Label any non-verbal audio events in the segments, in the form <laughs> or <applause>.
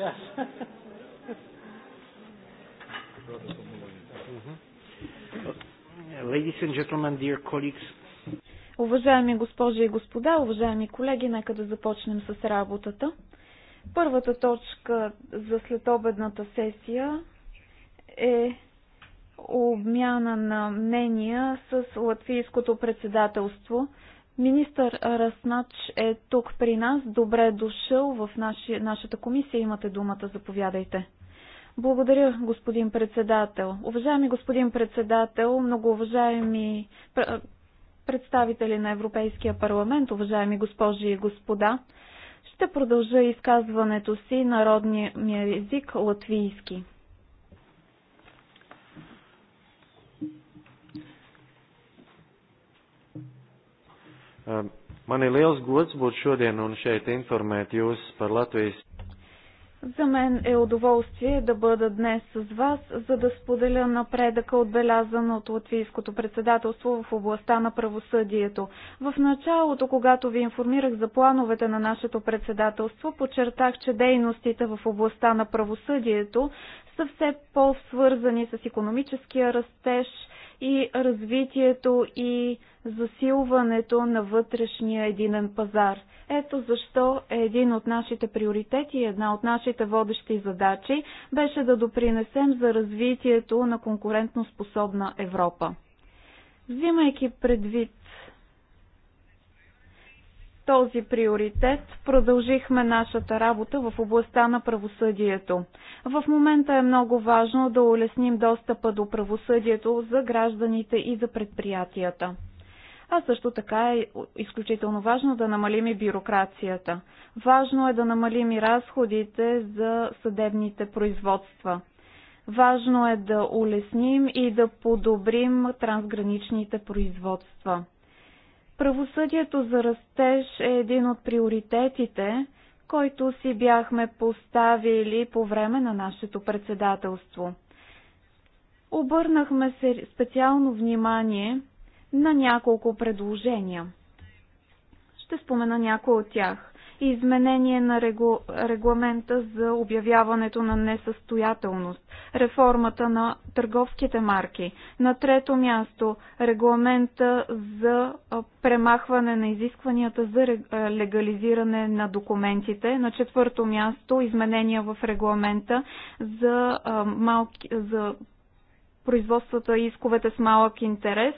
Yes. Ladies and gentlemen, dear colleagues. Уважаеми госпожи и господа, уважаеми колеги, нека да започнем с работата. Първата точка за следобедната сесия е обмяна на мнения с латвийското председателство Министър Раснач е тук при нас. Добре е дошъл в наши, нашата комисия. Имате думата. Заповядайте. Благодаря, господин председател. Уважаеми господин председател, многоуважаеми представители на Европейския парламент, уважаеми госпожи и господа, ще продължа изказването си народния ми език латвийски. Um, Man ir liels gods būt šodien un šeit informēt jūs par Latvijas. За мен е удоволствие да бъда днес с вас, за да споделя напредъка, отбелязан от латвийското председателство в областта на правосъдието. В началото, когато ви информирах за плановете на нашето председателство, подчертах, че дейностите в областта на правосъдието са все по-свързани с економическия растеж – и развитието и засилването на вътрешния единен пазар. Ето защо е един от нашите приоритети една от нашите водещи задачи беше да допринесем за развитието на конкурентно способна Европа. Взимайки предвид този приоритет продължихме нашата работа в областта на правосъдието. В момента е много важно да улесним достъпа до правосъдието за гражданите и за предприятията. А също така е изключително важно да намалим и бюрокрацията. Важно е да намалим и разходите за съдебните производства. Важно е да улесним и да подобрим трансграничните производства. Правосъдието за растеж е един от приоритетите, който си бяхме поставили по време на нашето председателство. Обърнахме се специално внимание на няколко предложения. Ще спомена някои от тях изменение на регламента за обявяването на несъстоятелност, реформата на търговските марки. На трето място регламента за премахване на изискванията за легализиране на документите. На четвърто място изменения в регламента за, малки, за производствата и исковете с малък интерес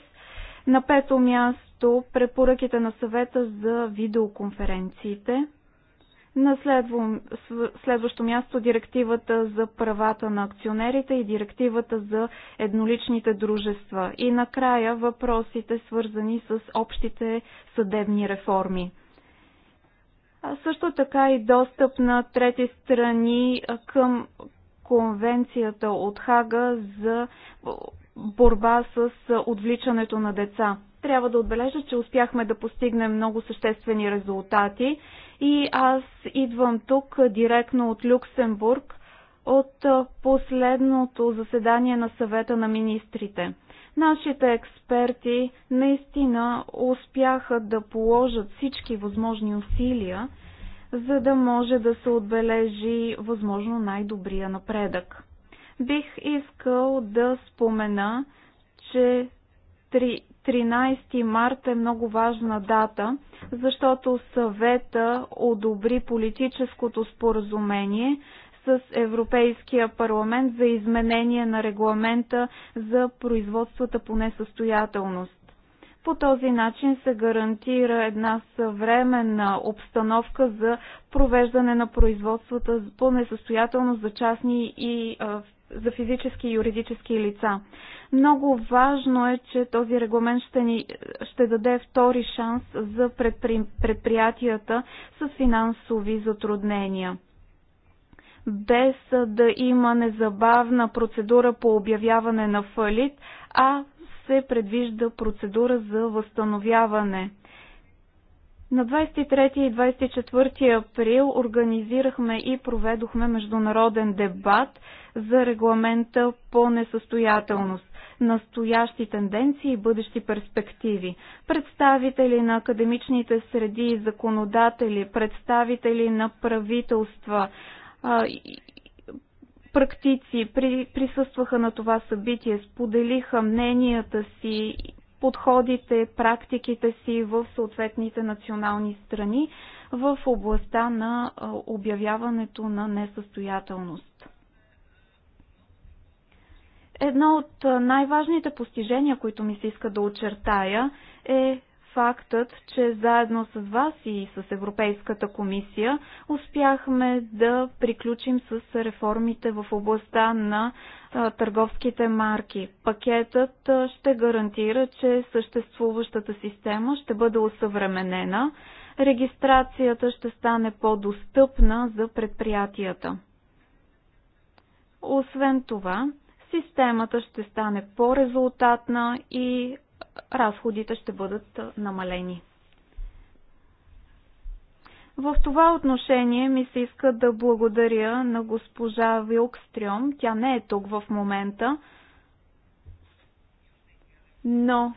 на пето място препоръките на съвета за видеоконференциите. На следващо място директивата за правата на акционерите и директивата за едноличните дружества. И накрая въпросите свързани с общите съдебни реформи. А също така и достъп на трети страни към конвенцията от Хага за борба с отвличането на деца. Трябва да отбележа, че успяхме да постигнем много съществени резултати и аз идвам тук директно от Люксембург от последното заседание на съвета на министрите. Нашите експерти наистина успяха да положат всички възможни усилия, за да може да се отбележи възможно най-добрия напредък. Бих искал да спомена, че 13 марта е много важна дата, защото съвета одобри политическото споразумение с Европейския парламент за изменение на регламента за производствата по несъстоятелност. По този начин се гарантира една съвременна обстановка за провеждане на производствата по несъстоятелност за частни и за физически и юридически лица. Много важно е, че този регламент ще, ни, ще даде втори шанс за предпри, предприятията с финансови затруднения. Без да има незабавна процедура по обявяване на фалит, а се предвижда процедура за възстановяване. На 23 и 24 април организирахме и проведохме международен дебат за регламента по несъстоятелност настоящи тенденции и бъдещи перспективи. Представители на академичните среди и законодатели, представители на правителства, практици при, присъстваха на това събитие, споделиха мненията си подходите, практиките си в съответните национални страни в областта на обявяването на несъстоятелност. Едно от най-важните постижения, които ми се иска да очертая, е фактът, че заедно с вас и с Европейската комисия успяхме да приключим с реформите в областта на търговските марки. Пакетът ще гарантира, че съществуващата система ще бъде усъвременена, регистрацията ще стане по-достъпна за предприятията. Освен това, системата ще стане по-резултатна и разходите ще бъдат намалени. В това отношение ми се иска да благодаря на госпожа Вилкстрюм. Тя не е тук в момента, но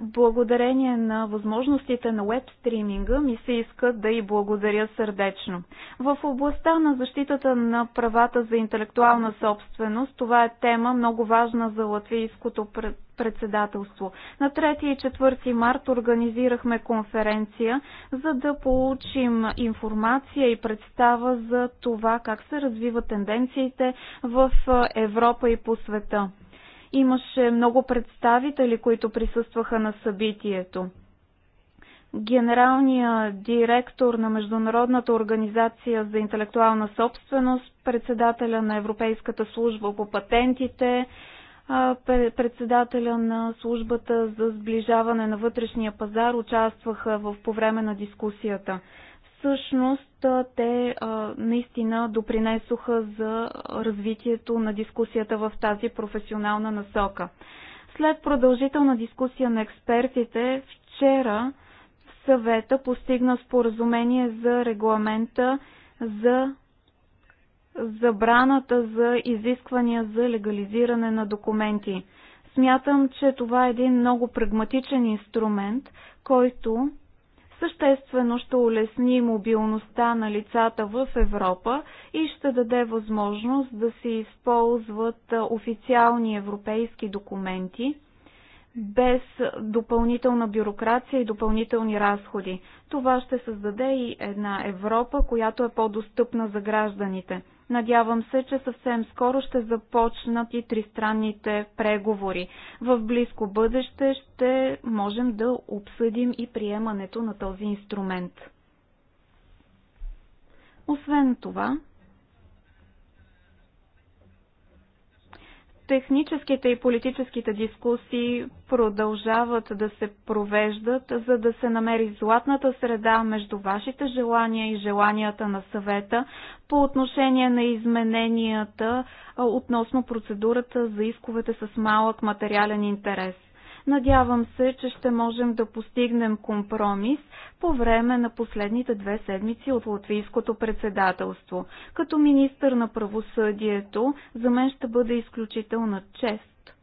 благодарение на възможностите на веб стриминга ми се иска да и благодаря сърдечно. В областта на защитата на правата за интелектуална собственост, това е тема много важна за латвийското председателство. На 3 и 4 март организирахме конференция, за да получим информация и представа за това как се развиват тенденциите в Европа и по света. Имаше много представители, които присъстваха на събитието. Генералният директор на Международната организация за интелектуална собственост, председателя на Европейската служба по патентите, председателя на службата за сближаване на вътрешния пазар участваха в, по време на дискусията всъщност те наистина допринесоха за развитието на дискусията в тази професионална насока. След продължителна дискусия на експертите, вчера съвета постигна споразумение за регламента за забраната за изисквания за легализиране на документи. Смятам, че това е един много прагматичен инструмент, който съществено ще улесни мобилността на лицата в Европа и ще даде възможност да се използват официални европейски документи без допълнителна бюрокрация и допълнителни разходи. Това ще създаде и една Европа, която е по-достъпна за гражданите. Надявам се, че съвсем скоро ще започнат и тристранните преговори. В близко бъдеще ще можем да обсъдим и приемането на този инструмент. Освен това, Техническите и политическите дискусии продължават да се провеждат, за да се намери златната среда между вашите желания и желанията на съвета по отношение на измененията относно процедурата за исковете с малък материален интерес. Надявам се, че ще можем да постигнем компромис по време на последните две седмици от латвийското председателство. Като министър на правосъдието, за мен ще бъде изключителна чест.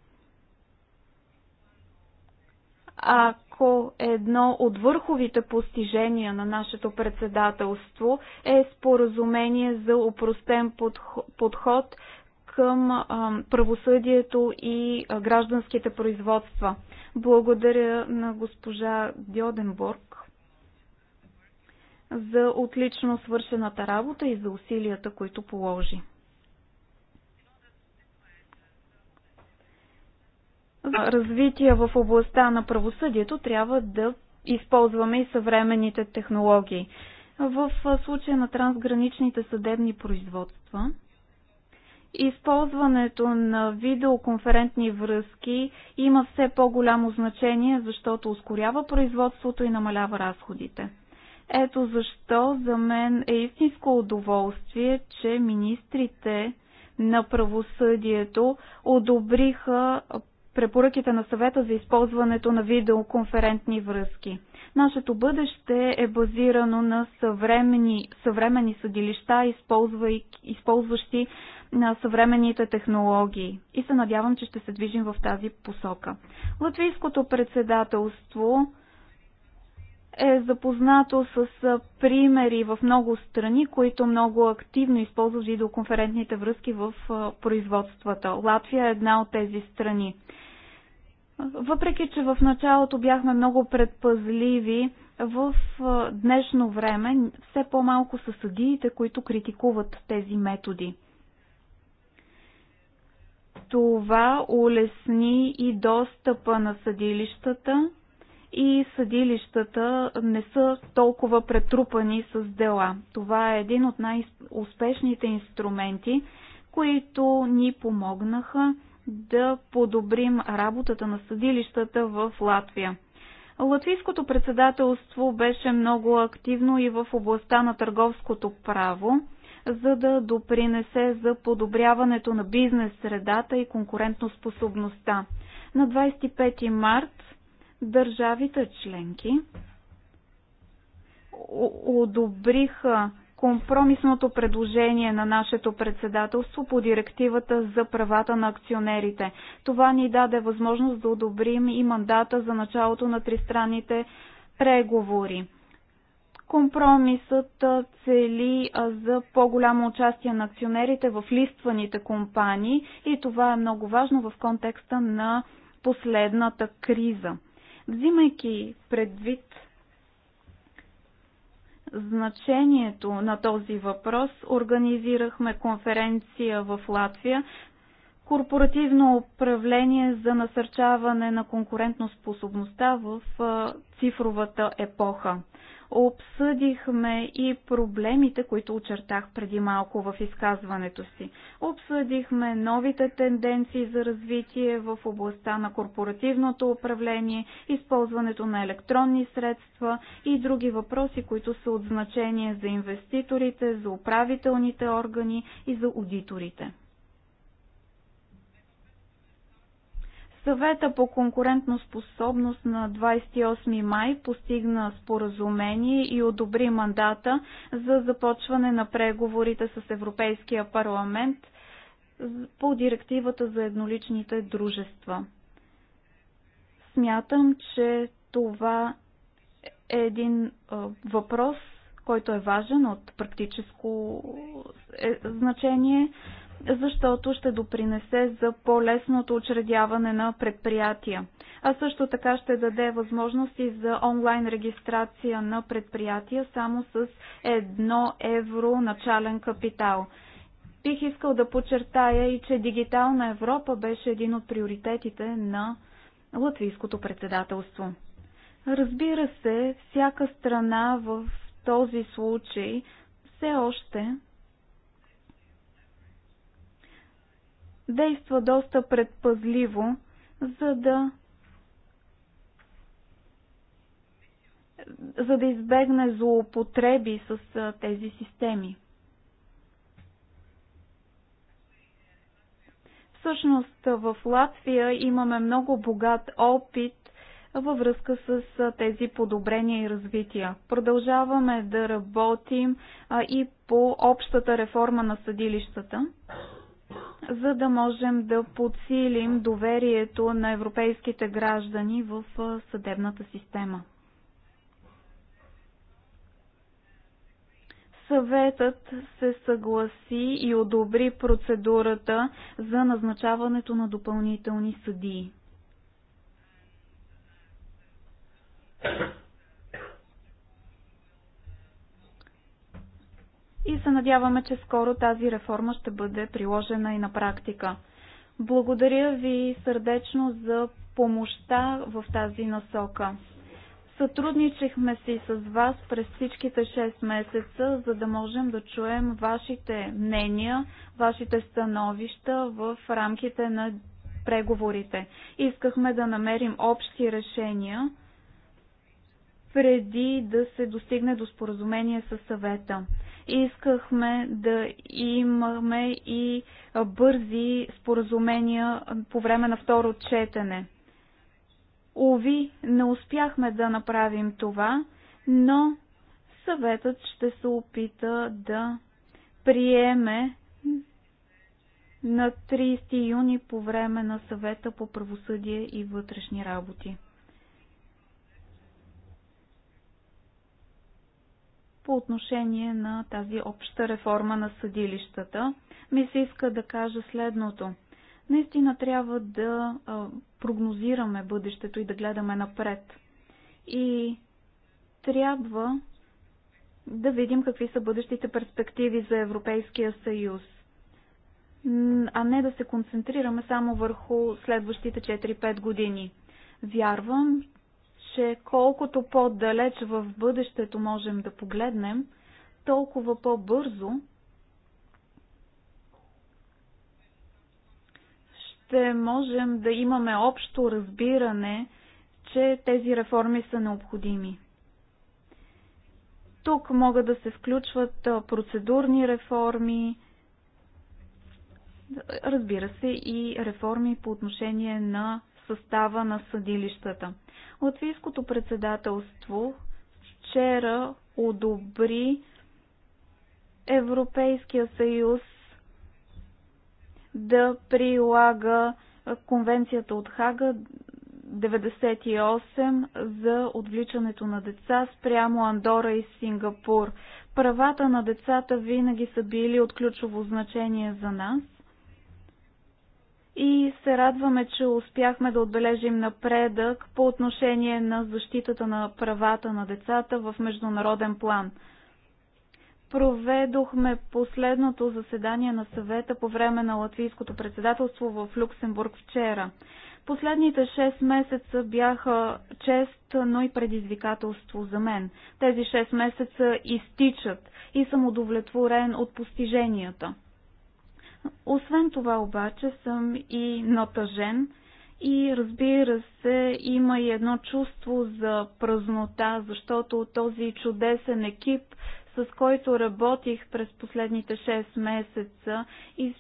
Ако едно от върховите постижения на нашето председателство е споразумение за упростен подход към правосъдието и гражданските производства. Благодаря на госпожа Дьоденбург за отлично свършената работа и за усилията, които положи. За развитие в областта на правосъдието трябва да използваме и съвременните технологии. В случая на трансграничните съдебни производства, Използването на видеоконферентни връзки има все по-голямо значение, защото ускорява производството и намалява разходите. Ето защо за мен е истинско удоволствие, че министрите на правосъдието одобриха препоръките на съвета за използването на видеоконферентни връзки. Нашето бъдеще е базирано на съвремени, съвремени съдилища, използващи на съвременните технологии и се надявам, че ще се движим в тази посока. Латвийското председателство е запознато с примери в много страни, които много активно използват видеоконферентните връзки в производствата. Латвия е една от тези страни. Въпреки, че в началото бяхме много предпазливи, в днешно време все по-малко са съдиите, които критикуват тези методи. Това улесни и достъпа на съдилищата и съдилищата не са толкова претрупани с дела. Това е един от най-успешните инструменти, които ни помогнаха да подобрим работата на съдилищата в Латвия. Латвийското председателство беше много активно и в областта на търговското право за да допринесе за подобряването на бизнес средата и конкурентоспособността. На 25 март държавите членки одобриха компромисното предложение на нашето председателство по директивата за правата на акционерите. Това ни даде възможност да одобрим и мандата за началото на тристранните преговори. Компромисът цели за по-голямо участие на акционерите в листваните компании и това е много важно в контекста на последната криза. Взимайки предвид значението на този въпрос, организирахме конференция в Латвия корпоративно управление за насърчаване на способността в цифровата епоха. Обсъдихме и проблемите, които очертах преди малко в изказването си. Обсъдихме новите тенденции за развитие в областта на корпоративното управление, използването на електронни средства и други въпроси, които са от значение за инвеститорите, за управителните органи и за аудиторите. Съвета по конкурентно способност на 28 май постигна споразумение и одобри мандата за започване на преговорите с Европейския парламент по директивата за едноличните дружества. Смятам, че това е един въпрос, който е важен от практическо е, значение защото ще допринесе за по-лесното учредяване на предприятия. А също така ще даде възможности за онлайн регистрация на предприятия само с 1 евро начален капитал. Бих искал да подчертая и, че Дигитална Европа беше един от приоритетите на латвийското председателство. Разбира се, всяка страна в този случай все още действа доста предпазливо, за да за да избегне злоупотреби с тези системи. Всъщност в Латвия имаме много богат опит във връзка с тези подобрения и развития. Продължаваме да работим и по общата реформа на съдилищата за да можем да подсилим доверието на европейските граждани в съдебната система. Съветът се съгласи и одобри процедурата за назначаването на допълнителни съдии. и се надяваме, че скоро тази реформа ще бъде приложена и на практика. Благодаря ви сърдечно за помощта в тази насока. Сътрудничихме си с вас през всичките 6 месеца, за да можем да чуем вашите мнения, вашите становища в рамките на преговорите. Искахме да намерим общи решения преди да се достигне до споразумение с съвета. Искахме да имаме и бързи споразумения по време на второ четене. Ови, не успяхме да направим това, но съветът ще се опита да приеме на 30 юни по време на съвета по правосъдие и вътрешни работи. по отношение на тази обща реформа на съдилищата, ми се иска да кажа следното. Наистина трябва да прогнозираме бъдещето и да гледаме напред. И трябва да видим какви са бъдещите перспективи за Европейския съюз, а не да се концентрираме само върху следващите 4-5 години. Вярвам, че колкото по-далеч в бъдещето можем да погледнем, толкова по-бързо ще можем да имаме общо разбиране, че тези реформи са необходими. Тук могат да се включват процедурни реформи, разбира се и реформи по отношение на състава на съдилищата. Латвийското председателство вчера одобри Европейския съюз да прилага Конвенцията от Хага 98 за отвличането на деца спрямо Андора и Сингапур. Правата на децата винаги са били от ключово значение за нас и се радваме, че успяхме да отбележим напредък по отношение на защитата на правата на децата в международен план. Проведохме последното заседание на съвета по време на латвийското председателство в Люксембург вчера. Последните 6 месеца бяха чест, но и предизвикателство за мен. Тези 6 месеца изтичат и съм удовлетворен от постиженията. Освен това обаче съм и натъжен и разбира се има и едно чувство за празнота, защото този чудесен екип с който работих през последните 6 месеца и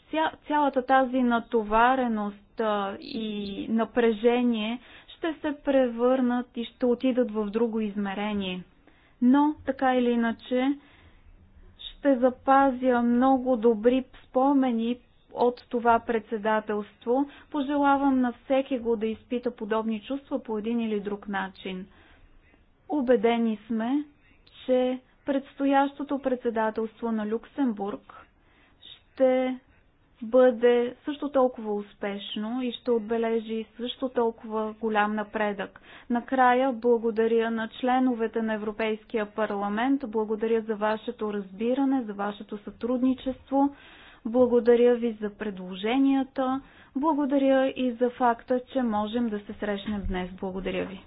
цялата тази натовареност и напрежение ще се превърнат и ще отидат в друго измерение. Но, така или иначе, ще запазя много добри спомени от това председателство. Пожелавам на всеки го да изпита подобни чувства по един или друг начин. Убедени сме, че предстоящото председателство на Люксембург ще бъде също толкова успешно и ще отбележи също толкова голям напредък. Накрая благодаря на членовете на Европейския парламент, благодаря за вашето разбиране, за вашето сътрудничество, благодаря ви за предложенията, благодаря и за факта, че можем да се срещнем днес. Благодаря ви.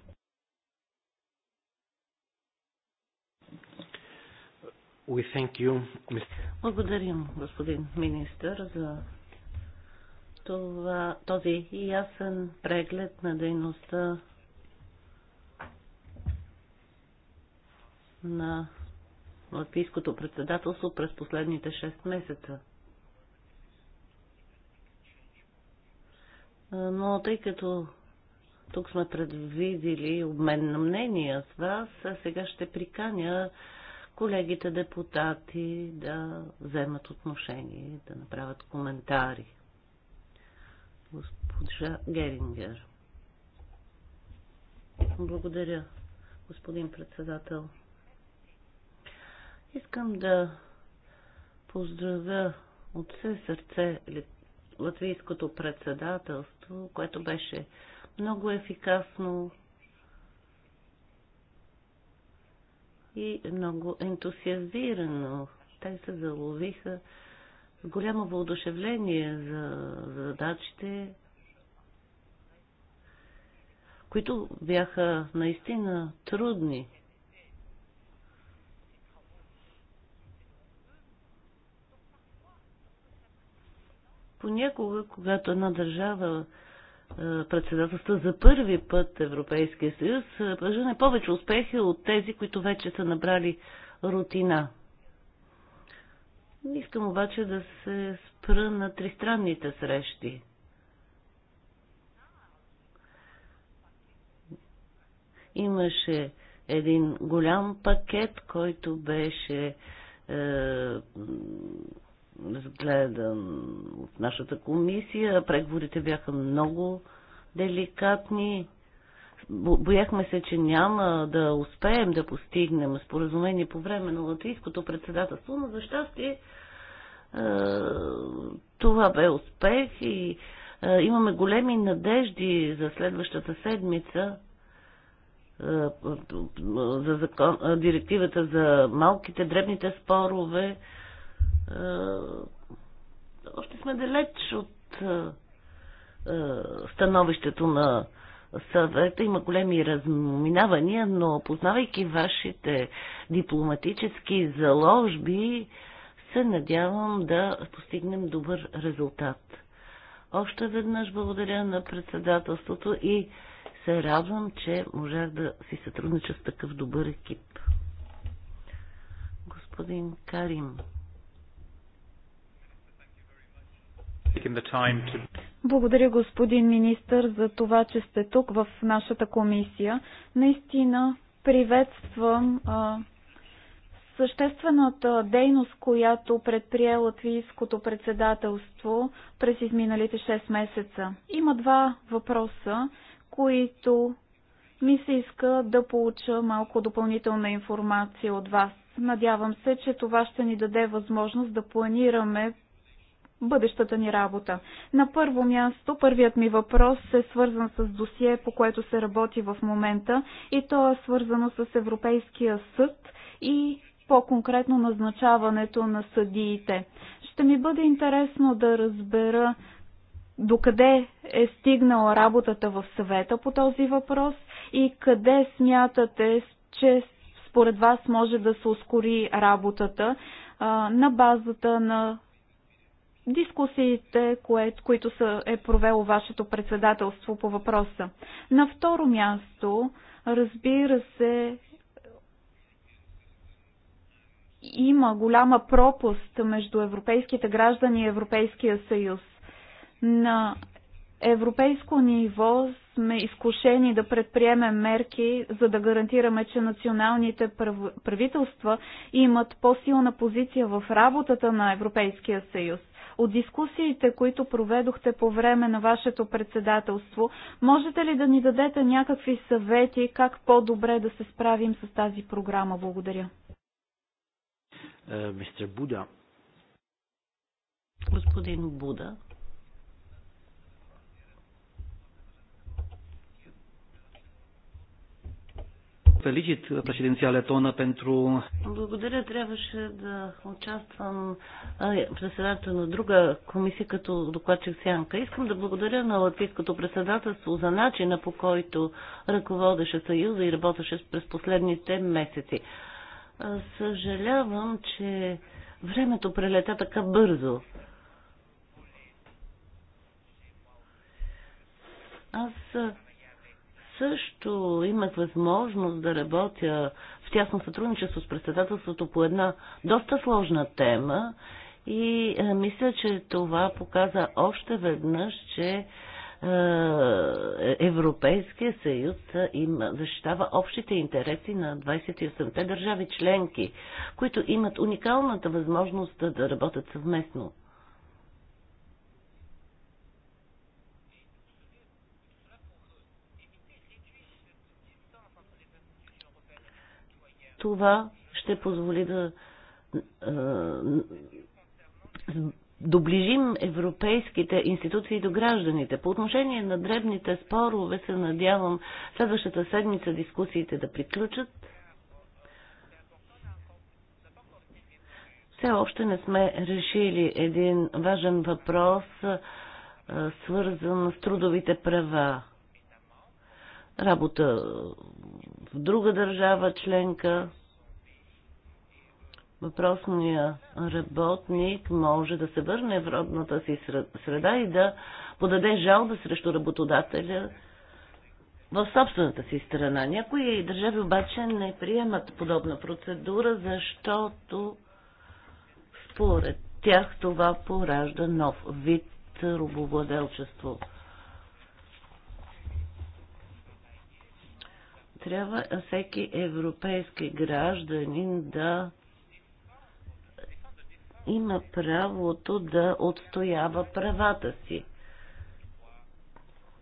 We thank you, Mr. Благодарим, господин министър, за това, този ясен преглед на дейността на Латвийското председателство през последните 6 месеца. Но тъй като тук сме предвидили обмен на мнения с вас, сега ще приканя колегите депутати да вземат отношение, да направят коментари. Госпожа Герингер. Благодаря, господин председател. Искам да поздравя от все сърце латвийското председателство, което беше много ефикасно, и много ентусиазирано. Те се заловиха с голямо въодушевление за задачите, които бяха наистина трудни. Понякога, когато една държава е, председателства за първи път Европейския съюз е, пожене повече успехи от тези, които вече са набрали рутина. Искам обаче да се спра на тристранните срещи. Имаше един голям пакет, който беше е, разгледан от нашата комисия. Преговорите бяха много деликатни. Бояхме се, че няма да успеем да постигнем споразумение по време на латвийското председателство, но за щастие е, това бе успех и е, имаме големи надежди за следващата седмица е, за закон, директивата за малките, дребните спорове е, още сме далеч от е, е, становището на съвета. Има големи разминавания, но познавайки вашите дипломатически заложби, се надявам да постигнем добър резултат. Още веднъж благодаря на председателството и се радвам, че можах да си сътруднича с такъв добър екип. Господин Карим. Благодаря, господин министр, за това, че сте тук в нашата комисия. Наистина приветствам а, съществената дейност, която предприе латвийското председателство през изминалите 6 месеца. Има два въпроса, които ми се иска да получа малко допълнителна информация от вас. Надявам се, че това ще ни даде възможност да планираме бъдещата ни работа. На първо място, първият ми въпрос е свързан с досие, по което се работи в момента и то е свързано с Европейския съд и по-конкретно назначаването на съдиите. Ще ми бъде интересно да разбера докъде е стигнала работата в съвета по този въпрос и къде смятате, че според вас може да се ускори работата а, на базата на дискусиите, кое, които са, е провело вашето председателство по въпроса. На второ място, разбира се, има голяма пропуст между европейските граждани и Европейския съюз. На европейско ниво сме изкушени да предприемем мерки, за да гарантираме, че националните правителства имат по-силна позиция в работата на Европейския съюз от дискусиите, които проведохте по време на вашето председателство, можете ли да ни дадете някакви съвети как по-добре да се справим с тази програма? Благодаря. Е, мистер Буда. Господин Буда. Felicit președinția letonă pentru... Благодаря, трябваше да участвам председател на друга комисия като докладчик Сянка. Искам да благодаря на Латвийското председателство за начина по който ръководеше Съюза и работеше през последните месеци. Съжалявам, че времето прелета така бързо. Аз също имах възможност да работя в тясно сътрудничество с председателството по една доста сложна тема и а, е, мисля, че това показа още веднъж, че а, е, Европейския съюз е, им защитава общите интереси на 28-те държави членки, които имат уникалната възможност да, да работят съвместно. Това ще позволи да доближим европейските институции до гражданите. По отношение на дребните спорове се надявам следващата седмица дискусиите да приключат. Все още не сме решили един важен въпрос, свързан с трудовите права работа в друга държава членка, Въпросният работник може да се върне в родната си среда и да подаде жалба срещу работодателя в собствената си страна. Някои държави обаче не приемат подобна процедура, защото според тях това поражда нов вид рубовладелчество. Трябва всеки европейски гражданин да има правото да отстоява правата си.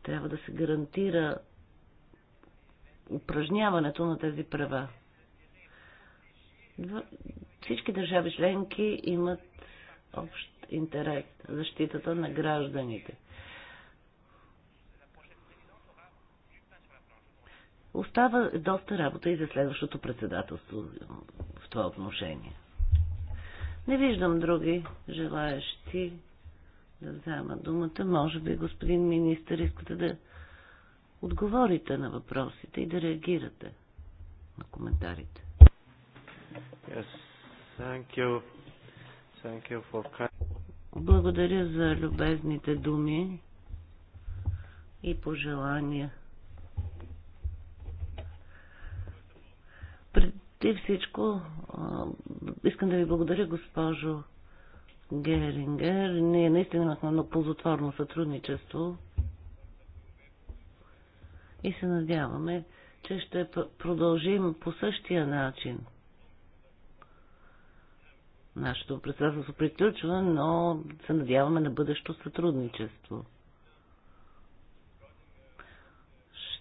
Трябва да се гарантира упражняването на тези права. Всички държави членки имат общ интерес защитата на гражданите. Остава доста работа и за следващото председателство в това отношение. Не виждам други желаящи да взема думата. Може би, господин министър, искате да отговорите на въпросите и да реагирате на коментарите. Yes. Thank you. Thank you for... Благодаря за любезните думи и пожелания. Преди всичко, искам да ви благодаря, госпожо Герингер. Ние наистина имахме много ползотворно сътрудничество и се надяваме, че ще продължим по същия начин. Нашето председателство приключва, но се надяваме на бъдещо сътрудничество.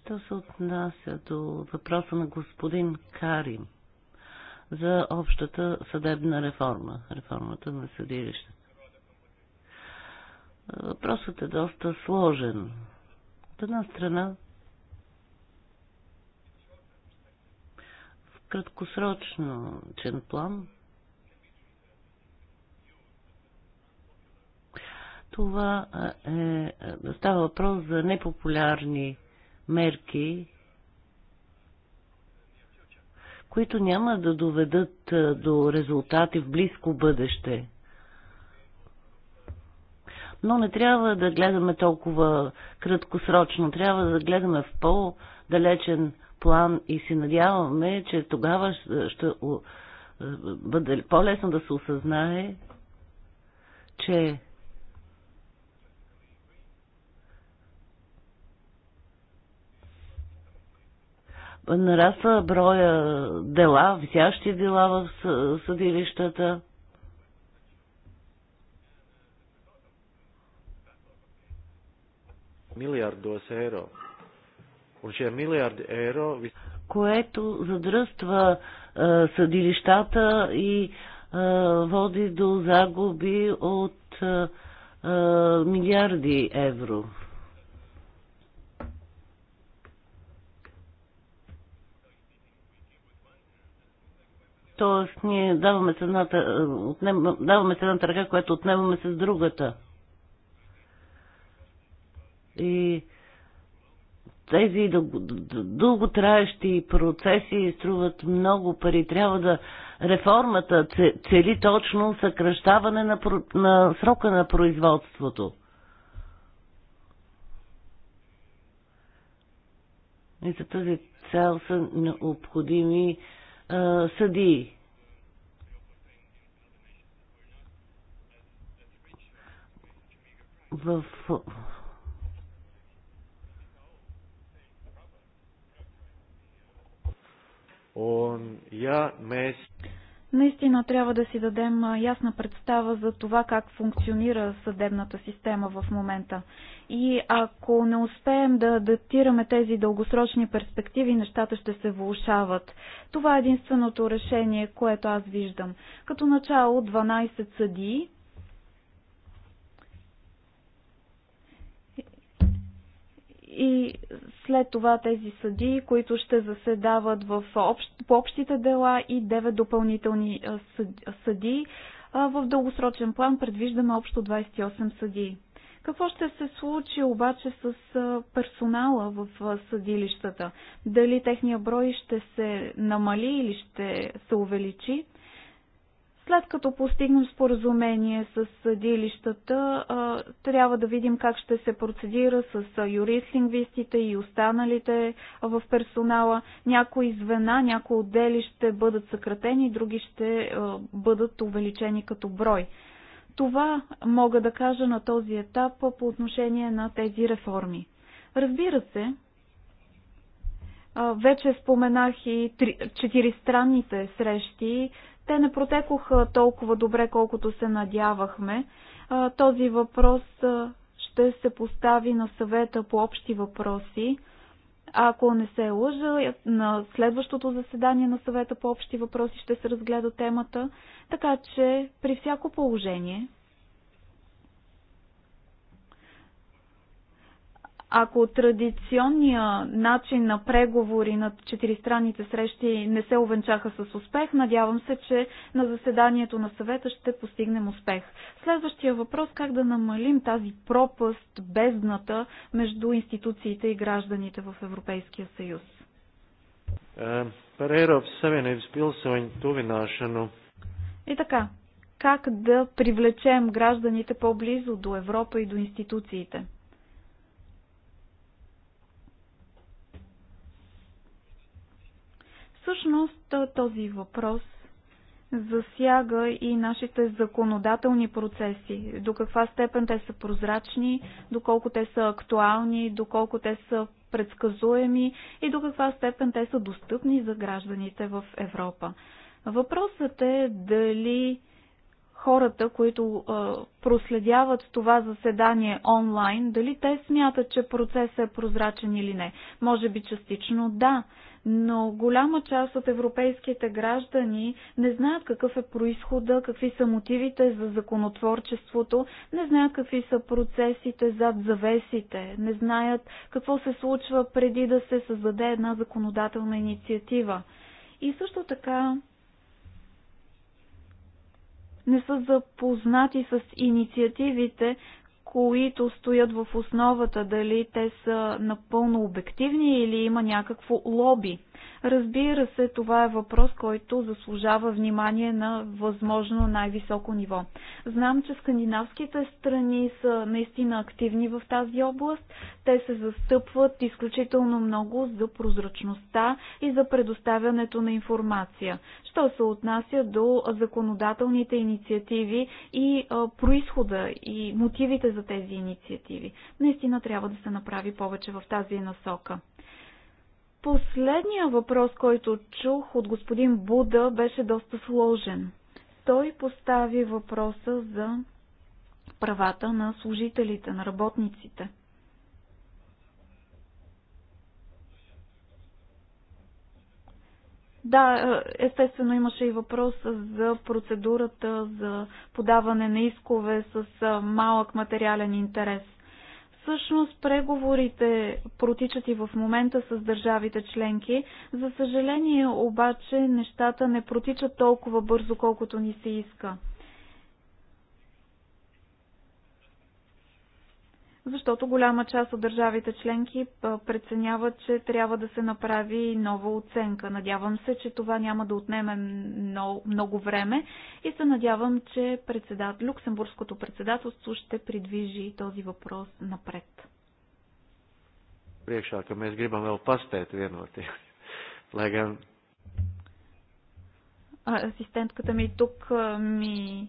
Що се отнася до въпроса на господин Карим за общата съдебна реформа, реформата на съдилищата? Въпросът е доста сложен. От една страна, в краткосрочен план, това е, става въпрос за непопулярни мерки, които няма да доведат до резултати в близко бъдеще. Но не трябва да гледаме толкова краткосрочно, трябва да гледаме в по-далечен план и се надяваме, че тогава ще бъде по-лесно да се осъзнае, че нараства броя дела, висящи дела в съдилищата. Милиардос евро. милиард евро... Което задръства е, съдилищата и е, води до загуби от е, милиарди евро. Тоест, ние даваме с едната, е, отнем, даваме с едната ръка, която отнемаме с другата. И тези дълготраещи процеси струват много пари. Трябва да реформата цели точно съкръщаване на, на срока на производството. И за тази цел са необходими съдии. В Un, ja mēs Наистина трябва да си дадем ясна представа за това как функционира съдебната система в момента. И ако не успеем да адаптираме тези дългосрочни перспективи, нещата ще се влушават. Това е единственото решение, което аз виждам. Като начало 12 съдии, и след това тези съдии, които ще заседават в общ, по общите дела и 9 допълнителни съдии. В дългосрочен план предвиждаме общо 28 съдии. Какво ще се случи обаче с персонала в съдилищата? Дали техния брой ще се намали или ще се увеличи? След като постигнем споразумение с съдилищата, трябва да видим как ще се процедира с юрист-лингвистите и останалите в персонала. Някои звена, някои отдели ще бъдат съкратени, други ще бъдат увеличени като брой. Това мога да кажа на този етап по отношение на тези реформи. Разбира се, вече споменах и четиристранните срещи те не протекоха толкова добре, колкото се надявахме. Този въпрос ще се постави на съвета по общи въпроси. ако не се е лъжа, на следващото заседание на съвета по общи въпроси ще се разгледа темата, така че при всяко положение Ако традиционния начин на преговори на четиристранните срещи не се увенчаха с успех, надявам се, че на заседанието на съвета ще постигнем успех. Следващия въпрос как да намалим тази пропаст, бездната между институциите и гражданите в Европейския съюз. и така, как да привлечем гражданите по-близо до Европа и до институциите? Всъщност този въпрос засяга и нашите законодателни процеси, до каква степен те са прозрачни, доколко те са актуални, доколко те са предсказуеми и до каква степен те са достъпни за гражданите в Европа. Въпросът е дали хората, които а, проследяват това заседание онлайн, дали те смятат, че процесът е прозрачен или не. Може би частично да, но голяма част от европейските граждани не знаят какъв е происхода, какви са мотивите за законотворчеството, не знаят какви са процесите зад завесите, не знаят какво се случва преди да се създаде една законодателна инициатива. И също така не са запознати с инициативите, които стоят в основата, дали те са напълно обективни или има някакво лоби. Разбира се, това е въпрос, който заслужава внимание на възможно най-високо ниво. Знам, че скандинавските страни са наистина активни в тази област. Те се застъпват изключително много за прозрачността и за предоставянето на информация. Що се отнася до законодателните инициативи и а, происхода и мотивите за тези инициативи. Наистина трябва да се направи повече в тази насока. Последния въпрос, който чух от господин Буда, беше доста сложен. Той постави въпроса за правата на служителите, на работниците. Да, е, естествено имаше и въпрос за процедурата за подаване на искове с малък материален интерес. Всъщност преговорите протичат и в момента с държавите членки. За съжаление обаче нещата не протичат толкова бързо, колкото ни се иска. защото голяма част от държавите членки е, преценяват, че трябва да се направи нова оценка. Надявам се, че това няма да отнеме много време и се надявам, че председат, Люксембургското председателство ще придвижи този въпрос напред. Priekšā, ka mēs gribam vēl <laughs> Асистентката ми тук ми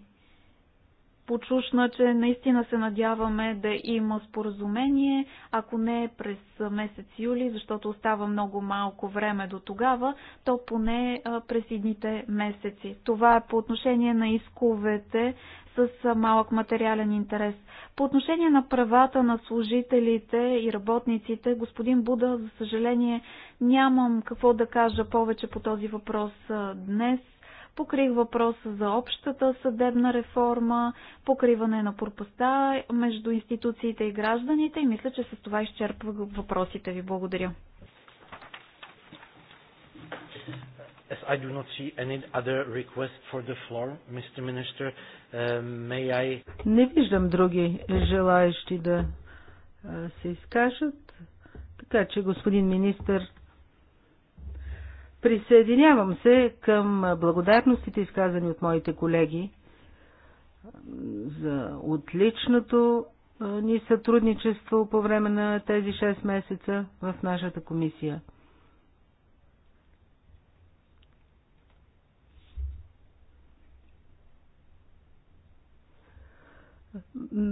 почушна, значи, че наистина се надяваме да има споразумение, ако не през месец юли, защото остава много малко време до тогава, то поне през идните месеци. Това е по отношение на исковете с малък материален интерес. По отношение на правата на служителите и работниците, господин Буда, за съжаление, нямам какво да кажа повече по този въпрос днес Покрих въпроса за общата съдебна реформа, покриване на пропаста между институциите и гражданите и мисля, че с това изчерпва въпросите ви. Благодаря. As I do not see any other request for the floor, Mr. Minister, uh, may I... Не виждам други желаещи да се изкажат, така че господин министър Присъединявам се към благодарностите, изказани от моите колеги, за отличното ни сътрудничество по време на тези 6 месеца в нашата комисия.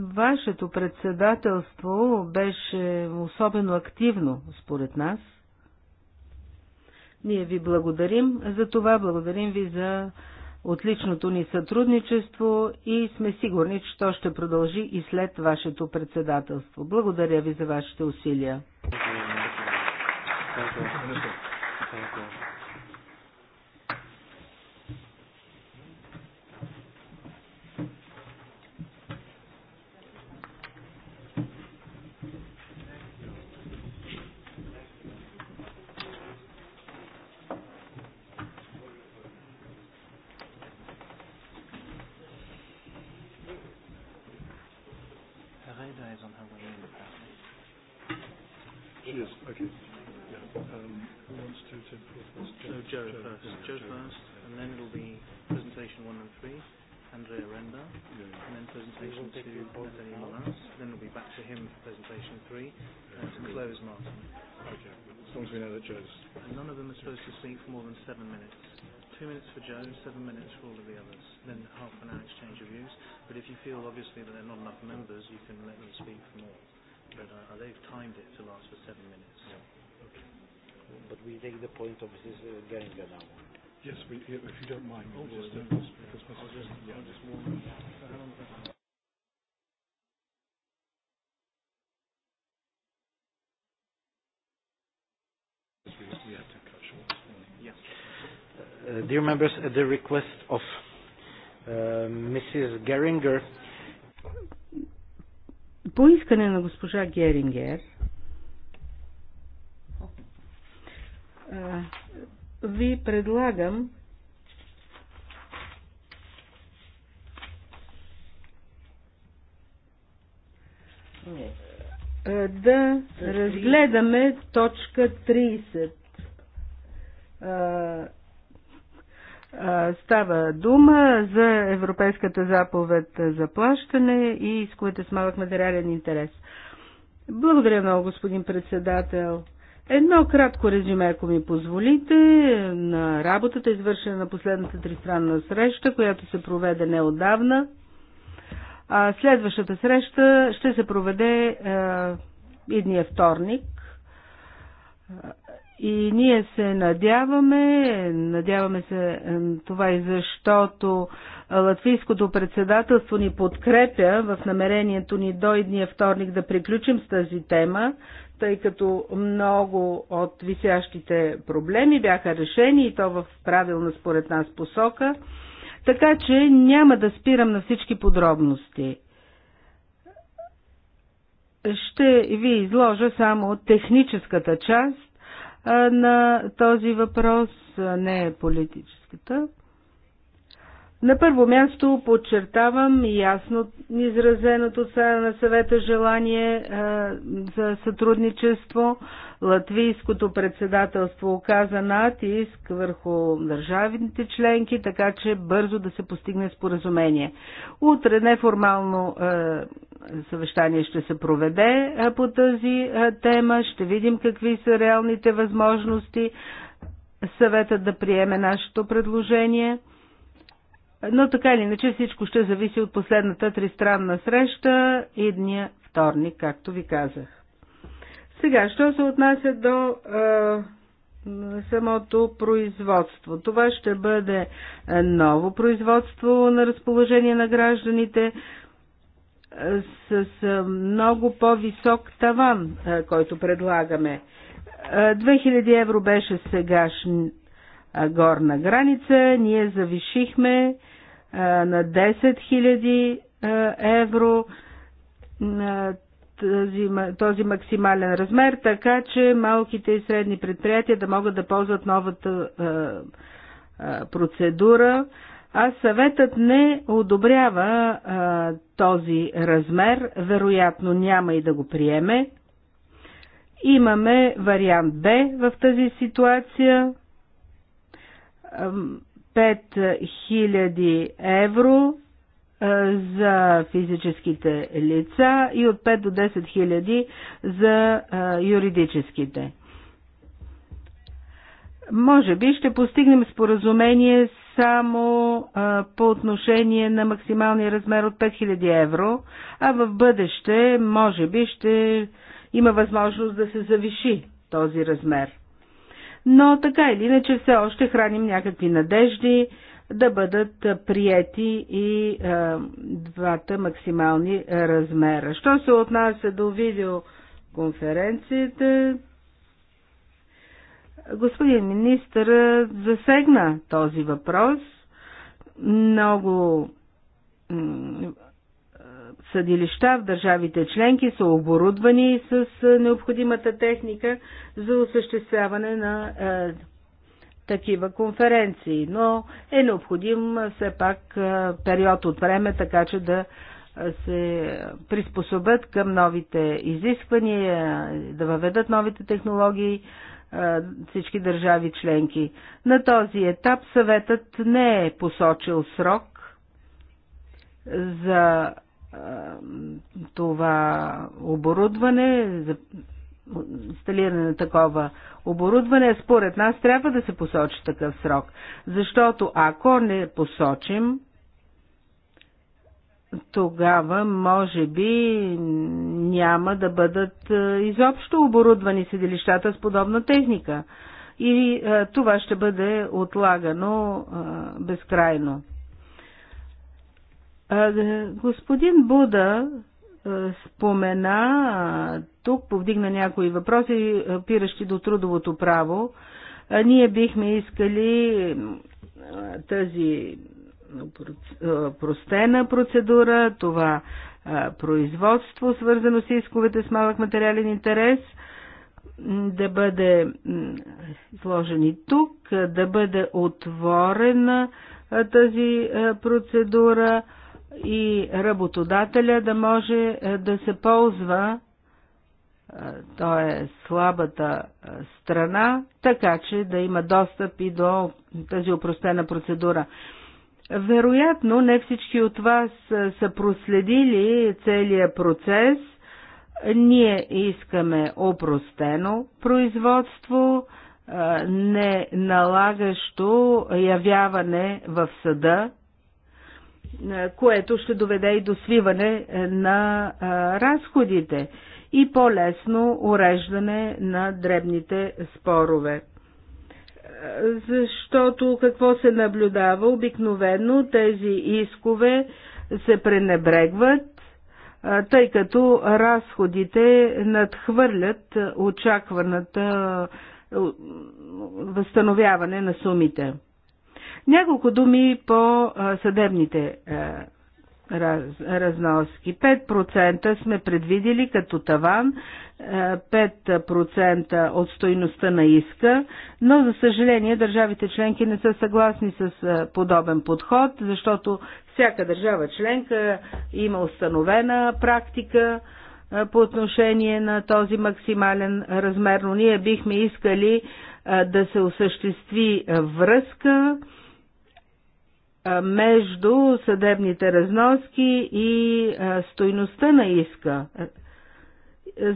Вашето председателство беше особено активно, според нас – ние ви благодарим за това, благодарим ви за отличното ни сътрудничество и сме сигурни, че то ще продължи и след вашето председателство. Благодаря ви за вашите усилия. Thank you. minutes for Joan, seven minutes for all of the others, then half an hour exchange of views. But if you feel obviously that there are not enough members, you can let them speak for more. But uh, they've timed it to last for seven minutes. Yeah. Okay. But we take the point of this Mrs. Geringer now. Yes, we, if you don't mind, we'll just do just, yeah. I'll just warn you. Uh, dear members, at the request of uh, Mrs. Geringer. По искане на госпожа Герингер, ви предлагам да разгледаме точка 30. Става дума за Европейската заповед за плащане и което с малък материален интерес. Благодаря много, господин председател. Едно кратко резюме, ако ми позволите, на работата, извършена на последната тристранна среща, която се проведе неодавна. А следващата среща ще се проведе е, идния вторник. И ние се надяваме, надяваме се това и защото латвийското председателство ни подкрепя в намерението ни до идния вторник да приключим с тази тема, тъй като много от висящите проблеми бяха решени и то в правилна според нас посока, така че няма да спирам на всички подробности. Ще ви изложа само техническата част на този въпрос, не е политическата. На първо място подчертавам ясно изразеното от страна на съвета желание за сътрудничество. Латвийското председателство оказа натиск върху държавните членки, така че бързо да се постигне споразумение. Утре неформално съвещание ще се проведе по тази тема. Ще видим какви са реалните възможности съветът да приеме нашето предложение. Но така или иначе всичко ще зависи от последната тристранна среща и дния вторник, както ви казах. Сега, що се отнася до а, самото производство? Това ще бъде ново производство на разположение на гражданите с много по-висок таван, който предлагаме. 2000 евро беше сегашна горна граница, ние завишихме на 10 000 евро този, този максимален размер, така че малките и средни предприятия да могат да ползват новата процедура а съветът не одобрява а, този размер, вероятно няма и да го приеме. Имаме вариант Б в тази ситуация. 5000 евро за физическите лица и от 5 до 10 000 за юридическите. Може би ще постигнем споразумение само а, по отношение на максималния размер от 5000 евро, а в бъдеще може би ще има възможност да се завиши този размер. Но така или иначе все още храним някакви надежди да бъдат приети и а, двата максимални размера. Що се отнася до видеоконференцията, Господин министър засегна този въпрос. Много съдилища в държавите членки са оборудвани с необходимата техника за осъществяване на такива конференции, но е необходим все пак период от време, така че да се приспособят към новите изисквания, да въведат новите технологии, всички държави членки. На този етап съветът не е посочил срок за това оборудване, за инсталиране на такова оборудване, според нас трябва да се посочи такъв срок. Защото ако не посочим тогава може би няма да бъдат е, изобщо оборудвани съдилищата с подобна техника. И е, това ще бъде отлагано е, безкрайно. Господин Буда спомена, тук повдигна някои въпроси, пиращи до трудовото право. Ние бихме искали тази простена процедура, това производство, свързано с исковете с малък материален интерес, да бъде сложен и тук, да бъде отворена тази процедура и работодателя да може да се ползва, то е слабата страна, така че да има достъп и до тази упростена процедура. Вероятно, не всички от вас са проследили целият процес. Ние искаме опростено производство, не налагащо явяване в съда, което ще доведе и до свиване на разходите и по-лесно уреждане на дребните спорове защото какво се наблюдава? Обикновено тези искове се пренебрегват, тъй като разходите надхвърлят очакваната възстановяване на сумите. Няколко думи по съдебните раз, разноски. 5% сме предвидели като таван, 5% е, от стойността на иска, но за съжаление държавите членки не са съгласни с е, подобен подход, защото всяка държава членка има установена практика е, по отношение на този максимален размер, но ние бихме искали да се осъществи връзка между съдебните разноски и стойността на иска,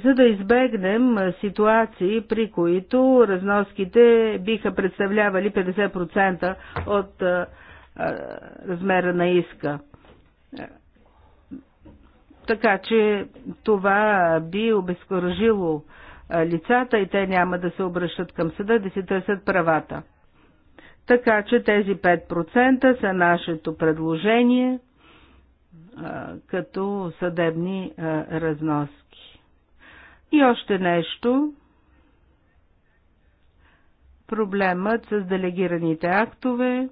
за да избегнем ситуации, при които разноските биха представлявали 50% от размера на иска. Така че това би обезкоражило лицата и те няма да се обръщат към съда да си търсят правата. Така че тези 5% са нашето предложение като съдебни разноски. И още нещо. Проблемът с делегираните актове.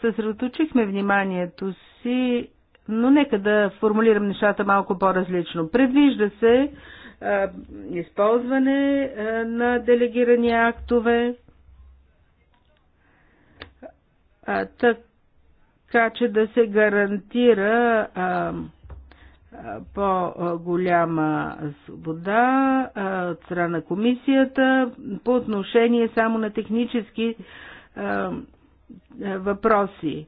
Съсредоточихме вниманието си, но нека да формулирам нещата малко по-различно. Предвижда се използване на делегирани актове, така че да се гарантира по-голяма свобода от страна на комисията по отношение само на технически въпроси.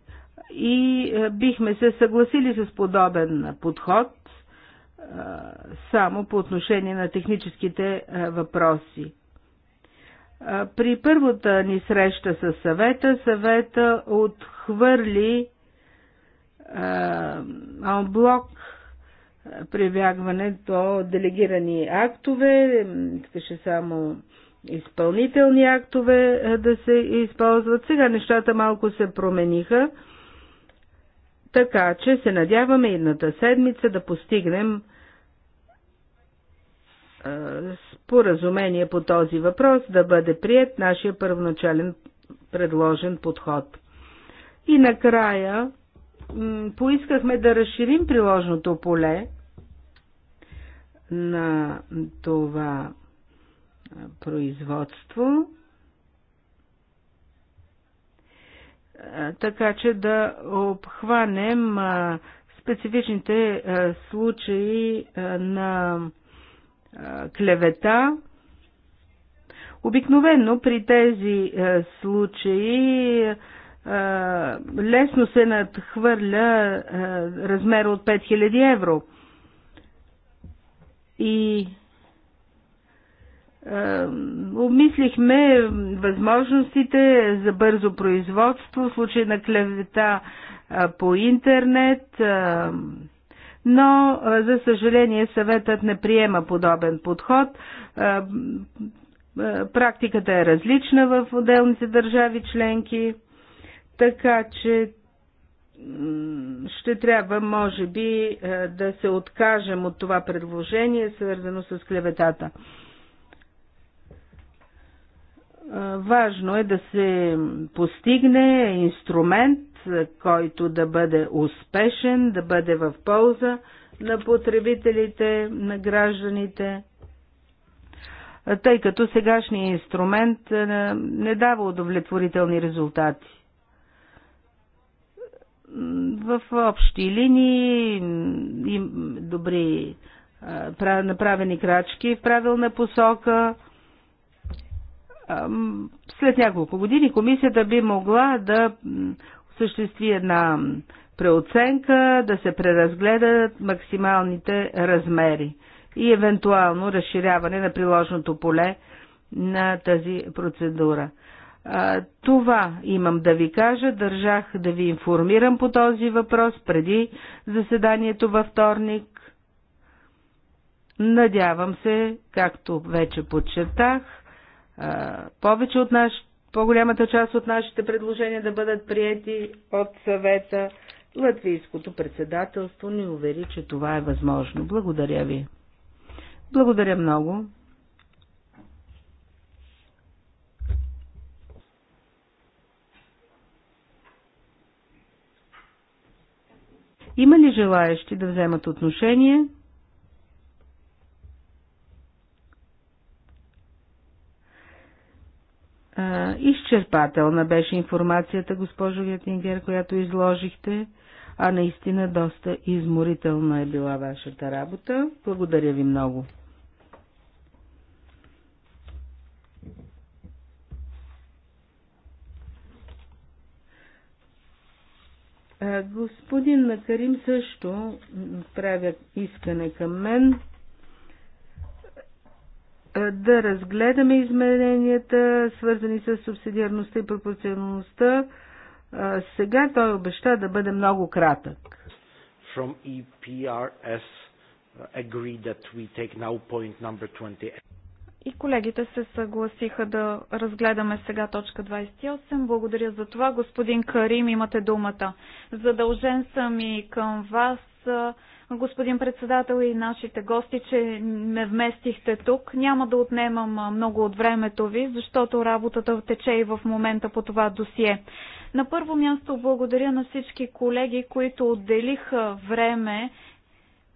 И бихме се съгласили с подобен подход, само по отношение на техническите е, въпроси. Е, при първата ни среща с съвета, съвета отхвърли анблок е, прибягване до делегирани актове, искаше само изпълнителни актове да се използват. Сега нещата малко се промениха. Така че се надяваме едната седмица да постигнем споразумение по този въпрос, да бъде прият нашия първоначален предложен подход. И накрая поискахме да разширим приложното поле на това производство така че да обхванем специфичните случаи на клевета. Обикновено при тези случаи лесно се надхвърля размер от 5000 евро. И Обмислихме възможностите за бързо производство в случай на клевета по интернет, но за съжаление съветът не приема подобен подход. Практиката е различна в отделните държави членки, така че ще трябва, може би, да се откажем от това предложение, свързано с клеветата. Важно е да се постигне инструмент, който да бъде успешен, да бъде в полза на потребителите, на гражданите, тъй като сегашният инструмент не дава удовлетворителни резултати. В общи линии добри направени крачки в правилна посока – след няколко години комисията би могла да осъществи една преоценка, да се преразгледат максималните размери и евентуално разширяване на приложното поле на тази процедура. Това имам да ви кажа. Държах да ви информирам по този въпрос преди заседанието във вторник. Надявам се, както вече подчертах, повече от наш, по-голямата част от нашите предложения да бъдат приети от съвета. Латвийското председателство ни увери, че това е възможно. Благодаря ви. Благодаря много. Има ли желаещи да вземат отношение? А, изчерпателна беше информацията, госпожо Гетингер, която изложихте, а наистина доста изморителна е била вашата работа. Благодаря ви много. Господин Накарим също правя искане към мен е, да разгледаме измененията, свързани с субсидиарността и пропорционалността. Е, сега той обеща да бъде много кратък. From EPRS uh, agree that we take now point number 28. И колегите се съгласиха да разгледаме сега точка 28. Благодаря за това. Господин Карим, имате думата. Задължен съм и към вас господин председател и нашите гости, че ме вместихте тук. Няма да отнемам много от времето ви, защото работата тече и в момента по това досие. На първо място благодаря на всички колеги, които отделиха време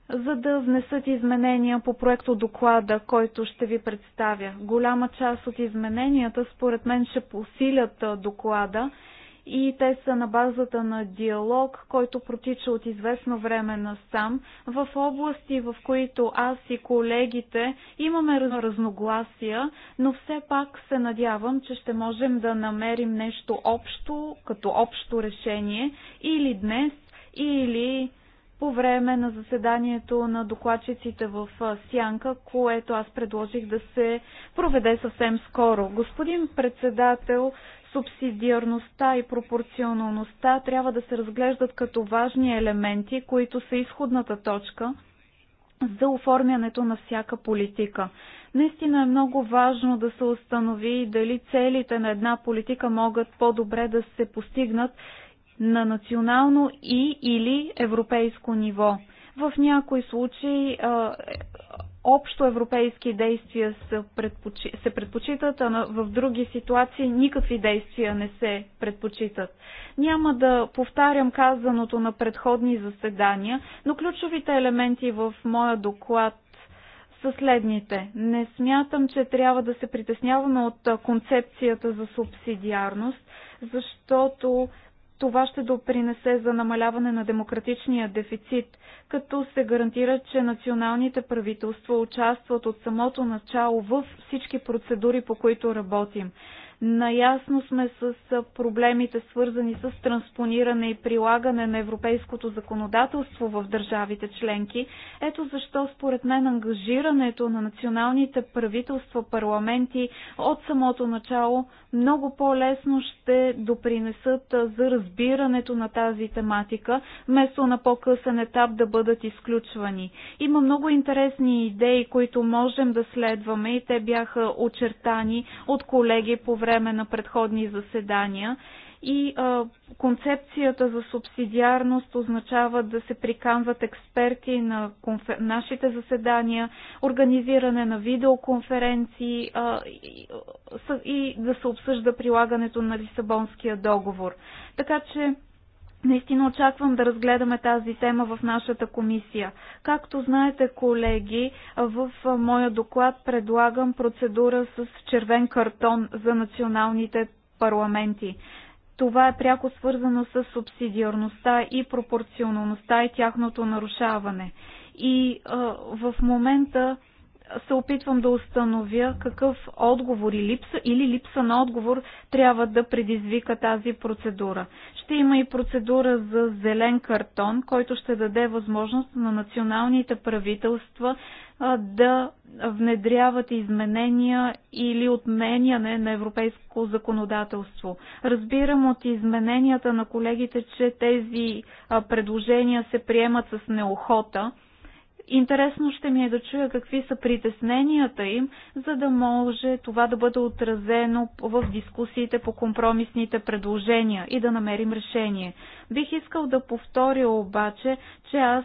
за да внесат изменения по проекто доклада, който ще ви представя. Голяма част от измененията, според мен, ще посилят доклада и те са на базата на диалог, който протича от известно време на сам, в области, в които аз и колегите имаме разногласия, но все пак се надявам, че ще можем да намерим нещо общо, като общо решение, или днес, или по време на заседанието на докладчиците в Сянка, което аз предложих да се проведе съвсем скоро. Господин председател, субсидиарността и пропорционалността трябва да се разглеждат като важни елементи, които са изходната точка за оформянето на всяка политика. Наистина е много важно да се установи дали целите на една политика могат по-добре да се постигнат на национално и или европейско ниво. В някои случаи общо европейски действия се, предпочи, се предпочитат, а в други ситуации никакви действия не се предпочитат. Няма да повтарям казаното на предходни заседания, но ключовите елементи в моя доклад са следните. Не смятам, че трябва да се притесняваме от концепцията за субсидиарност, защото това ще допринесе за намаляване на демократичния дефицит, като се гарантира, че националните правителства участват от самото начало в всички процедури, по които работим. Наясно сме с проблемите свързани с транспониране и прилагане на европейското законодателство в държавите членки. Ето защо според мен ангажирането на националните правителства, парламенти от самото начало много по-лесно ще допринесат за разбирането на тази тематика, вместо на по-късен етап да бъдат изключвани. Има много интересни идеи, които можем да следваме и те бяха очертани от колеги по време време на предходни заседания и а, концепцията за субсидиарност означава да се приканват експерти на конфер... нашите заседания, организиране на видеоконференции а, и, и да се обсъжда прилагането на Лисабонския договор. Така че Наистина очаквам да разгледаме тази тема в нашата комисия. Както знаете, колеги, в моя доклад предлагам процедура с червен картон за националните парламенти. Това е пряко свързано с субсидиарността и пропорционалността и тяхното нарушаване. И а, в момента се опитвам да установя какъв отговор и липса или липса на отговор трябва да предизвика тази процедура. Ще има и процедура за зелен картон, който ще даде възможност на националните правителства да внедряват изменения или отменяне на европейско законодателство. Разбирам от измененията на колегите, че тези предложения се приемат с неохота. Интересно ще ми е да чуя какви са притесненията им, за да може това да бъде отразено в дискусиите по компромисните предложения и да намерим решение. Бих искал да повторя обаче, че аз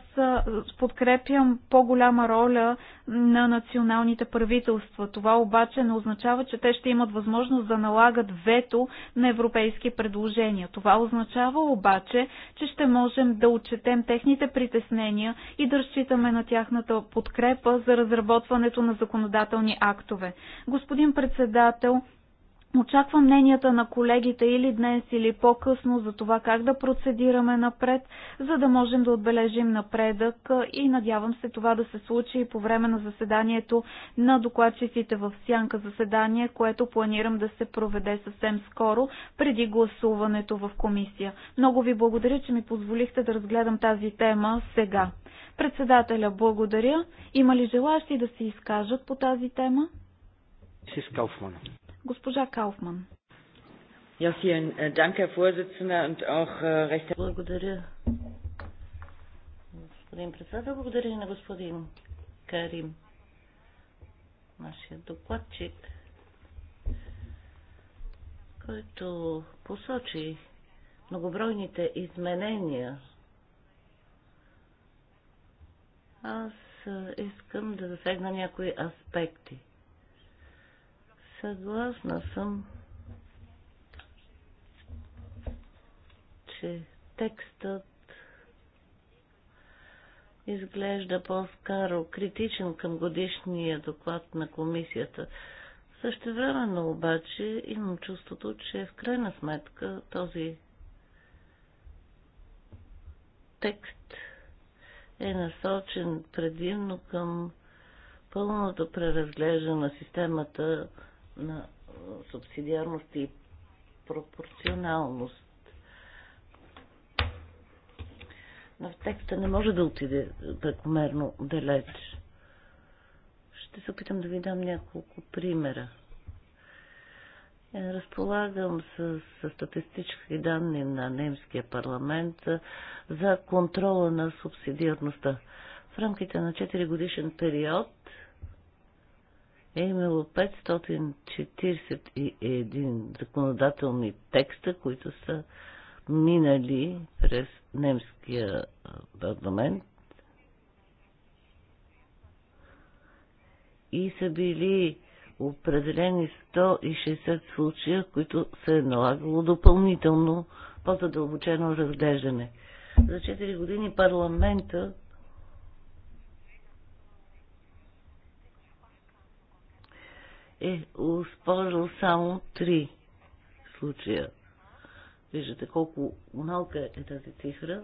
подкрепям по-голяма роля на националните правителства. Това обаче не означава, че те ще имат възможност да налагат вето на европейски предложения. Това означава обаче, че ще можем да отчетем техните притеснения и да разчитаме на тяхната подкрепа за разработването на законодателни актове. Господин председател, Очаквам мненията на колегите или днес, или по-късно за това как да процедираме напред, за да можем да отбележим напредък и надявам се това да се случи и по време на заседанието на докладчиците в Сянка заседание, което планирам да се проведе съвсем скоро, преди гласуването в комисия. Много ви благодаря, че ми позволихте да разгледам тази тема сега. Председателя, благодаря. Има ли желащи да се изкажат по тази тема? Сискалфмана. Госпожа Кауфман. Äh, äh, благодаря. Господин председател, благодаря и на господин Карим, нашия докладчик, който посочи многобройните изменения. Аз э, искам да засегна някои аспекти. Съгласна съм, че текстът изглежда по скаро критичен към годишния доклад на комисията. Същевременно обаче имам чувството, че в крайна сметка този текст е насочен предимно към пълното преразглеждане на системата на субсидиарност и пропорционалност. Но в текста не може да отиде прекомерно далеч. Ще се опитам да ви дам няколко примера. Е, разполагам с, с статистически данни на немския парламент за контрола на субсидиарността. В рамките на 4 годишен период е имало 541 законодателни текста, които са минали през немския парламент и са били определени 160 случая, които се е налагало допълнително по-задълбочено разглеждане. За 4 години парламента е използвал само три случая. Виждате колко малка е тази цифра.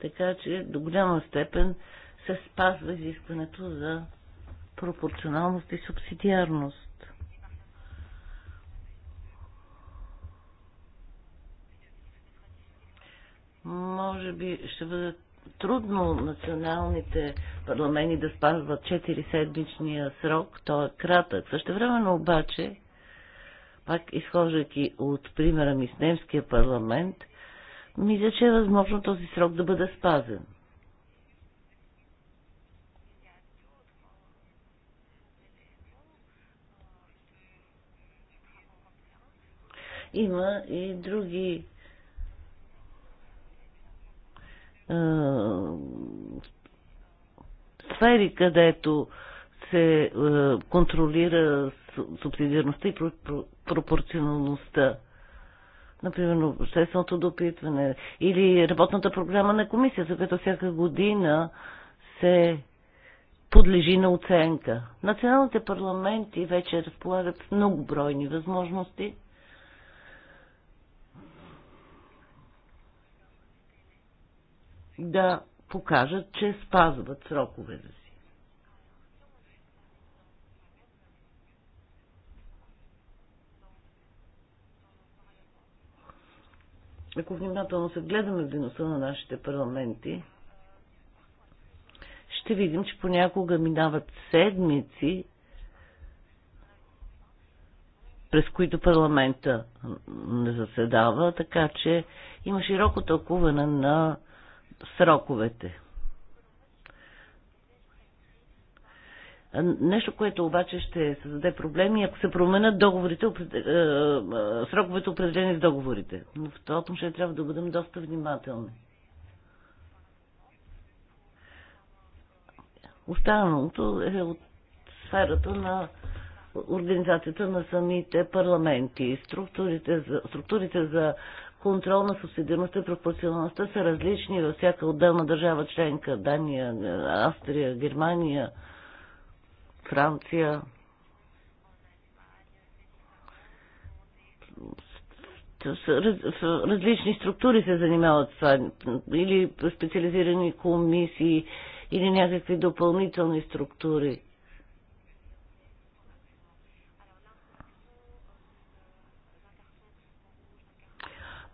Така че до голяма степен се спазва изискването за пропорционалност и субсидиарност. Може би ще бъде трудно националните парламенти да спазват 4 седмичния срок, то е кратък. Същевременно обаче, пак изхождайки от примера ми с немския парламент, мисля, че е възможно този срок да бъде спазен. Има и други сфери, където се е, контролира субсидиарността и пропорционалността. Например, общественото допитване или работната програма на комисията, която всяка година се подлежи на оценка. Националните парламенти вече разполагат с многобройни възможности – да покажат, че спазват сроковете си. Ако внимателно се гледаме в дейността на нашите парламенти, ще видим, че понякога минават седмици, през които парламента не заседава, така че има широко тълкуване на сроковете. Нещо, което обаче ще създаде проблеми, ако се променят договорите, е, е, сроковете определени в договорите. Но в това отношение трябва да бъдем доста внимателни. Останалото е от сферата на организацията на самите парламенти. Структурите за, структурите за контрол на субсидирността и пропорционалността са различни във всяка отделна държава членка. Дания, Австрия, Германия, Франция. Различни структури се занимават с това. Или специализирани комисии, или някакви допълнителни структури.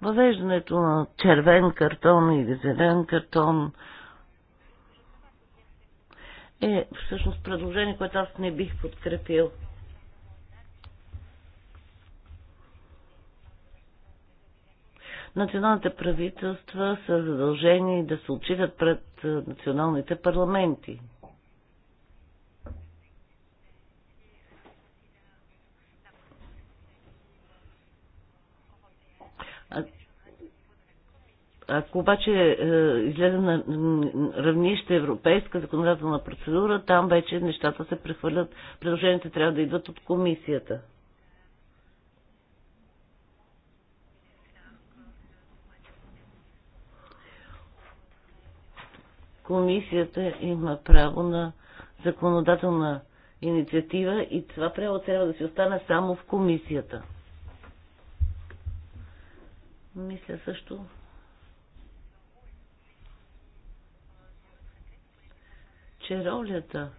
Въвеждането на червен картон или зелен картон е всъщност предложение, което аз не бих подкрепил. Националните правителства са задължени да се отчитат пред националните парламенти. Ако обаче е, излезе на равнище европейска законодателна процедура, там вече нещата се прехвърлят. Предложенията трябва да идват от комисията. Комисията има право на законодателна инициатива и това право трябва да си остане само в комисията. Мисля също, че ролята,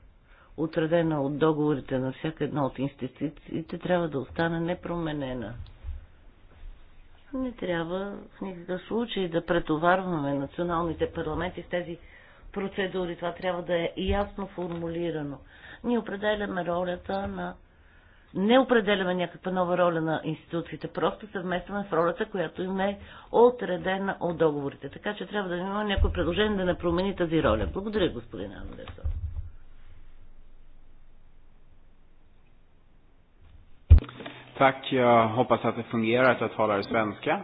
отредена от договорите на всяка една от институциите, трябва да остане непроменена. Не трябва в никакъв случай да претоварваме националните парламенти с тези процедури. Това трябва да е ясно формулирано. Ние определяме ролята на не определяме някаква нова роля на институциите, просто се вместваме в ролята, която им е отредена от договорите. Така че трябва да има някое предложение да не промени тази роля. Благодаря, господин Андресов. Так, я hoppas att det fungerar att jag talar svenska.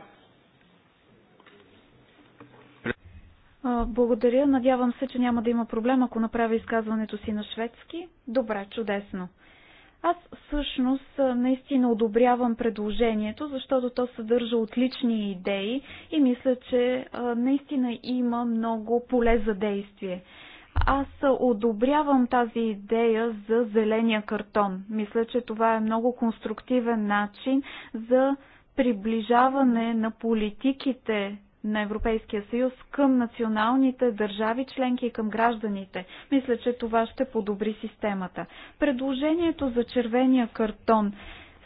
Благодаря. Надявам се, че няма да има проблем, ако направя изказването си на шведски. Добре, чудесно. Аз всъщност наистина одобрявам предложението, защото то съдържа отлични идеи и мисля, че наистина има много поле за действие. Аз одобрявам тази идея за зеления картон. Мисля, че това е много конструктивен начин за приближаване на политиките на Европейския съюз към националните държави членки и към гражданите. Мисля, че това ще подобри системата. Предложението за червения картон,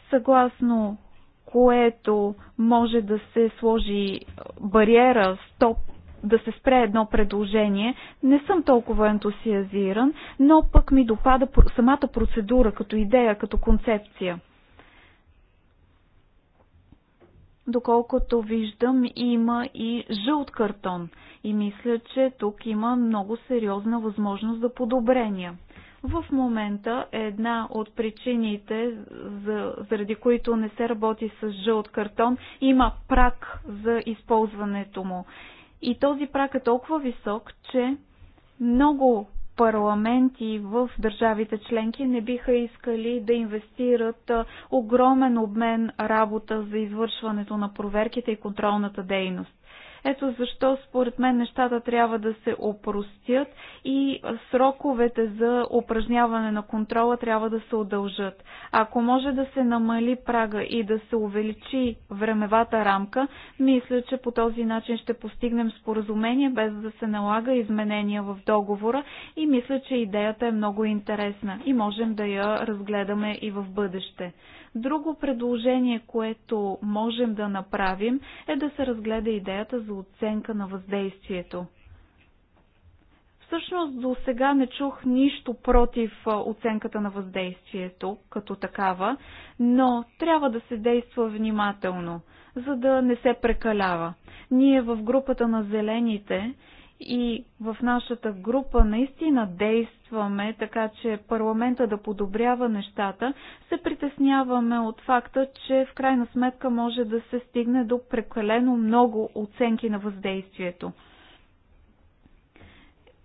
съгласно което може да се сложи бариера, стоп, да се спре едно предложение. Не съм толкова ентусиазиран, но пък ми допада самата процедура като идея, като концепция. Доколкото виждам, има и жълт картон и мисля, че тук има много сериозна възможност за подобрения. В момента е една от причините, за, заради които не се работи с жълт картон, има прак за използването му. И този прак е толкова висок, че много парламенти в държавите членки не биха искали да инвестират огромен обмен работа за извършването на проверките и контролната дейност. Ето защо според мен нещата трябва да се опростят и сроковете за упражняване на контрола трябва да се удължат. Ако може да се намали прага и да се увеличи времевата рамка, мисля, че по този начин ще постигнем споразумение без да се налага изменения в договора и мисля, че идеята е много интересна и можем да я разгледаме и в бъдеще. Друго предложение, което можем да направим, е да се разгледа идеята за оценка на въздействието. Всъщност до сега не чух нищо против оценката на въздействието като такава, но трябва да се действа внимателно, за да не се прекалява. Ние в групата на зелените и в нашата група наистина действаме така, че парламента да подобрява нещата, се притесняваме от факта, че в крайна сметка може да се стигне до прекалено много оценки на въздействието.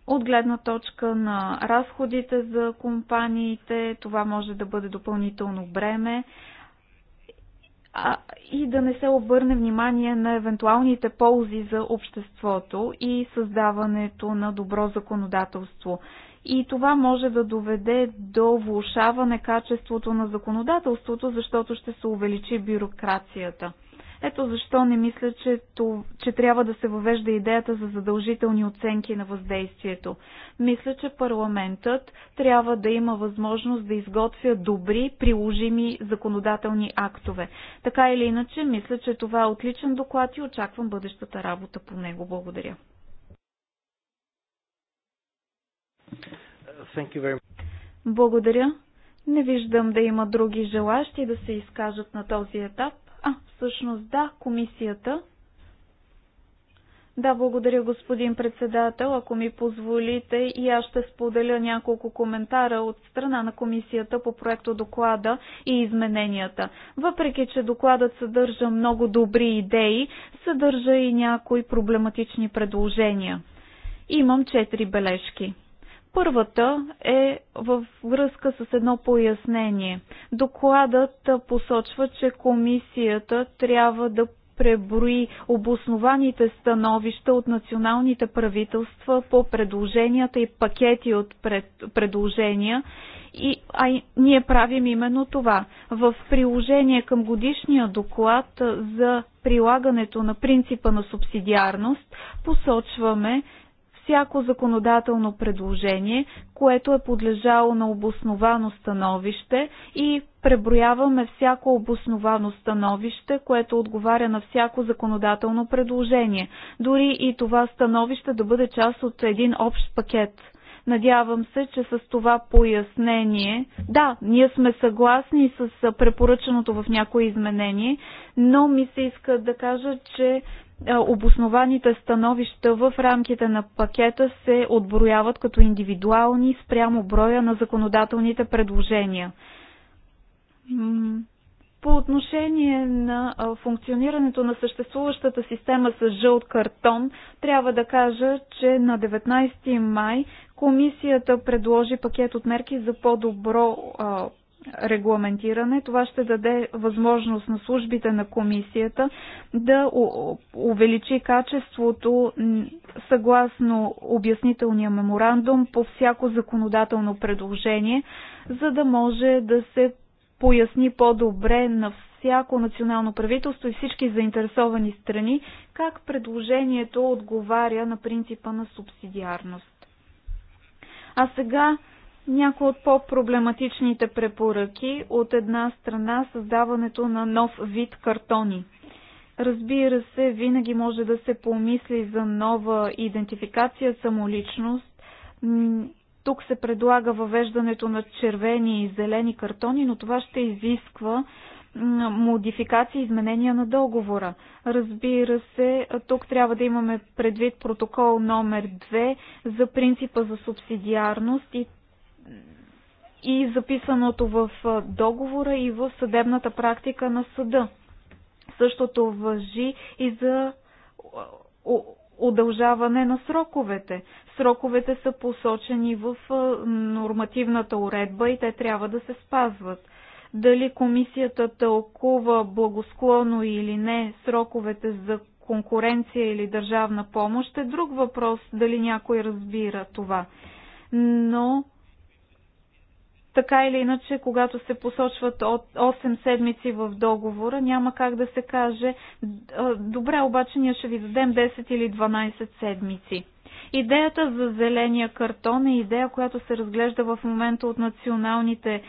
От гледна точка на разходите за компаниите, това може да бъде допълнително бреме а, и да не се обърне внимание на евентуалните ползи за обществото и създаването на добро законодателство. И това може да доведе до влушаване качеството на законодателството, защото ще се увеличи бюрокрацията. Ето защо не мисля, че, то, че трябва да се въвежда идеята за задължителни оценки на въздействието. Мисля, че парламентът трябва да има възможност да изготвя добри, приложими законодателни актове. Така или иначе, мисля, че това е отличен доклад и очаквам бъдещата работа по него. Благодаря. Благодаря. Не виждам да има други желащи да се изкажат на този етап. А, всъщност да, комисията. Да, благодаря господин председател. Ако ми позволите и аз ще споделя няколко коментара от страна на комисията по проекто доклада и измененията. Въпреки, че докладът съдържа много добри идеи, съдържа и някои проблематични предложения. Имам четири бележки. Първата е във връзка с едно пояснение. Докладът посочва, че комисията трябва да преброи обоснованите становища от националните правителства по предложенията и пакети от пред, предложения. И, а и, ние правим именно това. В приложение към годишния доклад за прилагането на принципа на субсидиарност посочваме, всяко законодателно предложение, което е подлежало на обосновано становище и преброяваме всяко обосновано становище, което отговаря на всяко законодателно предложение. Дори и това становище да бъде част от един общ пакет. Надявам се, че с това пояснение, да, ние сме съгласни с препоръченото в някои изменение, но ми се иска да кажа, че е, обоснованите становища в рамките на пакета се отброяват като индивидуални спрямо броя на законодателните предложения. По отношение на функционирането на съществуващата система с жълт картон, трябва да кажа, че на 19 май комисията предложи пакет от мерки за по-добро регламентиране. Това ще даде възможност на службите на комисията да увеличи качеството съгласно обяснителния меморандум по всяко законодателно предложение, за да може да се поясни по-добре на всяко национално правителство и всички заинтересовани страни как предложението отговаря на принципа на субсидиарност. А сега някои от по-проблематичните препоръки от една страна създаването на нов вид картони. Разбира се, винаги може да се помисли за нова идентификация самоличност. Тук се предлага въвеждането на червени и зелени картони, но това ще изисква модификации и изменения на договора. Разбира се, тук трябва да имаме предвид протокол номер 2 за принципа за субсидиарност и и записаното в договора и в съдебната практика на съда. Същото въжи и за удължаване на сроковете. Сроковете са посочени в нормативната уредба и те трябва да се спазват. Дали комисията тълкува благосклонно или не сроковете за конкуренция или държавна помощ е друг въпрос, дали някой разбира това. Но така или иначе, когато се посочват от 8 седмици в договора, няма как да се каже, добре, обаче ние ще ви дадем 10 или 12 седмици. Идеята за зеления картон е идея, която се разглежда в момента от националните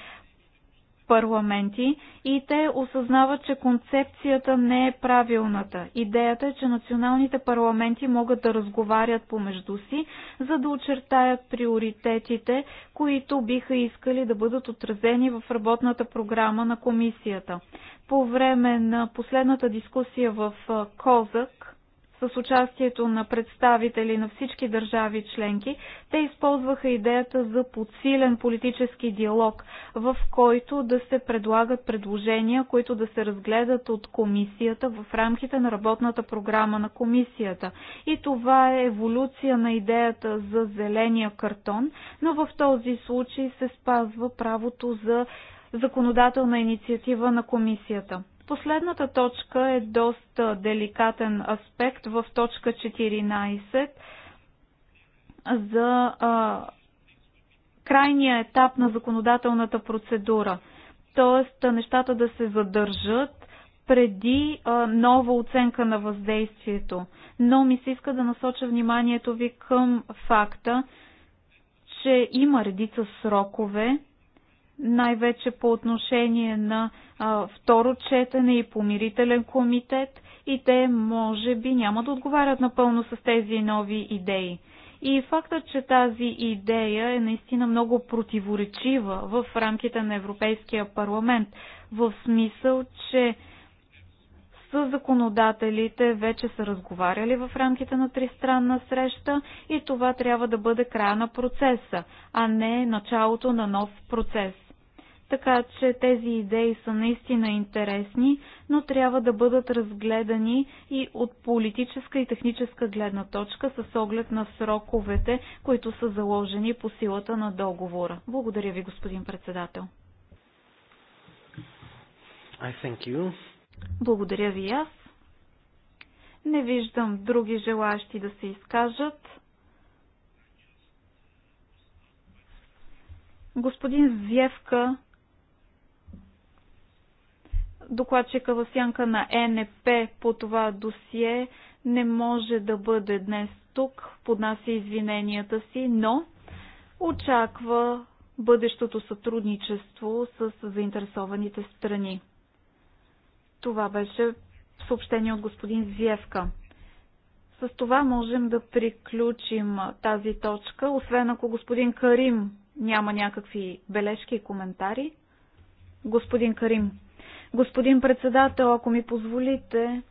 парламенти и те осъзнават, че концепцията не е правилната. Идеята е, че националните парламенти могат да разговарят помежду си, за да очертаят приоритетите, които биха искали да бъдат отразени в работната програма на комисията. По време на последната дискусия в Козък, с участието на представители на всички държави членки, те използваха идеята за подсилен политически диалог, в който да се предлагат предложения, които да се разгледат от комисията в рамките на работната програма на комисията. И това е еволюция на идеята за зеления картон, но в този случай се спазва правото за законодателна инициатива на комисията. Последната точка е доста деликатен аспект в точка 14 за а, крайния етап на законодателната процедура. Тоест нещата да се задържат преди а, нова оценка на въздействието. Но ми се иска да насоча вниманието ви към факта, че има редица срокове, най-вече по отношение на а, второ четене и помирителен комитет и те може би няма да отговарят напълно с тези нови идеи. И фактът, че тази идея е наистина много противоречива в рамките на Европейския парламент, в смисъл, че с законодателите вече са разговаряли в рамките на тристранна среща и това трябва да бъде края на процеса, а не началото на нов процес. Така че тези идеи са наистина интересни, но трябва да бъдат разгледани и от политическа и техническа гледна точка с оглед на сроковете, които са заложени по силата на договора. Благодаря ви, господин председател. I thank you. Благодаря ви аз. Не виждам други желащи да се изкажат. Господин Зевка докладчика в сянка на е НП по това досие не може да бъде днес тук, поднася извиненията си, но очаква бъдещото сътрудничество с заинтересованите страни. Това беше съобщение от господин Зиевка. С това можем да приключим тази точка, освен ако господин Карим няма някакви бележки и коментари. Господин Карим. Господин председател, ако ми позволите,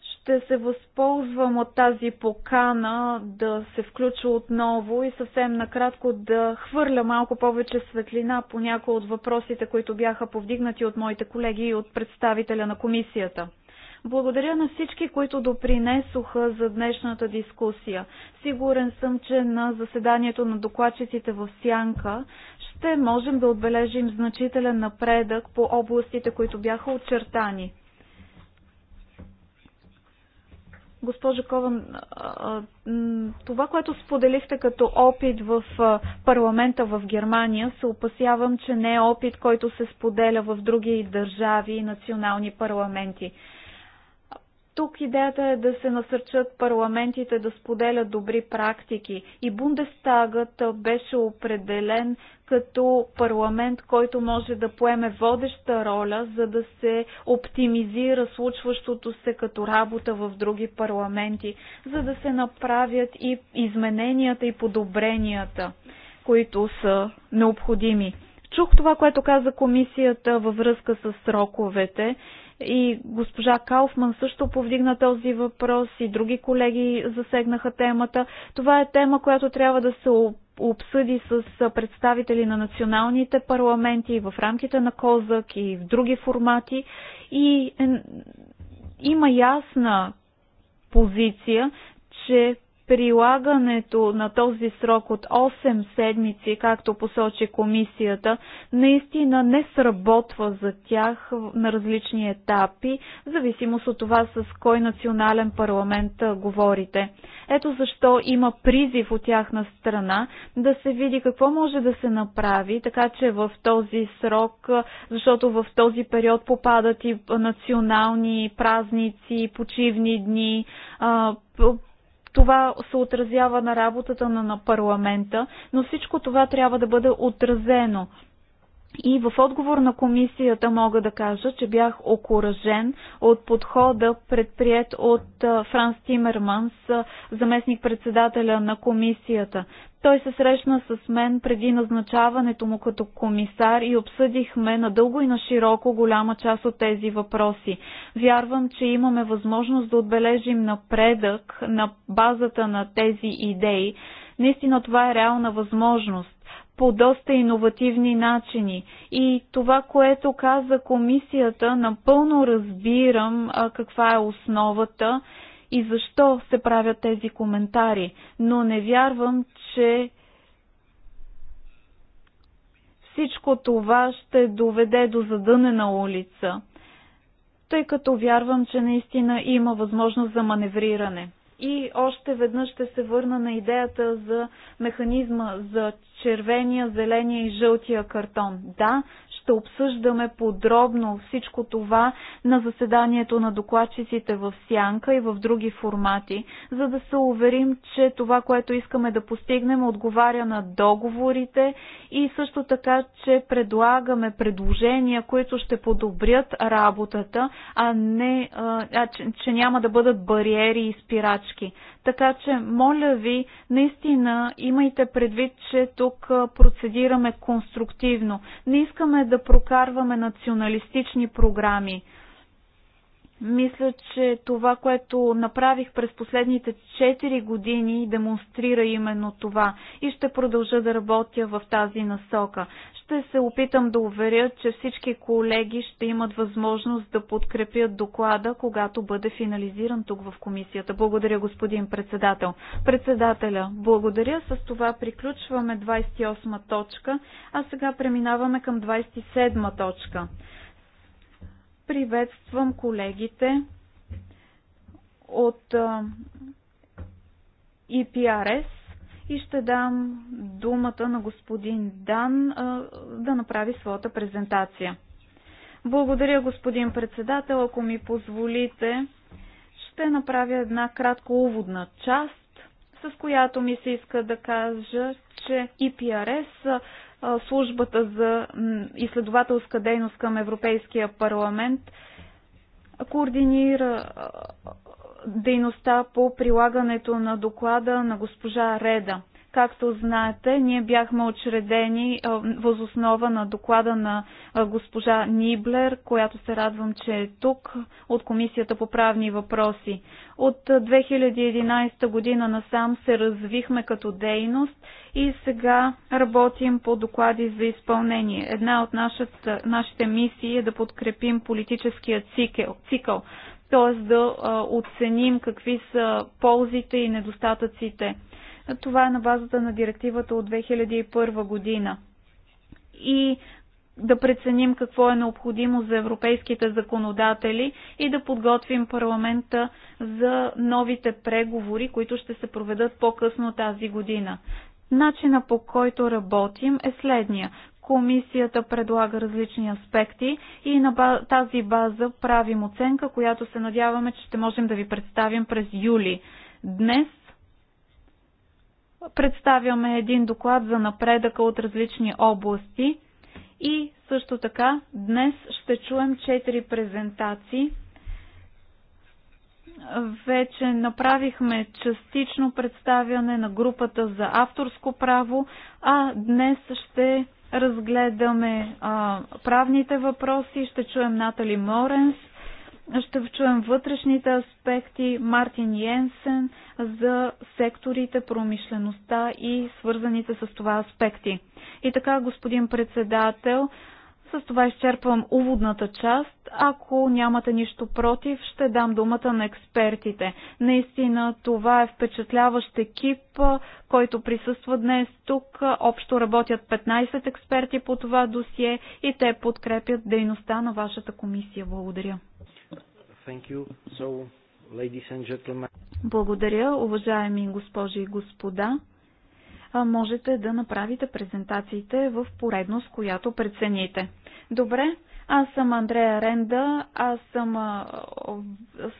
ще се възползвам от тази покана да се включа отново и съвсем накратко да хвърля малко повече светлина по някои от въпросите, които бяха повдигнати от моите колеги и от представителя на комисията. Благодаря на всички, които допринесоха за днешната дискусия. Сигурен съм, че на заседанието на докладчиците в Сянка ще можем да отбележим значителен напредък по областите, които бяха очертани. Госпожо Кован, това, което споделихте като опит в парламента в Германия, се опасявам, че не е опит, който се споделя в други държави и национални парламенти. Тук идеята е да се насърчат парламентите да споделят добри практики и Бундестагът беше определен като парламент, който може да поеме водеща роля, за да се оптимизира случващото се като работа в други парламенти, за да се направят и измененията и подобренията, които са необходими. Чух това, което каза комисията във връзка с сроковете и госпожа Кауфман също повдигна този въпрос и други колеги засегнаха темата. Това е тема, която трябва да се обсъди с представители на националните парламенти в рамките на КОЗАК и в други формати. И е, има ясна позиция, че прилагането на този срок от 8 седмици, както посочи комисията, наистина не сработва за тях на различни етапи, в зависимост от това с кой национален парламент говорите. Ето защо има призив от тяхна страна да се види какво може да се направи, така че в този срок, защото в този период попадат и национални празници, почивни дни, това се отразява на работата на, на парламента, но всичко това трябва да бъде отразено и в отговор на комисията мога да кажа, че бях окоръжен от подхода предприят от Франс Тимерманс, заместник председателя на комисията. Той се срещна с мен преди назначаването му като комисар и обсъдихме надълго и на широко голяма част от тези въпроси. Вярвам, че имаме възможност да отбележим напредък на базата на тези идеи. Наистина това е реална възможност по доста иновативни начини. И това, което каза комисията, напълно разбирам а, каква е основата и защо се правят тези коментари, но не вярвам, че всичко това ще доведе до задънена улица, тъй като вярвам, че наистина има възможност за маневриране. И още веднъж ще се върна на идеята за механизма за червения, зеления и жълтия картон. Да, ще обсъждаме подробно всичко това на заседанието на докладчиците в Сянка и в други формати, за да се уверим, че това, което искаме да постигнем, отговаря на договорите и също така, че предлагаме предложения, които ще подобрят работата, а не, а, че, че няма да бъдат бариери и спирачки. Така че, моля ви, наистина имайте предвид, че тук процедираме конструктивно. Не искаме да прокарваме националистични програми. Мисля, че това, което направих през последните 4 години, демонстрира именно това и ще продължа да работя в тази насока. Ще се опитам да уверя, че всички колеги ще имат възможност да подкрепят доклада, когато бъде финализиран тук в комисията. Благодаря, господин председател. Председателя, благодаря. С това приключваме 28 точка, а сега преминаваме към 27 точка. Приветствам колегите от EPRS и ще дам думата на господин Дан да направи своята презентация. Благодаря, господин председател. Ако ми позволите, ще направя една кратко уводна част, с която ми се иска да кажа, че EPRS службата за изследователска дейност към Европейския парламент координира дейността по прилагането на доклада на госпожа Реда. Както знаете, ние бяхме очредени възоснова на доклада на госпожа Ниблер, която се радвам, че е тук от Комисията по правни въпроси. От 2011 година насам се развихме като дейност и сега работим по доклади за изпълнение. Една от нашата, нашите мисии е да подкрепим политическия цикъл, цикъл т.е. да оценим какви са ползите и недостатъците това е на базата на директивата от 2001 година. И да преценим какво е необходимо за европейските законодатели и да подготвим парламента за новите преговори, които ще се проведат по-късно тази година. Начина по който работим е следния. Комисията предлага различни аспекти и на тази база правим оценка, която се надяваме, че ще можем да ви представим през юли. Днес представяме един доклад за напредъка от различни области и също така днес ще чуем четири презентации. Вече направихме частично представяне на групата за авторско право, а днес ще разгледаме а, правните въпроси, ще чуем Натали Моренс, ще чуем вътрешните аспекти Мартин Йенсен за секторите, промишлеността и свързаните с това аспекти. И така, господин председател, с това изчерпвам уводната част. Ако нямате нищо против, ще дам думата на експертите. Наистина това е впечатляващ екип, който присъства днес тук. Общо работят 15 експерти по това досие и те подкрепят дейността на вашата комисия. Благодаря. Благодаря, уважаеми госпожи и господа. Можете да направите презентациите в поредност, която прецените. Добре, аз съм Андрея Ренда, аз съм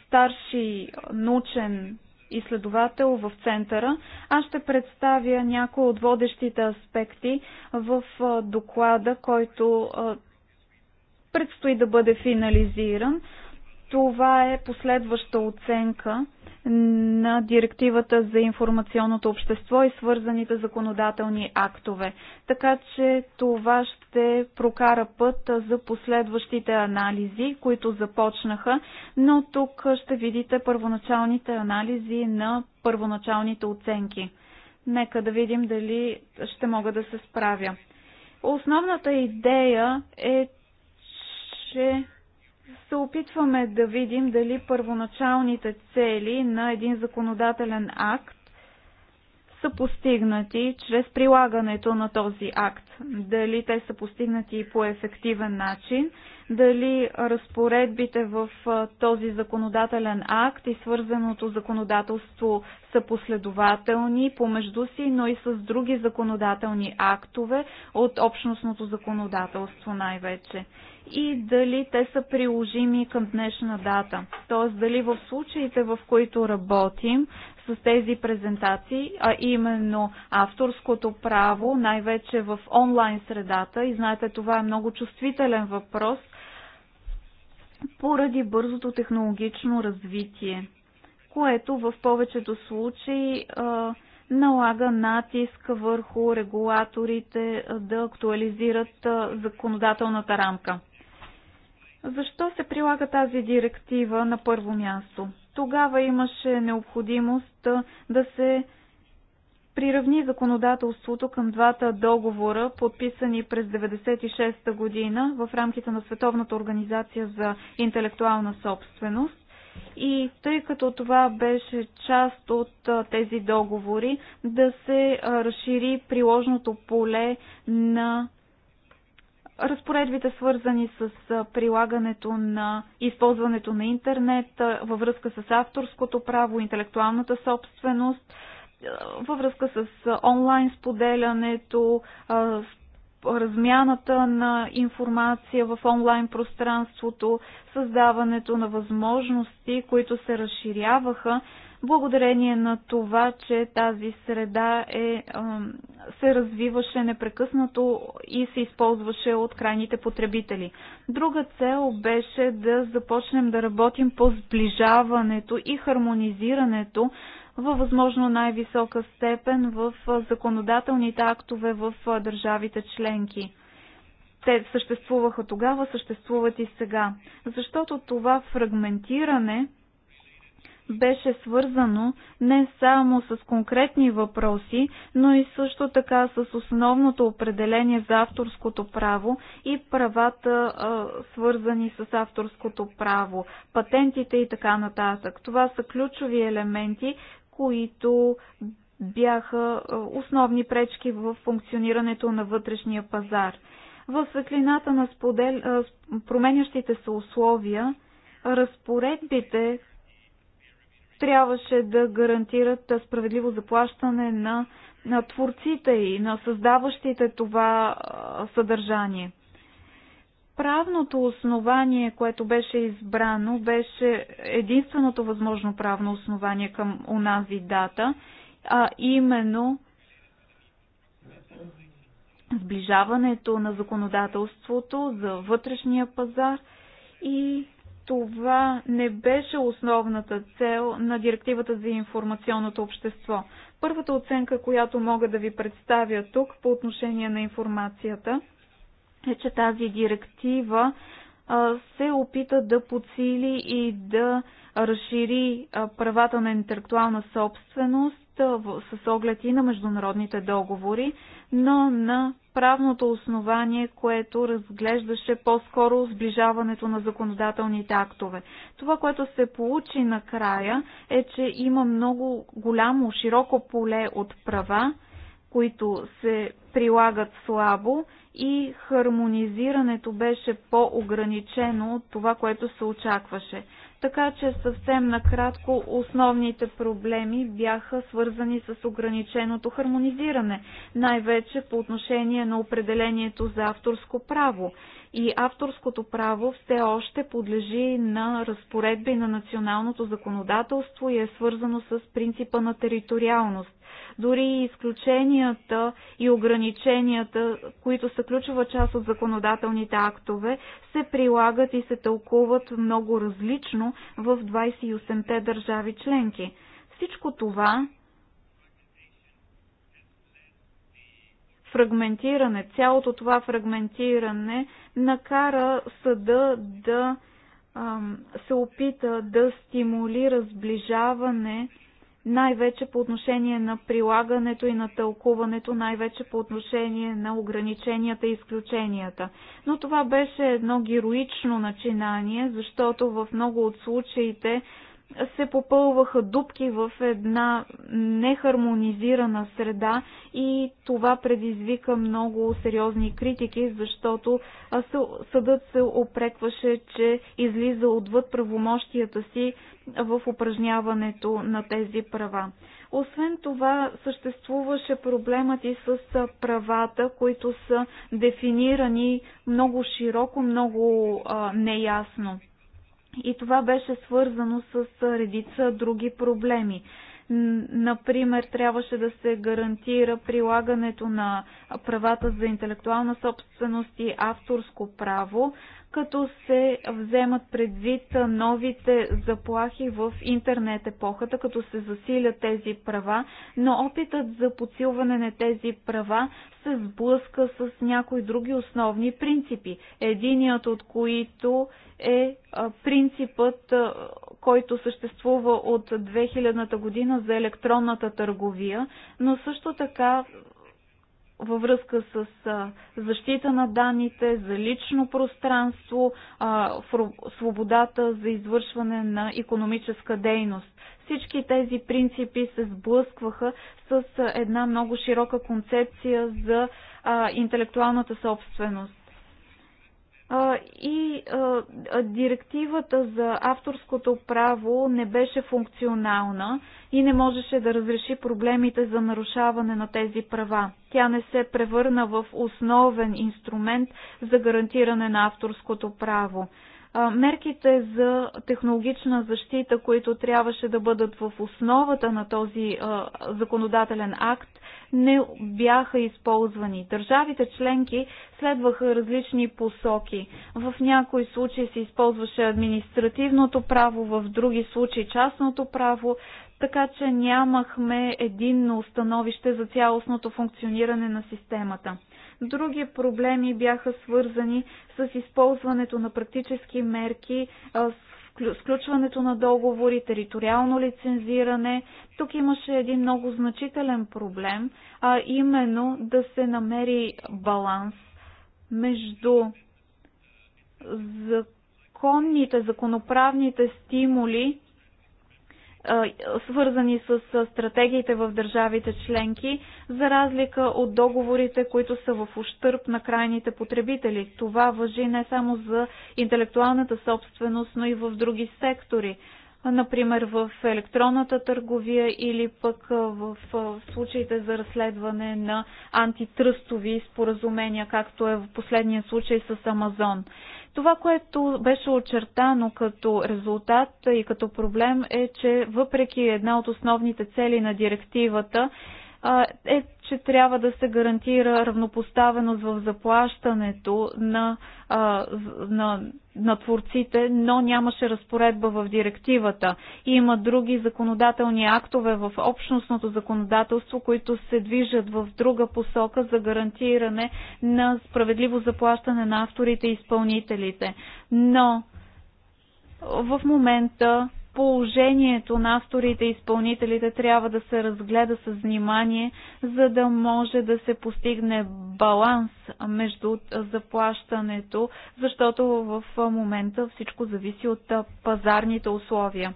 старши научен изследовател в центъра. Аз ще представя някои от водещите аспекти в доклада, който предстои да бъде финализиран. Това е последваща оценка на директивата за информационното общество и свързаните законодателни актове. Така че това ще прокара път за последващите анализи, които започнаха, но тук ще видите първоначалните анализи на първоначалните оценки. Нека да видим дали ще мога да се справя. Основната идея е, че се опитваме да видим дали първоначалните цели на един законодателен акт са постигнати чрез прилагането на този акт. Дали те са постигнати по ефективен начин дали разпоредбите в този законодателен акт и свързаното законодателство са последователни помежду си, но и с други законодателни актове от общностното законодателство най-вече. И дали те са приложими към днешна дата. Тоест дали в случаите, в които работим, с тези презентации, а именно авторското право, най-вече в онлайн средата. И знаете, това е много чувствителен въпрос поради бързото технологично развитие, което в повечето случаи а, налага натиск върху регулаторите да актуализират законодателната рамка. Защо се прилага тази директива на първо място? Тогава имаше необходимост да се приравни законодателството към двата договора, подписани през 1996 година в рамките на Световната организация за интелектуална собственост. И тъй като това беше част от тези договори, да се разшири приложното поле на разпоредбите свързани с прилагането на използването на интернет във връзка с авторското право, интелектуалната собственост, във връзка с онлайн споделянето, размяната на информация в онлайн пространството, създаването на възможности, които се разширяваха, благодарение на това, че тази среда е, се развиваше непрекъснато и се използваше от крайните потребители. Друга цел беше да започнем да работим по сближаването и хармонизирането във възможно най-висока степен в законодателните актове в държавите членки. Те съществуваха тогава, съществуват и сега. Защото това фрагментиране беше свързано не само с конкретни въпроси, но и също така с основното определение за авторското право и правата свързани с авторското право, патентите и така нататък. Това са ключови елементи, които бяха основни пречки в функционирането на вътрешния пазар. В светлината на сподел... променящите се условия, разпоредбите трябваше да гарантират справедливо заплащане на, на творците и на създаващите това съдържание правното основание, което беше избрано, беше единственото възможно правно основание към онази дата, а именно сближаването на законодателството за вътрешния пазар и това не беше основната цел на директивата за информационното общество. Първата оценка, която мога да ви представя тук по отношение на информацията – е, че тази директива се опита да подсили и да разшири правата на интелектуална собственост с оглед и на международните договори, но на правното основание, което разглеждаше по-скоро сближаването на законодателните актове. Това, което се получи накрая, е, че има много голямо, широко поле от права, които се прилагат слабо и хармонизирането беше по-ограничено от това, което се очакваше. Така че съвсем накратко основните проблеми бяха свързани с ограниченото хармонизиране, най-вече по отношение на определението за авторско право и авторското право все още подлежи на разпоредби на националното законодателство и е свързано с принципа на териториалност. Дори и изключенията и ограниченията, които са ключова част от законодателните актове, се прилагат и се тълкуват много различно в 28-те държави членки. Всичко това фрагментиране, цялото това фрагментиране накара съда да се опита да стимулира сближаване най-вече по отношение на прилагането и на тълкуването, най-вече по отношение на ограниченията и изключенията. Но това беше едно героично начинание, защото в много от случаите се попълваха дупки в една нехармонизирана среда и това предизвика много сериозни критики, защото съдът се опрекваше, че излиза отвъд правомощията си в упражняването на тези права. Освен това, съществуваше проблемът и с правата, които са дефинирани много широко, много а, неясно. И това беше свързано с редица други проблеми. Например, трябваше да се гарантира прилагането на правата за интелектуална собственост и авторско право, като се вземат предвид новите заплахи в интернет епохата, като се засилят тези права, но опитът за подсилване на тези права се сблъска с някои други основни принципи. Единият от които е принципът, който съществува от 2000-та година за електронната търговия, но също така във връзка с защита на данните, за лично пространство, свободата за извършване на економическа дейност. Всички тези принципи се сблъскваха с една много широка концепция за интелектуалната собственост и директивата за авторското право не беше функционална и не можеше да разреши проблемите за нарушаване на тези права. Тя не се превърна в основен инструмент за гарантиране на авторското право мерките за технологична защита, които трябваше да бъдат в основата на този законодателен акт, не бяха използвани. Държавите членки следваха различни посоки. В някои случаи се използваше административното право, в други случаи частното право, така че нямахме единно установище за цялостното функциониране на системата. Други проблеми бяха свързани с използването на практически мерки, сключването на договори, териториално лицензиране. Тук имаше един много значителен проблем, а именно да се намери баланс между законните, законоправните стимули свързани с стратегиите в държавите членки, за разлика от договорите, които са в ущърп на крайните потребители. Това въжи не само за интелектуалната собственост, но и в други сектори. Например, в електронната търговия или пък в случаите за разследване на антитръстови споразумения, както е в последния случай с Амазон. Това, което беше очертано като резултат и като проблем е, че въпреки една от основните цели на директивата е че трябва да се гарантира равнопоставеност в заплащането на, а, на, на творците, но нямаше разпоредба в директивата. Има други законодателни актове в общностното законодателство, които се движат в друга посока за гарантиране на справедливо заплащане на авторите и изпълнителите. Но в момента положението на авторите и изпълнителите трябва да се разгледа с внимание, за да може да се постигне баланс между заплащането, защото в момента всичко зависи от пазарните условия.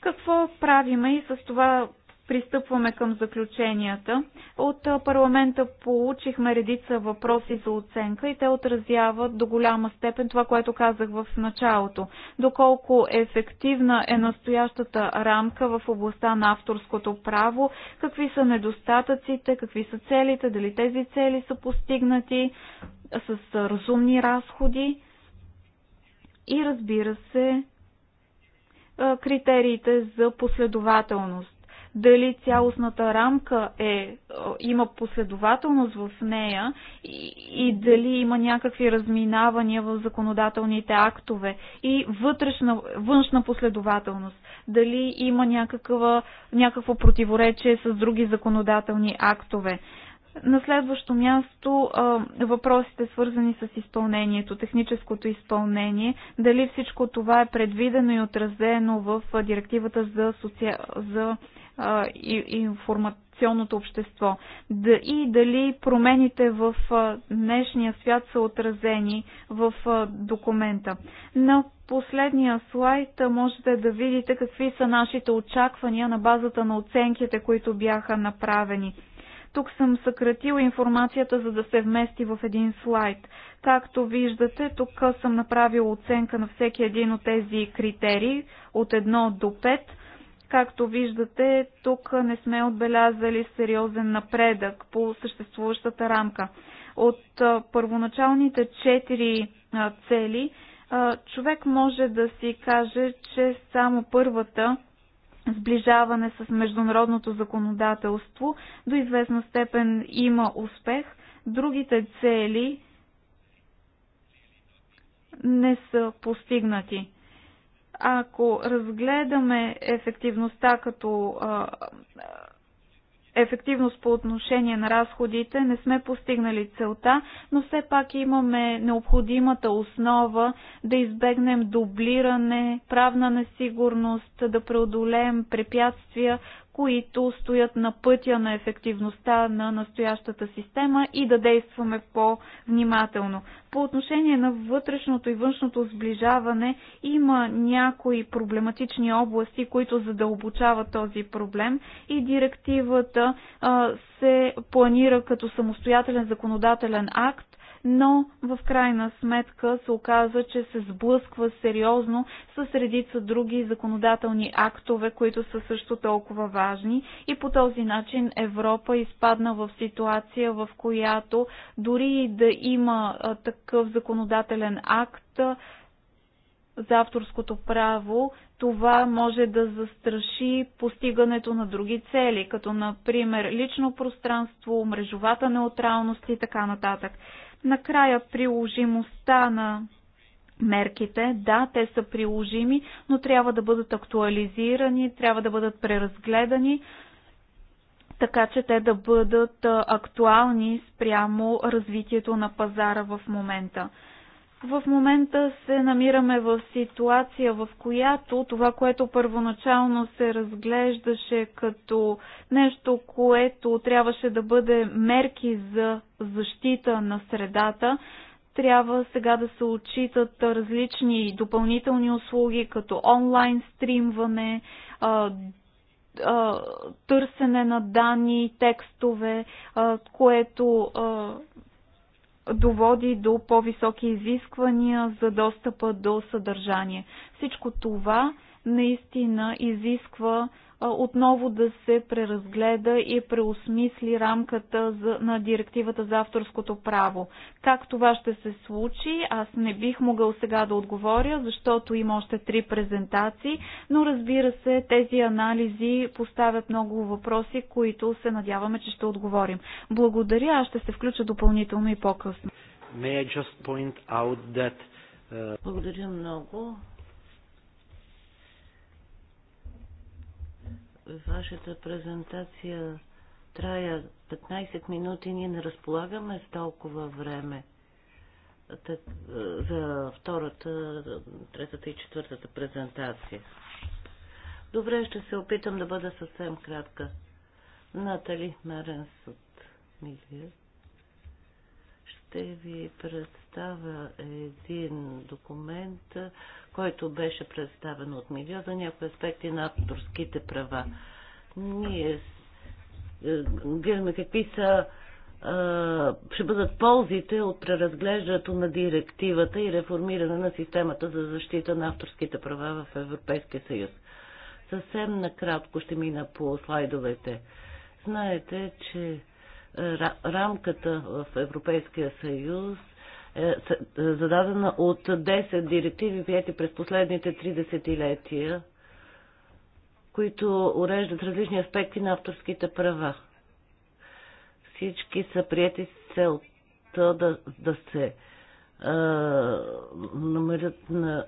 Какво правиме и с това Пристъпваме към заключенията. От парламента получихме редица въпроси за оценка и те отразяват до голяма степен това, което казах в началото. Доколко ефективна е настоящата рамка в областта на авторското право, какви са недостатъците, какви са целите, дали тези цели са постигнати с разумни разходи и разбира се, критериите за последователност дали цялостната рамка е, има последователност в нея и, и дали има някакви разминавания в законодателните актове и вътрешна, външна последователност. Дали има някаква, някакво противоречие с други законодателни актове. На следващо място въпросите свързани с изпълнението, техническото изпълнение, дали всичко това е предвидено и отразено в директивата за, соци... за и информационното общество. Да и дали промените в днешния свят са отразени в документа. На последния слайд можете да видите какви са нашите очаквания на базата на оценките, които бяха направени. Тук съм съкратил информацията, за да се вмести в един слайд. Както виждате, тук съм направил оценка на всеки един от тези критерии от 1 до 5 Както виждате, тук не сме отбелязали сериозен напредък по съществуващата рамка. От първоначалните четири цели, човек може да си каже, че само първата сближаване с международното законодателство до известна степен има успех. Другите цели не са постигнати. Ако разгледаме ефективността като ефективност по отношение на разходите, не сме постигнали целта, но все пак имаме необходимата основа да избегнем дублиране, правна несигурност, да преодолеем препятствия, които стоят на пътя на ефективността на настоящата система и да действаме по-внимателно. По отношение на вътрешното и външното сближаване има някои проблематични области, които задълбочават този проблем и директивата а, се планира като самостоятелен законодателен акт но в крайна сметка се оказа, че се сблъсква сериозно с редица други законодателни актове, които са също толкова важни и по този начин Европа изпадна в ситуация, в която дори да има такъв законодателен акт, за авторското право, това може да застраши постигането на други цели, като например лично пространство, мрежовата неутралност и така нататък. Накрая приложимостта на мерките, да, те са приложими, но трябва да бъдат актуализирани, трябва да бъдат преразгледани, така че те да бъдат актуални спрямо развитието на пазара в момента. В момента се намираме в ситуация, в която това, което първоначално се разглеждаше като нещо, което трябваше да бъде мерки за защита на средата, трябва сега да се отчитат различни допълнителни услуги, като онлайн стримване, търсене на данни, текстове, което доводи до по-високи изисквания за достъпа до съдържание. Всичко това наистина изисква отново да се преразгледа и преосмисли рамката за, на директивата за авторското право. Как това ще се случи, аз не бих могъл сега да отговоря, защото има още три презентации, но разбира се, тези анализи поставят много въпроси, които се надяваме, че ще отговорим. Благодаря, аз ще се включа допълнително и по-късно. May I just point out that... Uh... Благодаря много. Вашата презентация трая 15 минути, ние не разполагаме с толкова време так, е, за втората, третата и четвъртата презентация. Добре, ще се опитам да бъда съвсем кратка. Натали Меренс от Милият ще ви представя един документ, който беше представен от Милио за някои аспекти на авторските права. Ние е, гледаме какви са ще бъдат ползите от преразглеждането на директивата и реформиране на системата за защита на авторските права в Европейския съюз. Съвсем накратко ще мина по слайдовете. Знаете, че рамката в Европейския съюз е, е зададена от 10 директиви, приети през последните 30-летия, които уреждат различни аспекти на авторските права. Всички са прияти с целта да, да се е, намерят на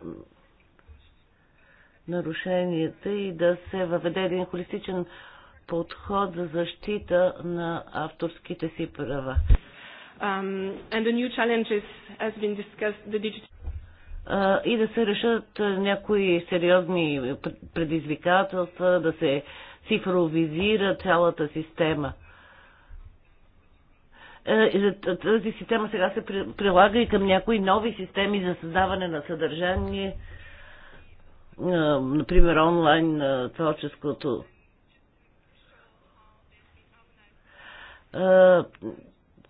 нарушенията и да се въведе един холистичен подход за защита на авторските си права. Um, and the new challenges has been discussed the digital и да се решат някои сериозни предизвикателства, да се цифровизира цялата система. Е, тази система сега се прилага и към някои нови системи за създаване на съдържание, например онлайн творческото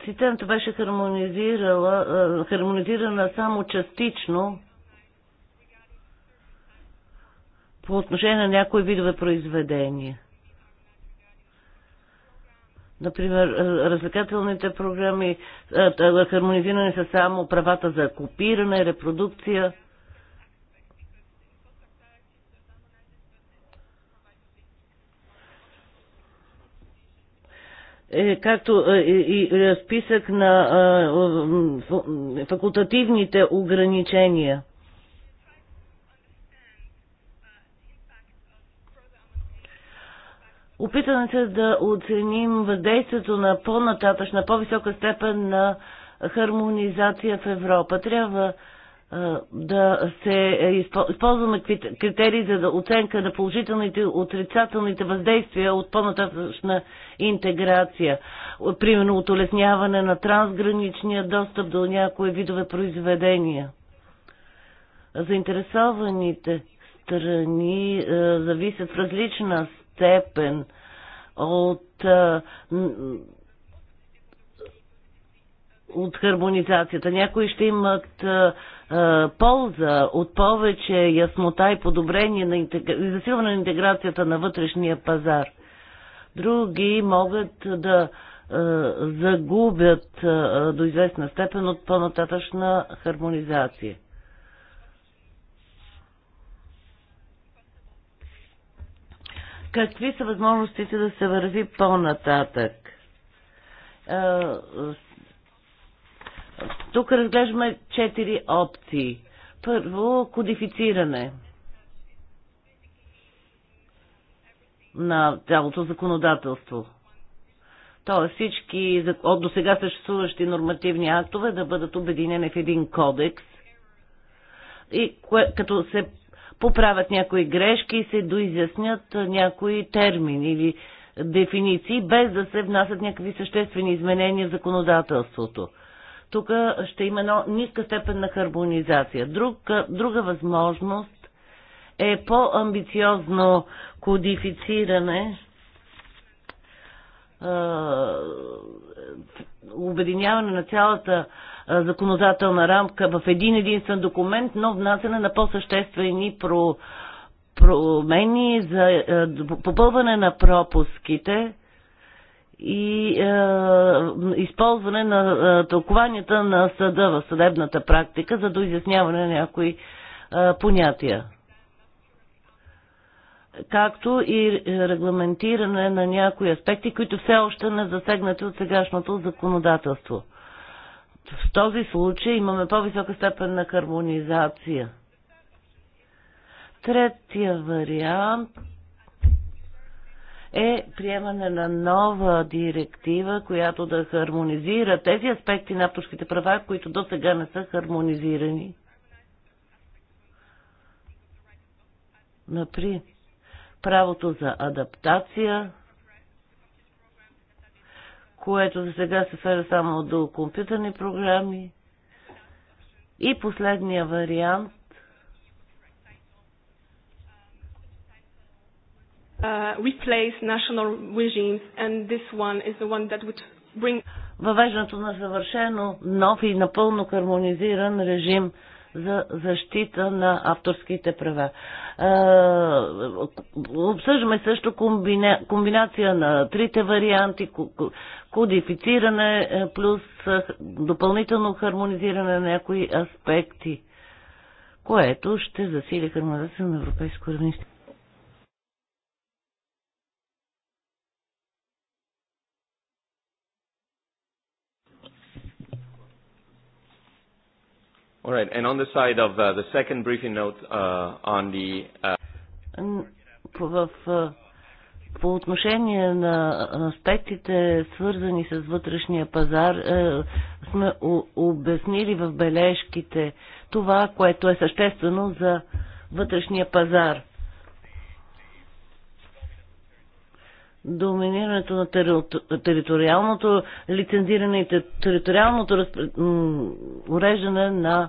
системата беше хармонизирала, хармонизирана само частично по отношение на някои видове произведения. Например, развлекателните програми хармонизирани са само правата за копиране, репродукция – е, както е, и списък на е, факултативните ограничения. Опитаме се да оценим въздействието на по-нататъчна, по-висока степен на хармонизация в Европа. Трябва да се е, използваме критерии за оценка на положителните и отрицателните въздействия от по-нататъчна интеграция. Примерно от улесняване на трансграничния достъп до някои видове произведения. Заинтересованите страни е, зависят в различна степен от е, от хармонизацията. Някои ще имат е, полза от повече яснота и подобрение на интегра... и засилване на интеграцията на вътрешния пазар. Други могат да е, загубят е, до известна степен от по-нататъчна хармонизация. Какви са възможностите да се върви по-нататък? Тук разглеждаме четири опции. Първо, кодифициране на цялото законодателство. Тоест всички от сега съществуващи нормативни актове да бъдат обединени в един кодекс, и кое, като се поправят някои грешки и се доизяснят някои термини или дефиниции, без да се внасят някакви съществени изменения в законодателството тук ще има едно ниска степен на хармонизация. Друг, друга възможност е по-амбициозно кодифициране, обединяване на цялата законодателна рамка в един единствен документ, но внасяне на по-съществени про, промени за попълване на пропуските – и е, използване на е, тълкованията на съда в съдебната практика за доизясняване на някои е, понятия. Както и регламентиране на някои аспекти, които все още не засегнати от сегашното законодателство. В този случай имаме по-висока степен на хармонизация. Третия вариант е приемане на нова директива, която да хармонизира тези аспекти на авторските права, които до сега не са хармонизирани. Напри, правото за адаптация, което за сега се сведе само до компютърни програми. И последния вариант Uh, replace national regimes and this one is the one that would bring Въвеждането на съвършено нов и напълно хармонизиран режим за защита на авторските права. Е, обсъждаме също комбина... комбинация на трите варианти, кодифициране е, плюс е, допълнително хармонизиране на някои аспекти, което ще засили хармонизация на европейско равнище. All right. And on the side of uh, the second briefing note uh, on the uh, по отношение на аспектите, свързани с вътрешния пазар, е, сме обяснили в бележките това, което е съществено за вътрешния пазар. доминирането на тери... териториалното лицензиране и териториалното разпр... уреждане на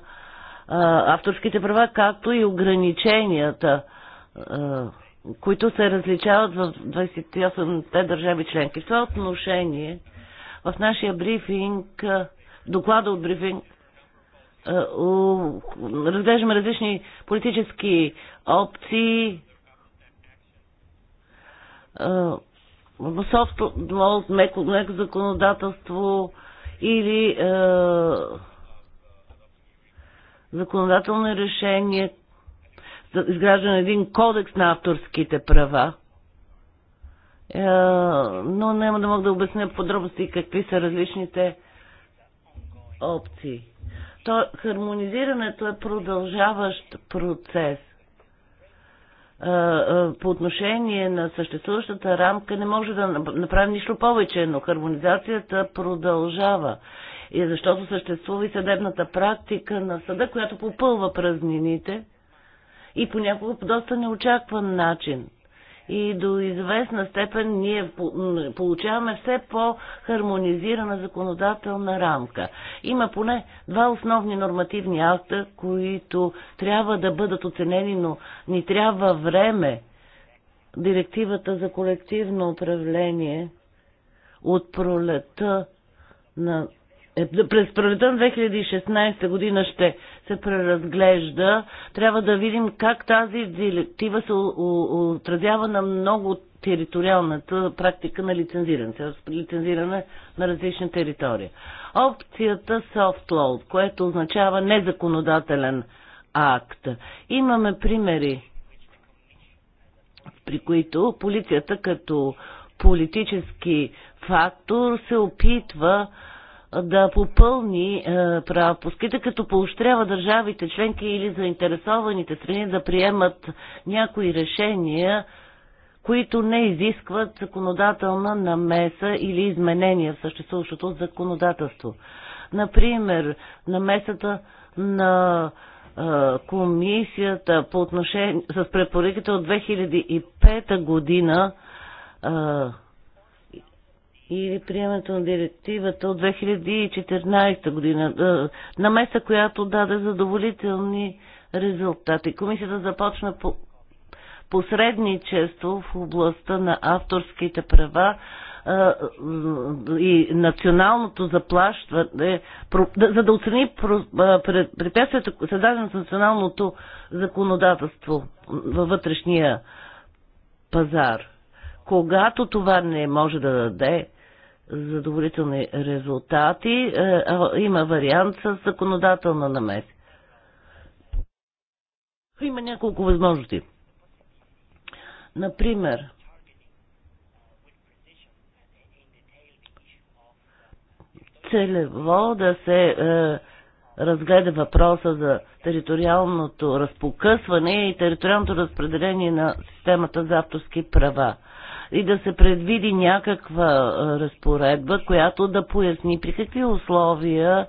а, авторските права, както и ограниченията, а, които се различават в 28-те държави членки. В това отношение в нашия брифинг, доклада от брифинг, разглеждаме различни политически опции, софт меко, меко законодателство или е, законодателно решение за изграждане на един кодекс на авторските права. Е, но няма да мога да обясня подробности какви са различните опции. То, хармонизирането е продължаващ процес по отношение на съществуващата рамка не може да направим нищо повече, но хармонизацията продължава. И защото съществува и съдебната практика на съда, която попълва празнините и понякога по доста неочакван начин и до известна степен ние получаваме все по-хармонизирана законодателна рамка. Има поне два основни нормативни акта, които трябва да бъдат оценени, но ни трябва време. Директивата за колективно управление от пролета на е, през пролета на 2016 година ще се преразглежда, трябва да видим как тази директива се отразява на много териториалната практика на лицензиране, лицензиране на различни територии. Опцията soft law, което означава незаконодателен акт. Имаме примери, при които полицията като политически фактор се опитва да попълни е, правопуските, като поощрява държавите членки или заинтересованите страни да приемат някои решения, които не изискват законодателна намеса или изменения в съществуващото законодателство. Например, намесата на е, комисията по отношение с препоръките от 2005 година е, или приемането на директивата от 2014 година, на места, която даде задоволителни резултати. Комисията започна по посредничество в областта на авторските права и националното заплащане, за да оцени препятствието, създадено с националното законодателство във вътрешния пазар. Когато това не може да даде задоволителни резултати, е, има вариант с законодателна намеса. Има няколко възможности. Например, целево да се е, разгледа въпроса за териториалното разпокъсване и териториалното разпределение на системата за авторски права и да се предвиди някаква разпоредба, която да поясни при какви условия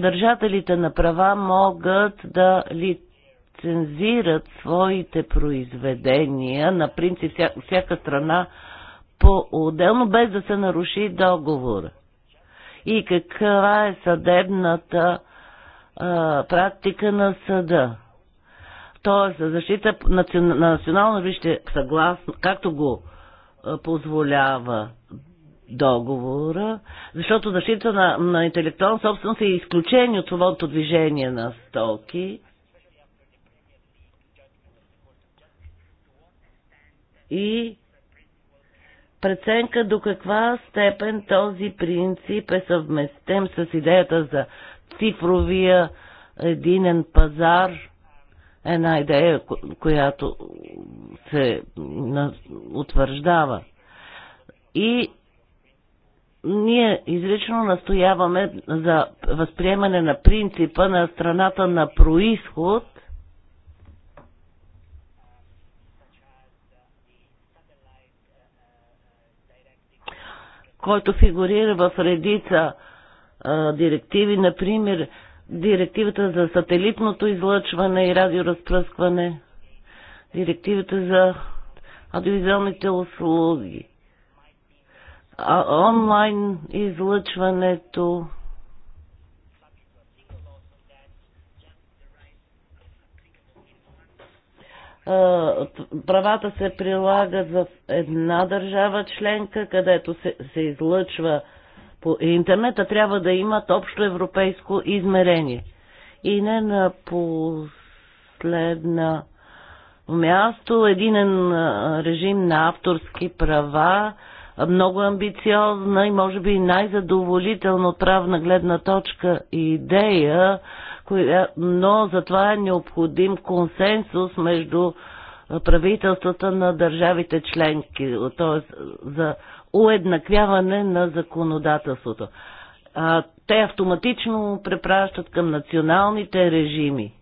държателите на права могат да лицензират своите произведения на принцип вся, всяка страна по-отделно, без да се наруши договор. И каква е съдебната а, практика на съда? Тоест, защита на национално вижте съгласно, както го позволява договора, защото защита на, на интелектуална собственост е изключение от свободното движение на стоки. И преценка до каква степен този принцип е съвместен с идеята за цифровия единен пазар – една идея, която се утвърждава. И ние изрично настояваме за възприемане на принципа на страната на происход, който фигурира в редица а, директиви, например, директивата за сателитното излъчване и радиоразпръскване, директивата за аудиовизуалните услуги, а онлайн излъчването, правата се прилагат в една държава членка, където се, се излъчва по интернета трябва да имат общо европейско измерение. И не на последна място единен режим на авторски права, много амбициозна и може би най-задоволителна от правна гледна точка идея, коя, но за това е необходим консенсус между правителствата на държавите членки, т.е. за уеднаквяване на законодателството. А, те автоматично препращат към националните режими.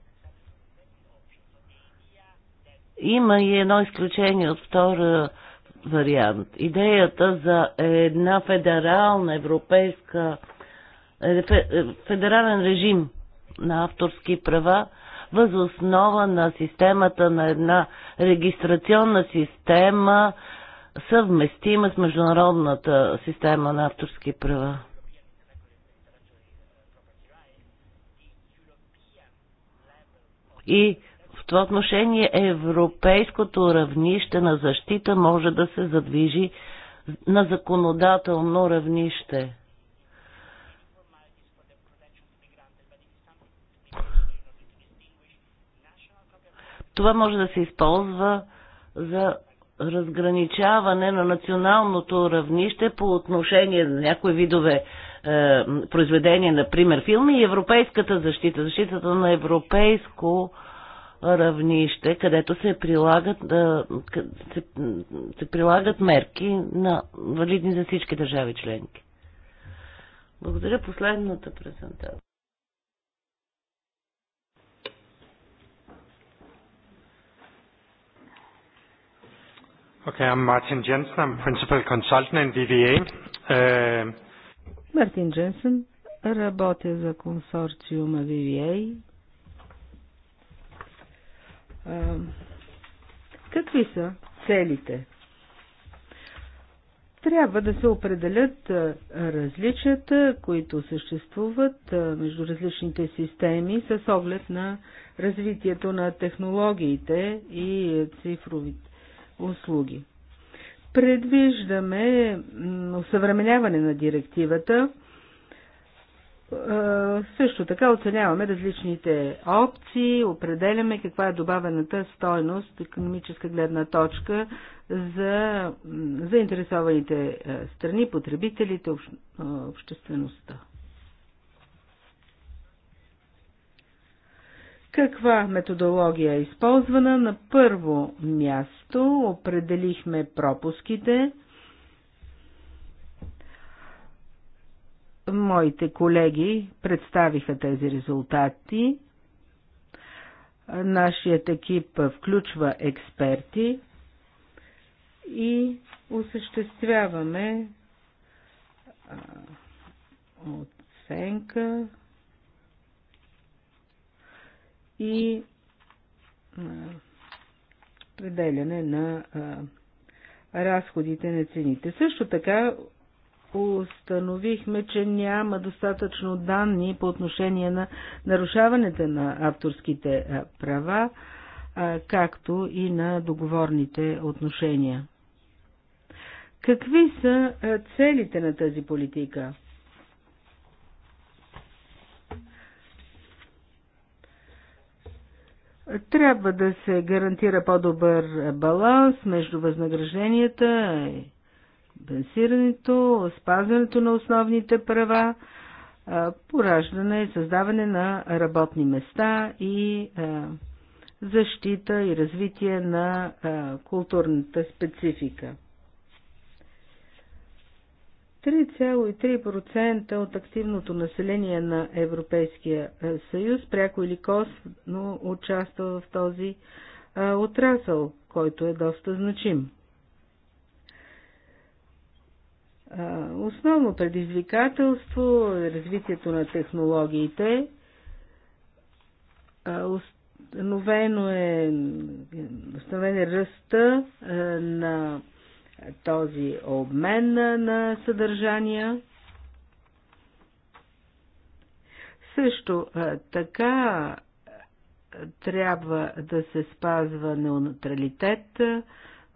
Има и едно изключение от втора вариант. Идеята за една федерална европейска е, е, федерален режим на авторски права възоснова на системата на една регистрационна система съвместима с международната система на авторски права. И в това отношение европейското равнище на защита може да се задвижи на законодателно равнище. Това може да се използва за разграничаване на националното равнище по отношение на някои видове е, произведения, например филми и европейската защита, защитата на европейско равнище, където се прилагат, да, е, се, се прилагат мерки на валидни за всички държави членки. Благодаря последната презентация. Okay, I'm Martin Jensen. I'm principal consultant in VVA. Uh... Мартин Jensen, работя за консорциума VVA. Uh, какви са целите? Трябва да се определят различията, които съществуват между различните системи с оглед на развитието на технологиите и цифровите услуги. Предвиждаме съвременяване на директивата. Също така оценяваме различните опции, определяме каква е добавената стойност, економическа гледна точка за заинтересованите страни, потребителите, обществеността. Каква методология е използвана? На първо място определихме пропуските. Моите колеги представиха тези резултати. Нашият екип включва експерти и осъществяваме оценка и определяне на разходите на цените. Също така установихме, че няма достатъчно данни по отношение на нарушаването на авторските права, както и на договорните отношения. Какви са целите на тази политика? Трябва да се гарантира по-добър баланс между възнагражденията и спазването на основните права, пораждане и създаване на работни места и защита и развитие на културната специфика. 3,3% от активното население на Европейския е, съюз пряко или косвено участва в този а, е, отрасъл, който е доста значим. А, е, основно предизвикателство е развитието на технологиите. А, установено е, установен е ръста на този обмен на съдържания. Също така трябва да се спазва неутралитет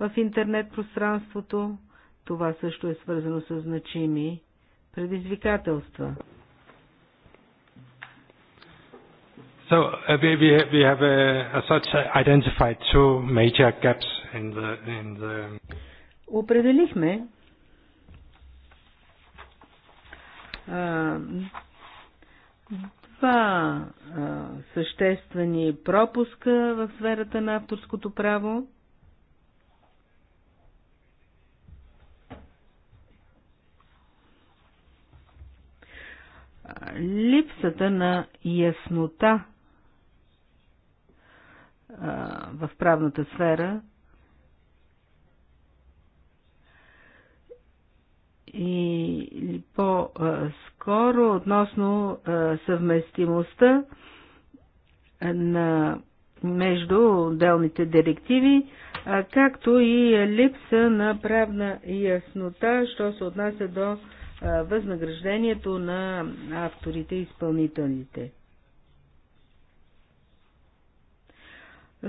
в интернет пространството. Това също е свързано с значими предизвикателства. So uh, we, we, we have a, uh, such identified two major gaps in the, in the Определихме а, два а, съществени пропуска в сферата на авторското право. Липсата на яснота а, в правната сфера по-скоро относно съвместимостта на между отделните директиви, както и липса на правна яснота, що се отнася до възнаграждението на авторите и изпълнителите.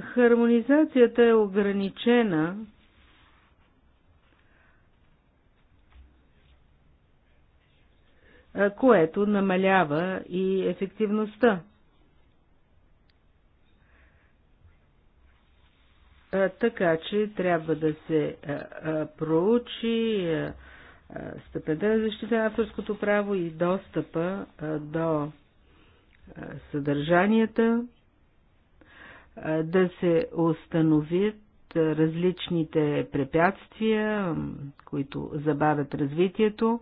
Хармонизацията е ограничена което намалява и ефективността. Така че трябва да се проучи степента на защита на авторското право и достъпа до съдържанията, да се установят различните препятствия, които забавят развитието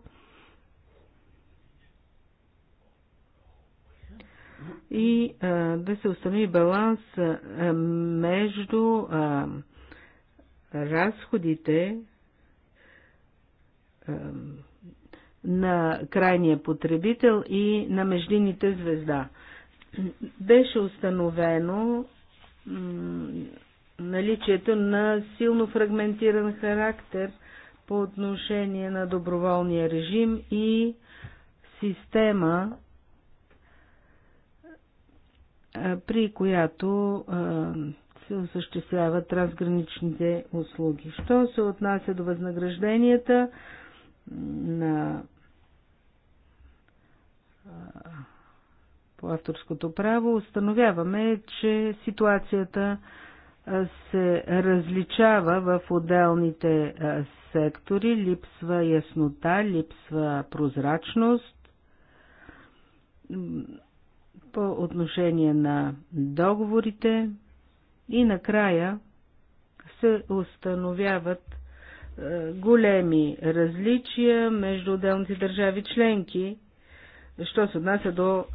и а, да се установи баланс а, между а, разходите а, на крайния потребител и на междините звезда. Беше установено наличието на силно фрагментиран характер по отношение на доброволния режим и система при която се осъществяват трансграничните услуги. Що се отнася до възнагражденията на по авторското право, установяваме, че ситуацията се различава в отделните сектори, липсва яснота, липсва прозрачност по отношение на договорите и накрая се установяват е, големи различия между отделните държави членки, що се отнася до е,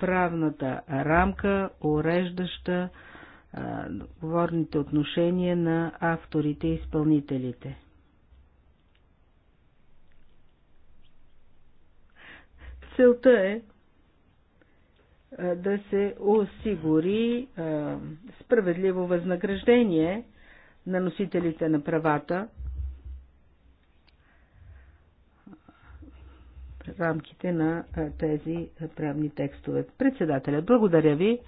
правната рамка, уреждаща е, договорните отношения на авторите и изпълнителите. Целта е да се осигури справедливо възнаграждение на носителите на правата в рамките на тези правни текстове. Председателя, благодаря ви.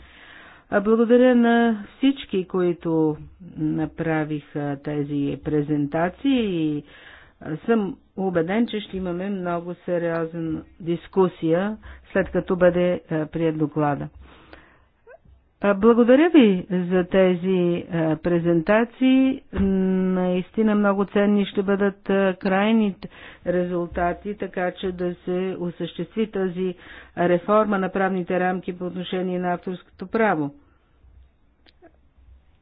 Благодаря на всички, които направих тези презентации и съм убеден, че ще имаме много сериозна дискусия, след като бъде е, прият доклада. Благодаря ви за тези е, презентации. Наистина много ценни ще бъдат е, крайните резултати, така че да се осъществи тази реформа на правните рамки по отношение на авторското право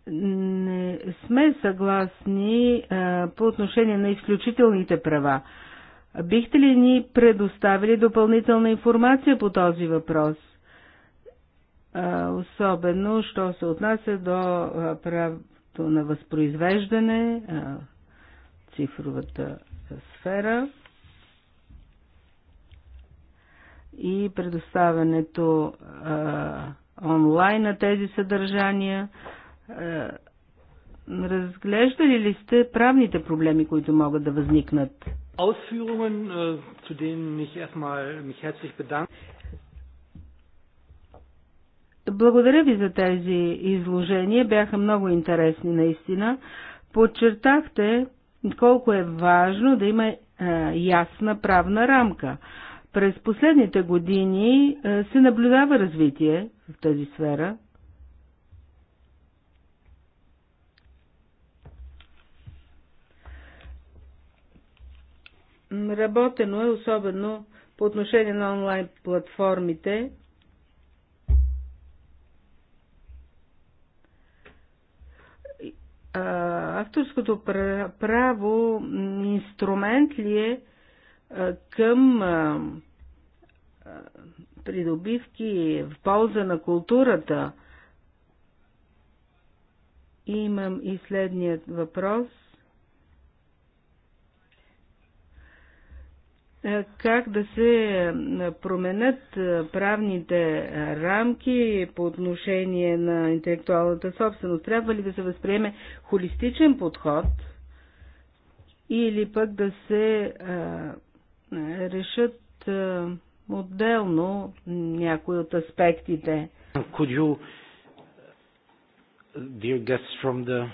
не сме съгласни а, по отношение на изключителните права. Бихте ли ни предоставили допълнителна информация по този въпрос? А, особено, що се отнася до а, правото на възпроизвеждане, а, цифровата сфера и предоставянето а, онлайн на тези съдържания. Е, разглеждали ли сте правните проблеми, които могат да възникнат? Ausführungen, е, zu denen ich erstmal mich herzlich Благодаря ви за тези изложения, бяха много интересни наистина. Подчертахте колко е важно да има е, ясна правна рамка. През последните години се наблюдава развитие в тази сфера, Работено е особено по отношение на онлайн платформите. Авторското право инструмент ли е към придобивки в полза на културата? Имам и следният въпрос – Е, как да се е, променят е, правните рамки по отношение на интелектуалната собственост. Трябва ли да се възприеме холистичен подход или пък да се решат отделно някои от аспектите? You... Uh, the...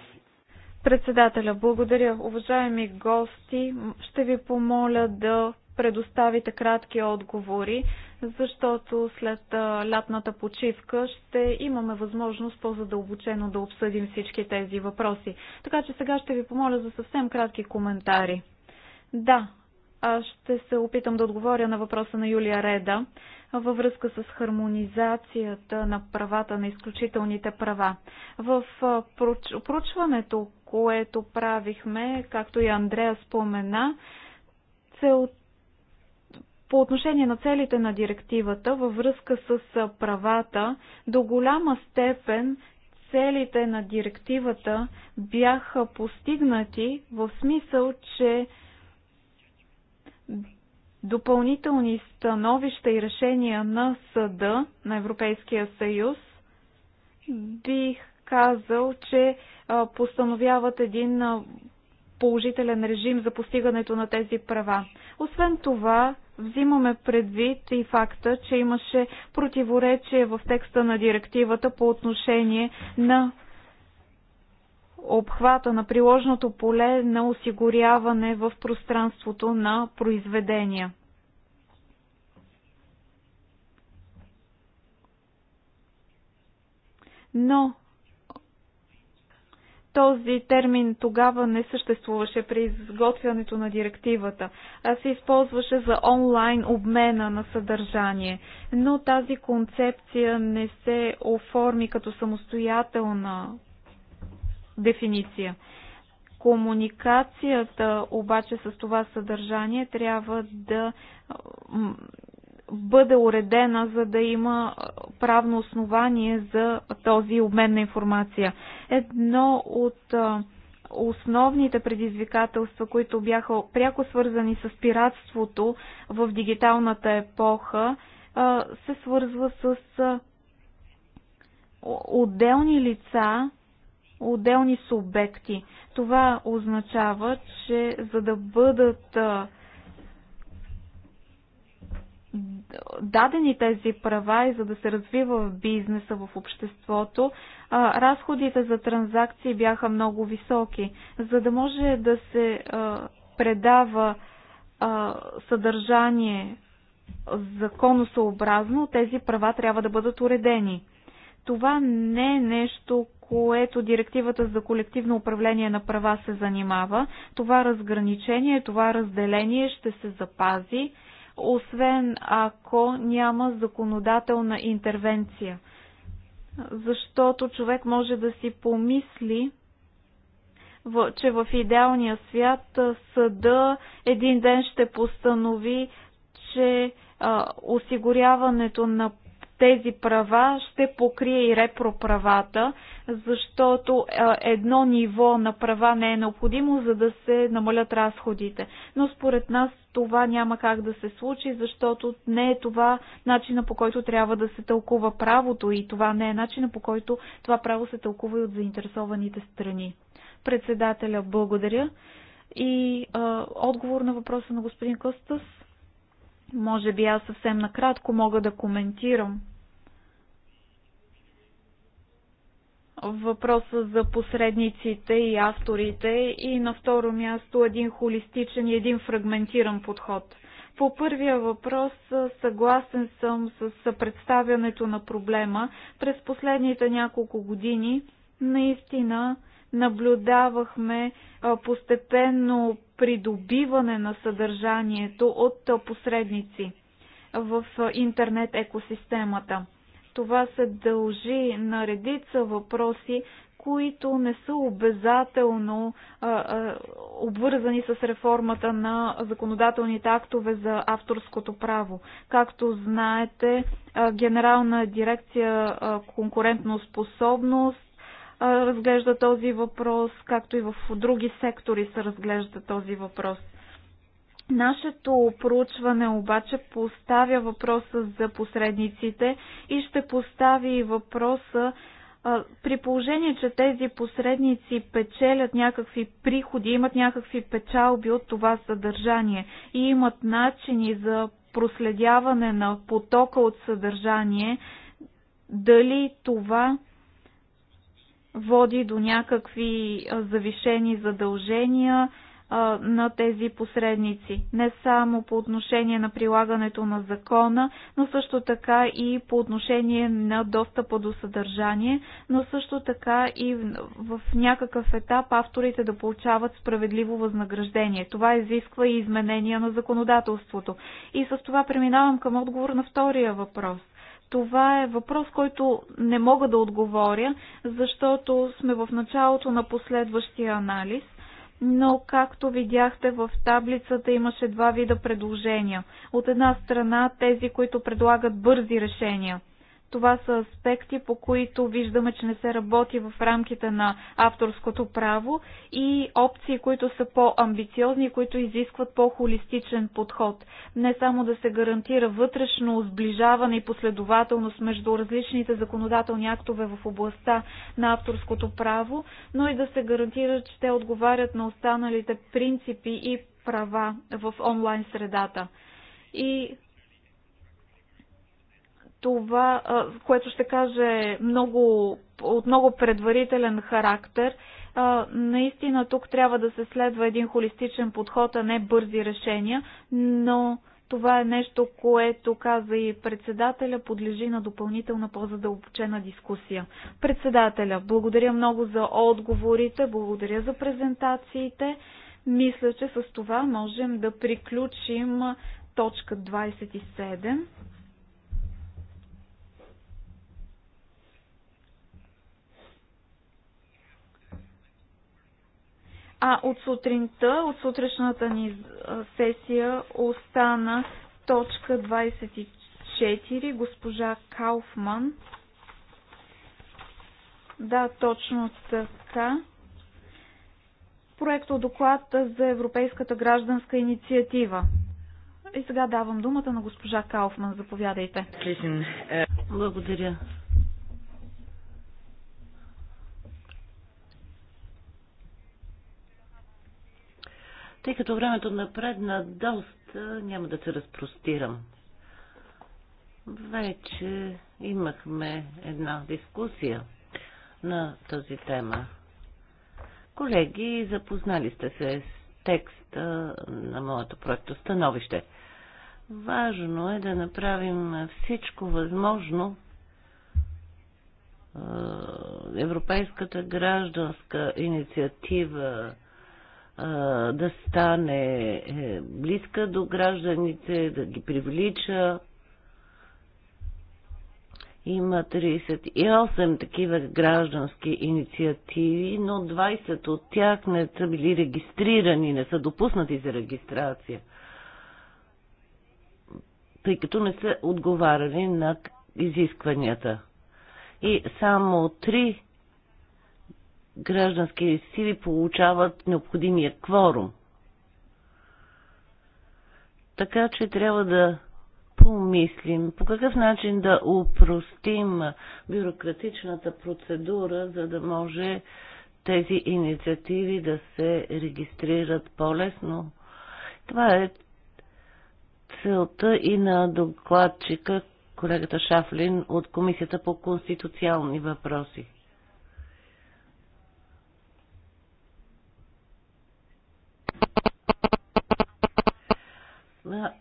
Председателя, благодаря. Уважаеми гости, ще ви помоля да предоставите кратки отговори, защото след лятната почивка ще имаме възможност по-задълбочено да обсъдим всички тези въпроси. Така че сега ще ви помоля за съвсем кратки коментари. Да, аз ще се опитам да отговоря на въпроса на Юлия Реда във връзка с хармонизацията на правата, на изключителните права. В проучването, което правихме, както и Андрея спомена, целта по отношение на целите на директивата във връзка с правата, до голяма степен целите на директивата бяха постигнати в смисъл, че допълнителни становища и решения на съда на Европейския съюз бих казал, че постановяват един положителен режим за постигането на тези права. Освен това, взимаме предвид и факта, че имаше противоречие в текста на директивата по отношение на обхвата на приложното поле на осигуряване в пространството на произведения. Но този термин тогава не съществуваше при изготвянето на директивата, а се използваше за онлайн обмена на съдържание. Но тази концепция не се оформи като самостоятелна дефиниция. Комуникацията обаче с това съдържание трябва да бъде уредена, за да има правно основание за този обмен на информация. Едно от основните предизвикателства, които бяха пряко свързани с пиратството в дигиталната епоха, се свързва с отделни лица, отделни субекти. Това означава, че за да бъдат дадени тези права и за да се развива в бизнеса, в обществото, разходите за транзакции бяха много високи. За да може да се предава съдържание законосъобразно, тези права трябва да бъдат уредени. Това не е нещо, което директивата за колективно управление на права се занимава. Това разграничение, това разделение ще се запази освен ако няма законодателна интервенция. Защото човек може да си помисли, че в идеалния свят съда един ден ще постанови, че осигуряването на тези права ще покрие и репроправата, защото едно ниво на права не е необходимо, за да се намалят разходите. Но според нас това няма как да се случи, защото не е това начина по който трябва да се тълкува правото и това не е начина по който това право се тълкува и от заинтересованите страни. Председателя, благодаря. И а, отговор на въпроса на господин Костас. Може би аз съвсем накратко мога да коментирам въпроса за посредниците и авторите и на второ място един холистичен и един фрагментиран подход. По първия въпрос съгласен съм с представянето на проблема. През последните няколко години наистина наблюдавахме постепенно придобиване на съдържанието от посредници в интернет екосистемата. Това се дължи на редица въпроси, които не са обязателно а, а, обвързани с реформата на законодателните актове за авторското право. Както знаете, а, Генерална дирекция а, конкурентно способност разглежда този въпрос, както и в други сектори се разглежда този въпрос. Нашето проучване обаче поставя въпроса за посредниците и ще постави въпроса при положение, че тези посредници печелят някакви приходи, имат някакви печалби от това съдържание и имат начини за проследяване на потока от съдържание, дали това води до някакви завишени задължения на тези посредници. Не само по отношение на прилагането на закона, но също така и по отношение на достъпа до съдържание, но също така и в някакъв етап авторите да получават справедливо възнаграждение. Това изисква и изменения на законодателството. И с това преминавам към отговор на втория въпрос – това е въпрос, който не мога да отговоря, защото сме в началото на последващия анализ но както видяхте в таблицата имаше два вида предложения. От една страна тези, които предлагат бързи решения – това са аспекти, по които виждаме, че не се работи в рамките на авторското право и опции, които са по-амбициозни, които изискват по-холистичен подход. Не само да се гарантира вътрешно сближаване и последователност между различните законодателни актове в областта на авторското право, но и да се гарантира, че те отговарят на останалите принципи и права в онлайн средата. И това, което ще каже много, от много предварителен характер, наистина тук трябва да се следва един холистичен подход, а не бързи решения, но това е нещо, което каза и председателя, подлежи на допълнителна по-задълбочена дискусия. Председателя, благодаря много за отговорите, благодаря за презентациите. Мисля, че с това можем да приключим точка 27. А от сутринта, от сутрешната ни е, сесия остана точка 24, госпожа Кауфман. Да, точно така. Проекто доклад за Европейската гражданска инициатива. И сега давам думата на госпожа Кауфман. Заповядайте. Е, Благодаря. Тъй като времето напредна доста, няма да се разпростирам. Вече имахме една дискусия на тази тема. Колеги, запознали сте се с текста на моето проекто становище. Важно е да направим всичко възможно е, Европейската гражданска инициатива да стане е, близка до гражданите, да ги привлича. Има 38 такива граждански инициативи, но 20 от тях не са били регистрирани, не са допуснати за регистрация, тъй като не са отговаряли на изискванията. И само граждански сили получават необходимия кворум. Така че трябва да помислим по какъв начин да упростим бюрократичната процедура, за да може тези инициативи да се регистрират по-лесно. Това е целта и на докладчика, колегата Шафлин от Комисията по конституционни въпроси.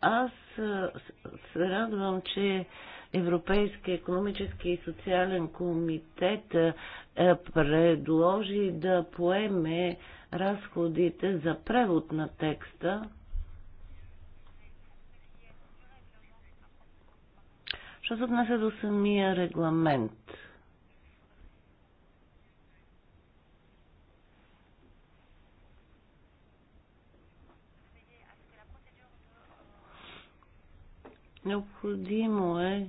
Аз се радвам, че Европейския економически и социален комитет е, предложи да поеме разходите за превод на текста. Що се отнася до самия регламент? Необходимо е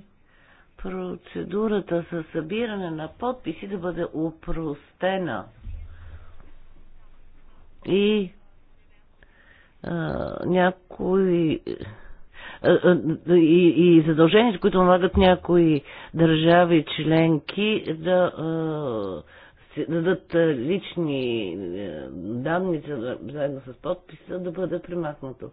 процедурата за събиране на подписи да бъде упростена и а, някои и, и задълженията, които налагат някои държави членки да а, дадат лични данни заедно с подписа, да бъде примахнато.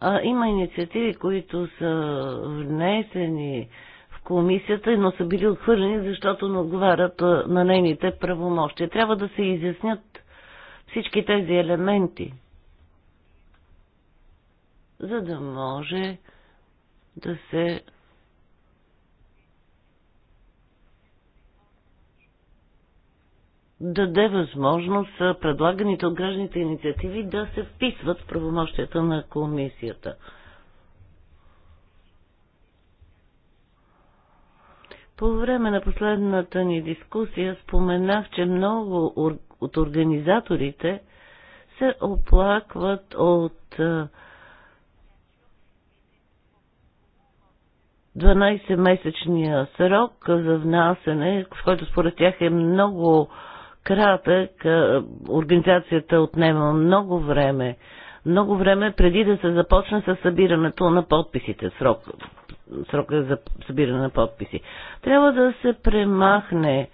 А, има инициативи, които са внесени в комисията, но са били отхвърлени, защото не отговарят на нейните правомощия. Трябва да се изяснят всички тези елементи, за да може да се даде възможност предлаганите от гражданите инициативи да се вписват в правомощията на комисията. По време на последната ни дискусия споменах, че много от организаторите се оплакват от 12-месечния срок за внасене, в който според тях е много кратък. Организацията отнема много време. Много време преди да се започне с събирането на подписите. Срок, срока за събиране на подписи. Трябва да се премахне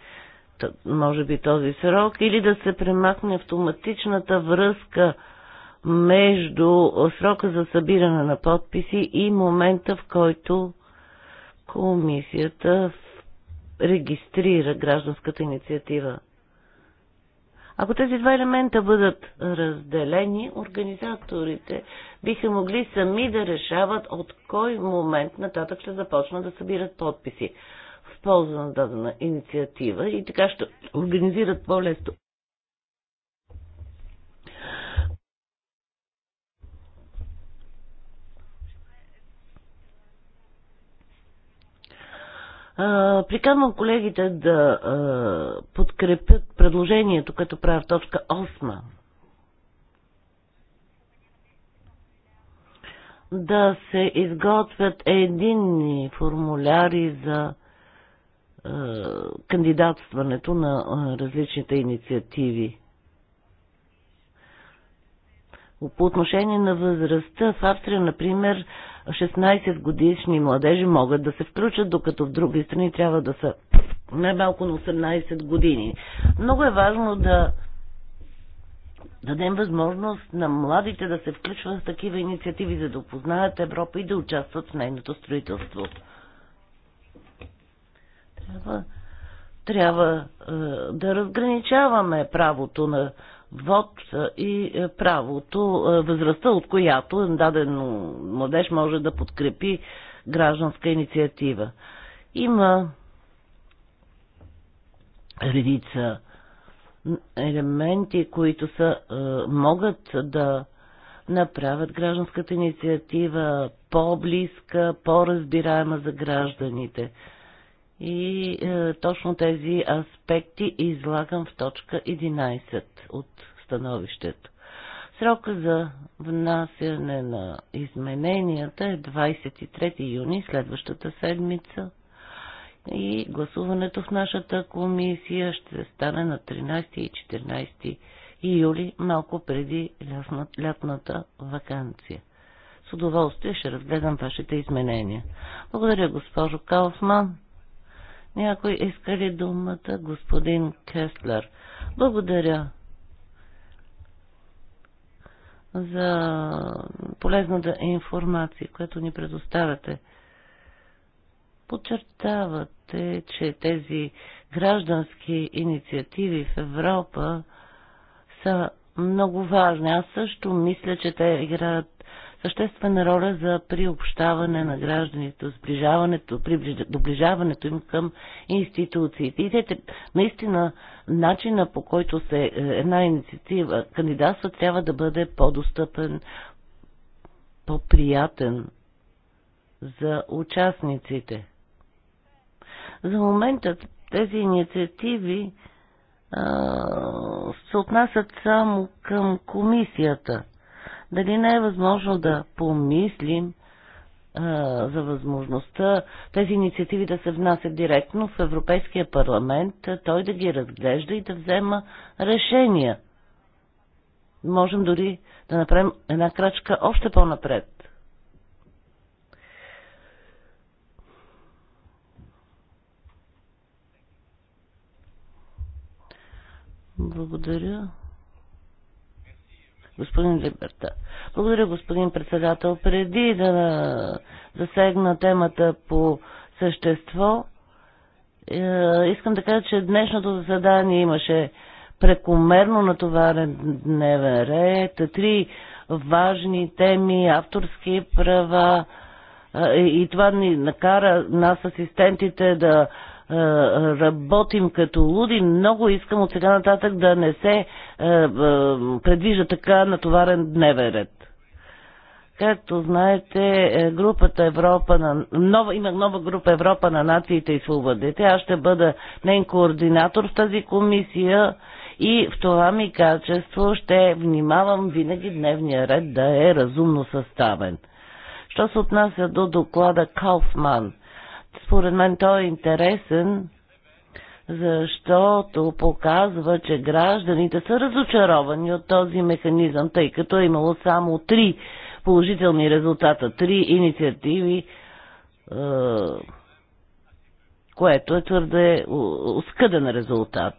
може би този срок или да се премахне автоматичната връзка между срока за събиране на подписи и момента, в който комисията регистрира гражданската инициатива. Ако тези два елемента бъдат разделени, организаторите биха могли сами да решават от кой момент нататък ще започнат да събират подписи в полза на дадена инициатива и така ще организират по-лесно Приканвам колегите да подкрепят предложението, като правя в точка 8. Да се изготвят единни формуляри за кандидатстването на различните инициативи. По отношение на възрастта, в Австрия, например, 16 годишни младежи могат да се включат, докато в други страни трябва да са най-малко на 18 години. Много е важно да дадем възможност на младите да се включват в такива инициативи, за да опознаят Европа и да участват в нейното строителство. Трябва, трябва е, да разграничаваме правото на вод и е, правото, е, възрастта, от която даден младеж може да подкрепи гражданска инициатива. Има редица елементи, които са, е, могат да направят гражданската инициатива по-близка, по-разбираема за гражданите – и е, точно тези аспекти излагам в точка 11 от становището. Срока за внасяне на измененията е 23 юни, следващата седмица. И гласуването в нашата комисия ще стане на 13 и 14 юли, малко преди лятната вакансия. С удоволствие ще разгледам вашите изменения. Благодаря, госпожо Кауфман. Някой иска ли думата? Господин Кеслер. Благодаря за полезната информация, която ни предоставяте. Подчертавате, че тези граждански инициативи в Европа са много важни. Аз също мисля, че те играят съществена роля за приобщаване на гражданите, сближаването, доближаването им към институциите. И те, наистина, начина по който се е, една инициатива кандидатства трябва да бъде по-достъпен, по-приятен за участниците. За момента тези инициативи а, се отнасят само към комисията – дали не е възможно да помислим а, за възможността тези инициативи да се внасят директно в Европейския парламент, той да ги разглежда и да взема решения. Можем дори да направим една крачка още по-напред. Благодаря. Господин Либерта. Благодаря, господин председател. Преди да засегна темата по същество, е, искам да кажа, че днешното заседание имаше прекомерно натоварен дневен ред, три важни теми, авторски права, е, и това ни накара нас асистентите да е, работим като луди. Много искам от сега нататък да не се е, е, предвижда така натоварен дневен ред. Както знаете, групата Европа на... Нова, има нова група Европа на нациите и свободите. Аз ще бъда нейн координатор в тази комисия и в това ми качество ще внимавам винаги дневния ред да е разумно съставен. Що се отнася до доклада Кауфман – според мен той е интересен, защото показва, че гражданите са разочаровани от този механизъм, тъй като е имало само три положителни резултата, три инициативи, е, което е твърде оскъден резултат.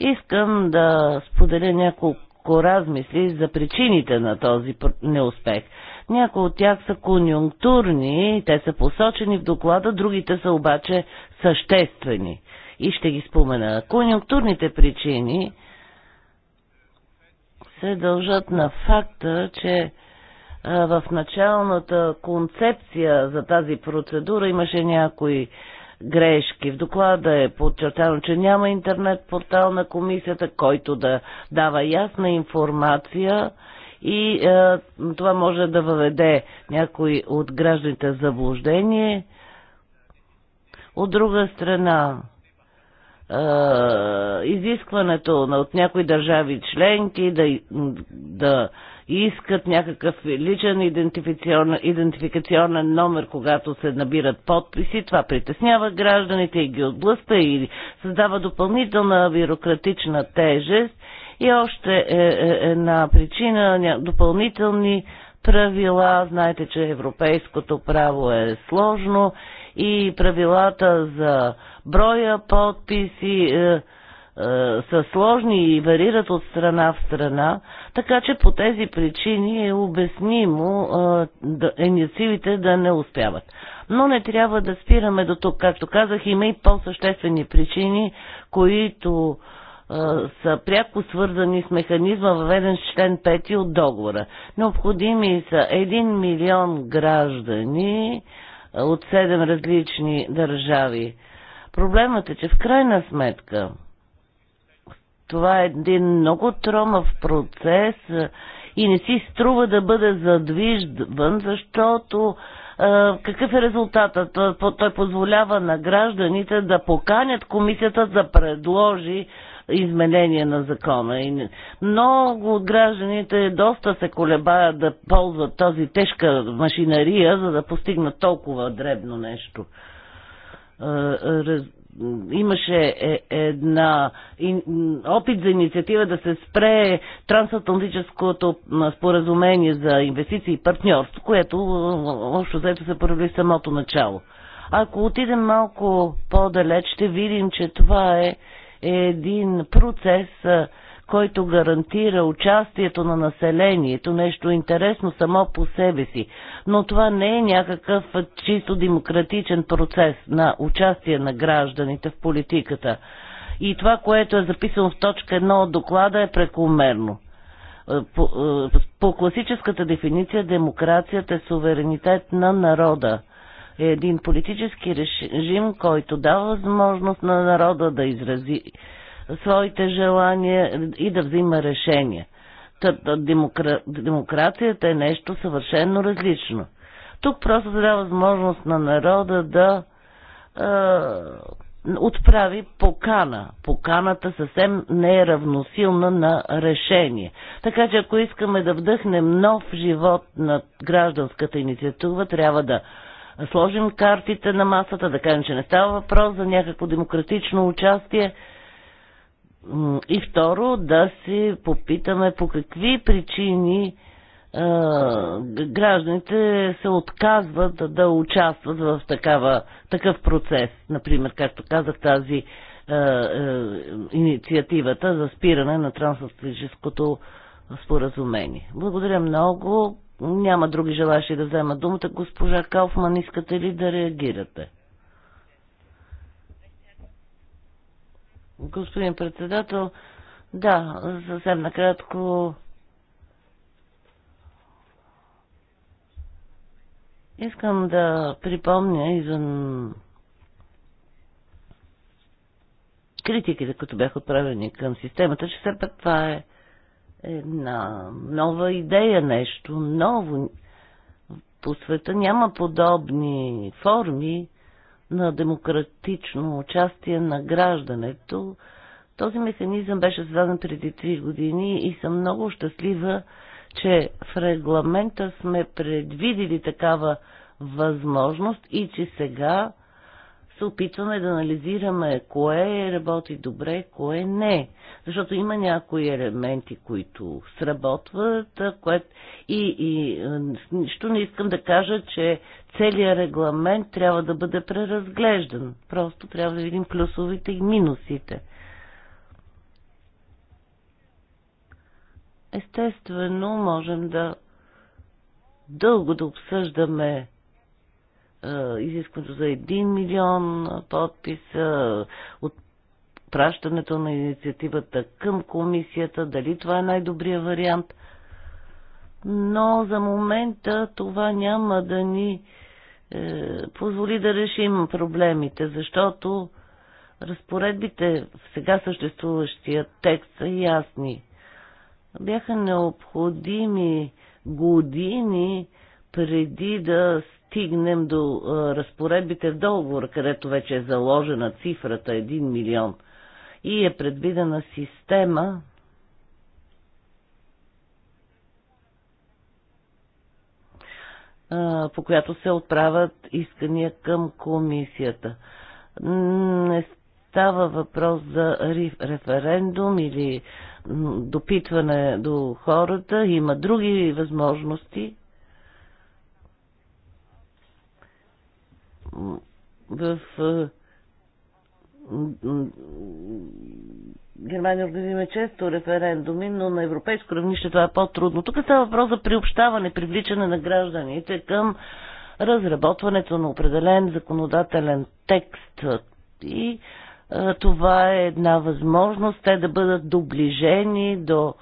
Искам да споделя няколко ако размисли за причините на този неуспех. Някои от тях са конюнктурни, те са посочени в доклада, другите са обаче съществени. И ще ги спомена. Конюнктурните причини се дължат на факта, че в началната концепция за тази процедура имаше някои грешки. В доклада е подчертано, че няма интернет портал на комисията, който да дава ясна информация и е, това може да въведе някой от гражданите заблуждение. От друга страна, изискването на, от някои държави членки да, да искат някакъв личен идентификационен номер, когато се набират подписи. Това притеснява гражданите и ги отблъста и създава допълнителна бюрократична тежест и още е, е, една причина допълнителни правила. Знаете, че европейското право е сложно и правилата за броя подписи е, е, са сложни и варират от страна в страна, така че по тези причини е обяснимо е, да, инициативите е да не успяват. Но не трябва да спираме до тук. Както казах, има и по-съществени причини, които е, са пряко свързани с механизма въведен с член 5 от договора. Необходими са 1 милион граждани, от седем различни държави. Проблемът е, че в крайна сметка това е един много тромав процес и не си струва да бъде задвижван, защото какъв е резултатът? Той позволява на гражданите да поканят комисията да предложи изменение на закона. Много от гражданите доста се колебаят да ползват тази тежка машинария, за да постигнат толкова дребно нещо. Е, имаше е, една опит за инициатива да се спре трансатлантическото споразумение за инвестиции и партньорство, което е, общо взето се прояви в самото начало. Ако отидем малко по-далеч, ще видим, че това е е един процес, който гарантира участието на населението, нещо интересно само по себе си. Но това не е някакъв чисто демократичен процес на участие на гражданите в политиката. И това, което е записано в точка 1 от доклада е прекомерно. По, по класическата дефиниция демокрацията е суверенитет на народа е един политически режим, който дава възможност на народа да изрази своите желания и да взима решения. Демокра... Демокрацията е нещо съвършено различно. Тук просто дава възможност на народа да е, отправи покана. Поканата съвсем не е равносилна на решение. Така че ако искаме да вдъхнем нов живот на гражданската инициатива, трябва да сложим картите на масата, да кажем, че не става въпрос за някакво демократично участие. И второ, да си попитаме по какви причини гражданите се отказват да, участват в такава, такъв процес. Например, както казах, тази е, е, инициативата за спиране на трансатлантическото споразумение. Благодаря много. Няма други желащи да вземат думата. Госпожа Кауфман, искате ли да реагирате? Господин председател, да, съвсем накратко. Искам да припомня извън критиките, които бяха отправени към системата, че все пак това е една нова идея, нещо ново. По света няма подобни форми на демократично участие на граждането. Този механизъм беше създаден преди 3 години и съм много щастлива, че в регламента сме предвидили такава възможност и че сега се опитваме да анализираме кое работи добре, кое не. Защото има някои елементи, които сработват, което... и, и нищо не искам да кажа, че целият регламент трябва да бъде преразглеждан. Просто трябва да видим плюсовите и минусите. Естествено, можем да дълго да обсъждаме е, изискването за 1 милион подписа, от пращането на инициативата към комисията, дали това е най-добрия вариант. Но за момента това няма да ни е, позволи да решим проблемите, защото разпоредбите в сега съществуващия текст са ясни. Бяха необходими години преди да стигнем до разпоредбите в договор, където вече е заложена цифрата 1 милион и е предвидена система, по която се отправят искания към комисията. Не става въпрос за референдум или допитване до хората, има други възможности. в Германия организираме често референдуми, но на европейско равнище това е по-трудно. Тук става въпрос за приобщаване, привличане на гражданите към разработването на определен законодателен текст. И а, това е една възможност те да бъдат доближени до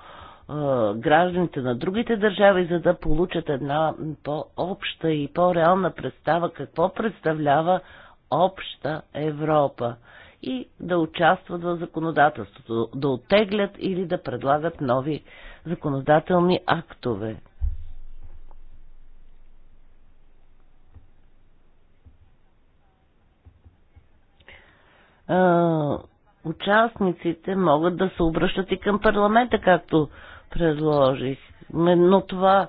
гражданите на другите държави, за да получат една по-обща и по-реална представа какво представлява обща Европа и да участват в законодателството, да оттеглят или да предлагат нови законодателни актове. Участниците могат да се обръщат и към парламента, както предложих. Но това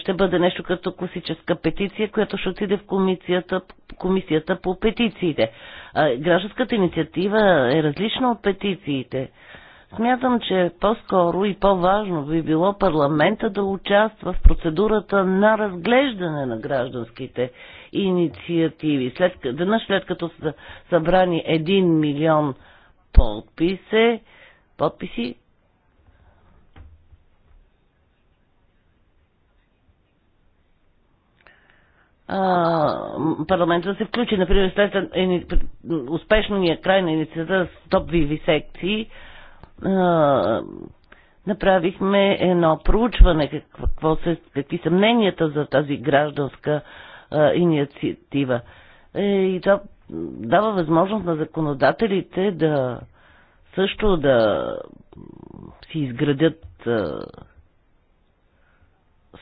ще бъде нещо като класическа петиция, която ще отиде в комисията, комисията по петициите. Гражданската инициатива е различна от петициите. Смятам, че по-скоро и по-важно би било парламента да участва в процедурата на разглеждане на гражданските инициативи. След, веднъж след като са събрани 1 милион подписи, подписи парламента да се включи. Например, след успешно ни е край на инициатива с топ виви секции, направихме едно проучване какво се, какви са мненията за тази гражданска инициатива. Е, и това дава възможност на законодателите да също да си изградят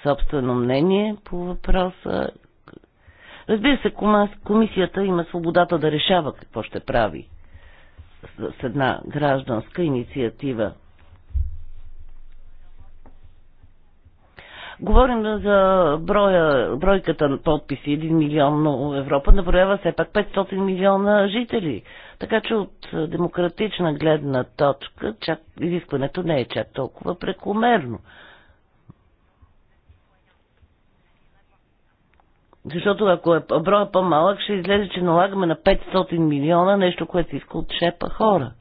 собствено мнение по въпроса Разбира се, комисията има свободата да решава какво ще прави с една гражданска инициатива. Говорим за броя, бройката на подписи 1 милион, но Европа наброява все пак 500 милиона жители. Така че от демократична гледна точка чак, изискването не е чак толкова прекомерно. Защото ако е броя по-малък, ще излезе, че налагаме на 500 милиона нещо, което иска от шепа хора.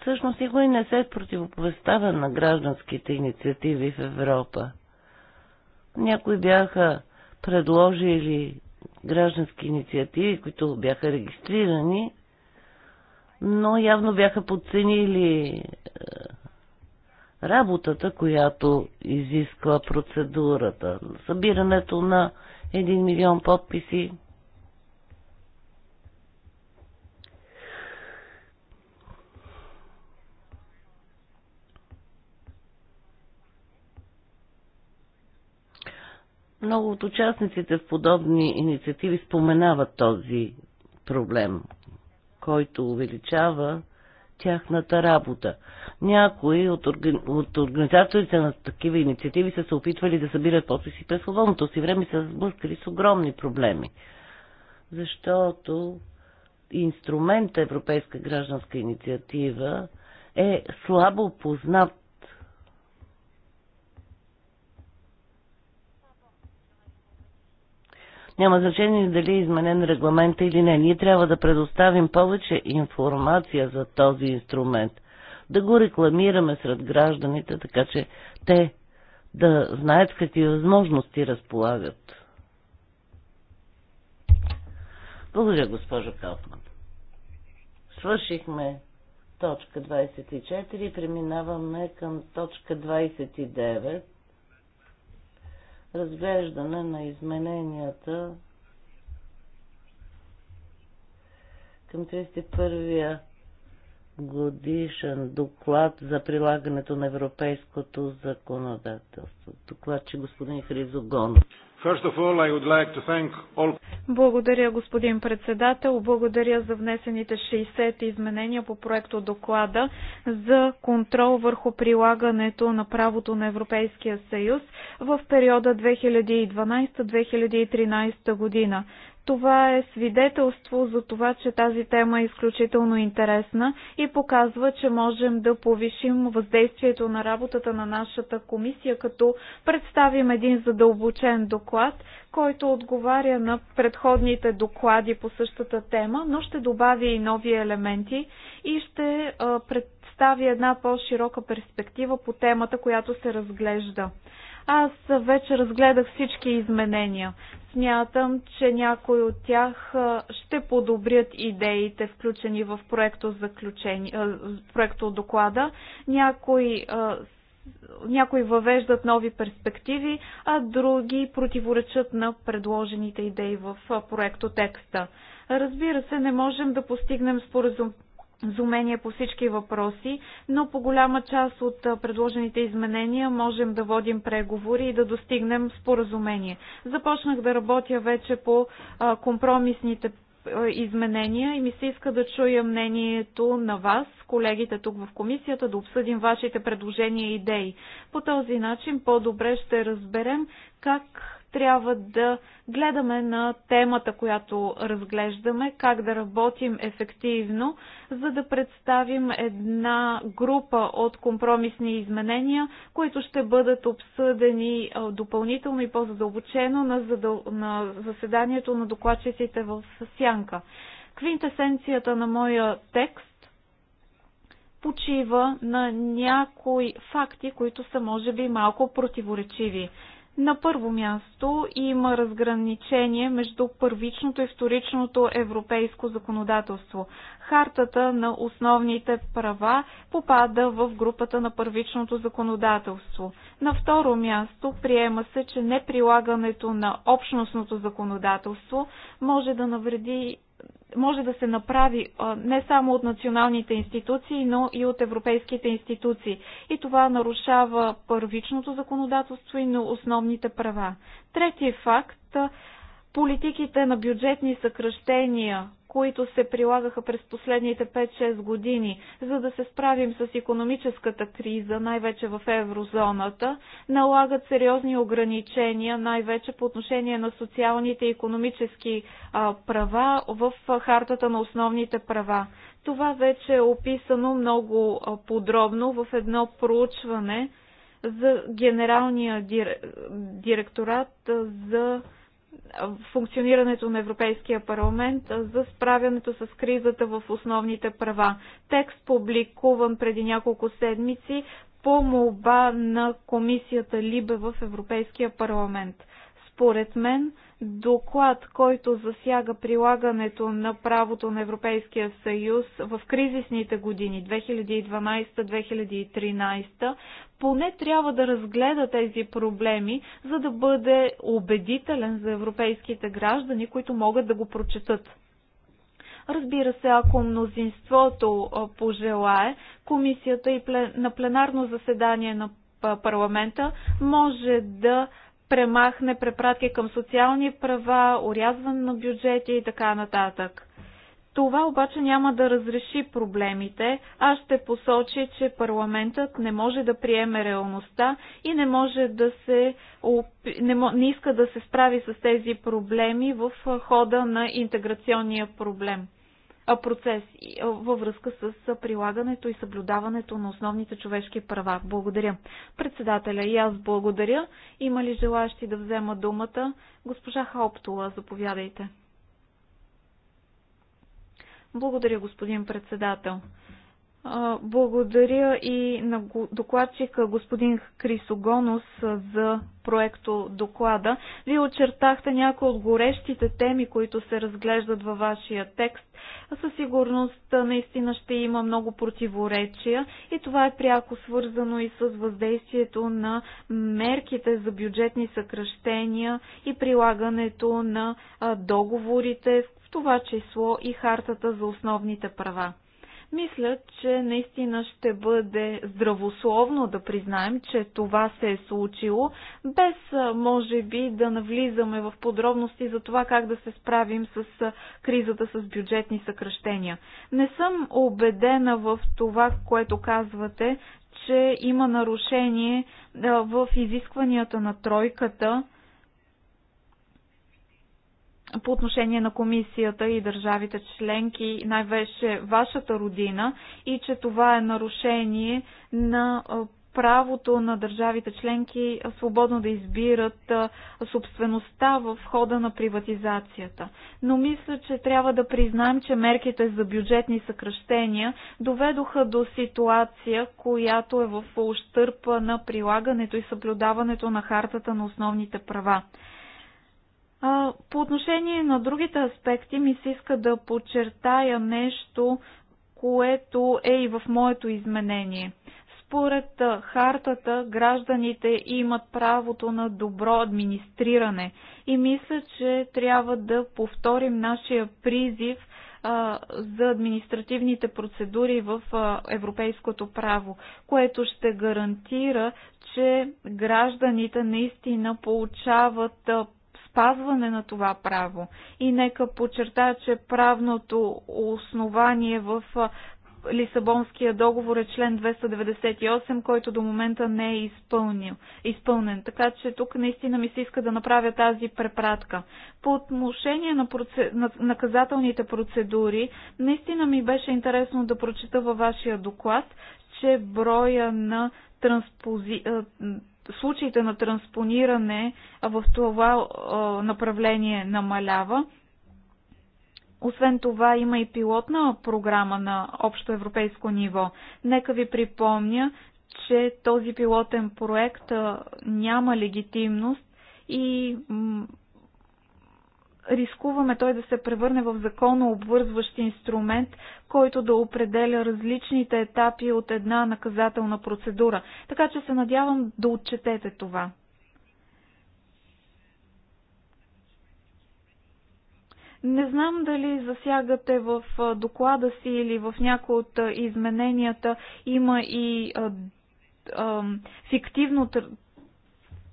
Всъщност никой не се противопоставя на гражданските инициативи в Европа. Някои бяха предложили граждански инициативи, които бяха регистрирани, но явно бяха подценили е, работата, която изисква процедурата. Събирането на 1 милион подписи. Много от участниците в подобни инициативи споменават този проблем, който увеличава тяхната работа. Някои от, органи... от организаторите на такива инициативи са се опитвали да събират подписи през свободното си време и са сблъскали с огромни проблеми. Защото инструмента Европейска гражданска инициатива е слабо познат Няма значение дали е изменен регламента или не. Ние трябва да предоставим повече информация за този инструмент. Да го рекламираме сред гражданите, така че те да знаят какви възможности разполагат. Благодаря, госпожо Калфман. Свършихме точка 24 и преминаваме към точка 29 разглеждане на измененията към 31-я годишен доклад за прилагането на европейското законодателство. Доклад, че господин Хризогонов. Благодаря, господин председател. Благодаря за внесените 60 изменения по проекто доклада за контрол върху прилагането на правото на Европейския съюз в периода 2012-2013 година. Това е свидетелство за това, че тази тема е изключително интересна и показва, че можем да повишим въздействието на работата на нашата комисия, като представим един задълбочен доклад, който отговаря на предходните доклади по същата тема, но ще добави и нови елементи и ще представи една по-широка перспектива по темата, която се разглежда. Аз вече разгледах всички изменения. Смятам, че някои от тях ще подобрят идеите, включени в проекто, проекто доклада. Някои някои въвеждат нови перспективи, а други противоречат на предложените идеи в проекто текста. Разбира се, не можем да постигнем споразум, изумение по всички въпроси, но по голяма част от предложените изменения можем да водим преговори и да достигнем споразумение. Започнах да работя вече по компромисните изменения и ми се иска да чуя мнението на вас, колегите тук в комисията, да обсъдим вашите предложения и идеи. По този начин по-добре ще разберем как трябва да гледаме на темата, която разглеждаме, как да работим ефективно, за да представим една група от компромисни изменения, които ще бъдат обсъдени допълнително и по-задълбочено на, задъл... на заседанието на докладчиците в Сянка. Квинтесенцията на моя текст почива на някои факти, които са може би малко противоречиви. На първо място има разграничение между първичното и вторичното европейско законодателство. Хартата на основните права попада в групата на първичното законодателство. На второ място приема се, че неприлагането на общностното законодателство може да навреди може да се направи не само от националните институции, но и от европейските институции. И това нарушава първичното законодателство и на основните права. Третия факт политиките на бюджетни съкръщения които се прилагаха през последните 5-6 години, за да се справим с економическата криза, най-вече в еврозоната, налагат сериозни ограничения, най-вече по отношение на социалните и економически права в хартата на основните права. Това вече е описано много подробно в едно проучване за Генералния директорат за функционирането на Европейския парламент за справянето с кризата в основните права. Текст публикуван преди няколко седмици по молба на комисията Либе в Европейския парламент. Според мен доклад, който засяга прилагането на правото на Европейския съюз в кризисните години 2012-2013, поне трябва да разгледа тези проблеми, за да бъде убедителен за европейските граждани, които могат да го прочетат. Разбира се, ако мнозинството пожелае, комисията и на пленарно заседание на парламента може да премахне препратки към социални права, урязване на бюджети и така нататък. Това обаче няма да разреши проблемите, а ще посочи, че парламентът не може да приеме реалността и не може да се не, не иска да се справи с тези проблеми в хода на интеграционния проблем процес във връзка с прилагането и съблюдаването на основните човешки права. Благодаря. Председателя и аз благодаря. Има ли желащи да взема думата? Госпожа Хауптула, заповядайте. Благодаря, господин председател. Благодаря и на докладчика господин Крисогонос за проекто доклада. Вие очертахте някои от горещите теми, които се разглеждат във вашия текст. Със сигурност наистина ще има много противоречия и това е пряко свързано и с въздействието на мерките за бюджетни съкръщения и прилагането на договорите, в това число и хартата за основните права. Мисля, че наистина ще бъде здравословно да признаем, че това се е случило, без може би да навлизаме в подробности за това как да се справим с кризата с бюджетни съкръщения. Не съм убедена в това, което казвате, че има нарушение в изискванията на тройката по отношение на комисията и държавите членки, най-вече вашата родина, и че това е нарушение на правото на държавите членки свободно да избират собствеността в хода на приватизацията. Но мисля, че трябва да признаем, че мерките за бюджетни съкръщения доведоха до ситуация, която е в ущърп на прилагането и съблюдаването на хартата на основните права. По отношение на другите аспекти ми се иска да подчертая нещо, което е и в моето изменение. Според хартата гражданите имат правото на добро администриране и мисля, че трябва да повторим нашия призив – за административните процедури в европейското право, което ще гарантира, че гражданите наистина получават спазване на това право. И нека подчертая, че правното основание в Лисабонския договор е член 298, който до момента не е изпълнил, изпълнен. Така че тук наистина ми се иска да направя тази препратка. По отношение на, проце... на наказателните процедури, наистина ми беше интересно да прочета във вашия доклад, че броя на транспози случаите на транспониране в това направление намалява. Освен това има и пилотна програма на общо европейско ниво. Нека ви припомня, че този пилотен проект няма легитимност и рискуваме той да се превърне в законно обвързващ инструмент, който да определя различните етапи от една наказателна процедура. Така че се надявам да отчетете това. Не знам дали засягате в доклада си или в някои от измененията има и фиктивно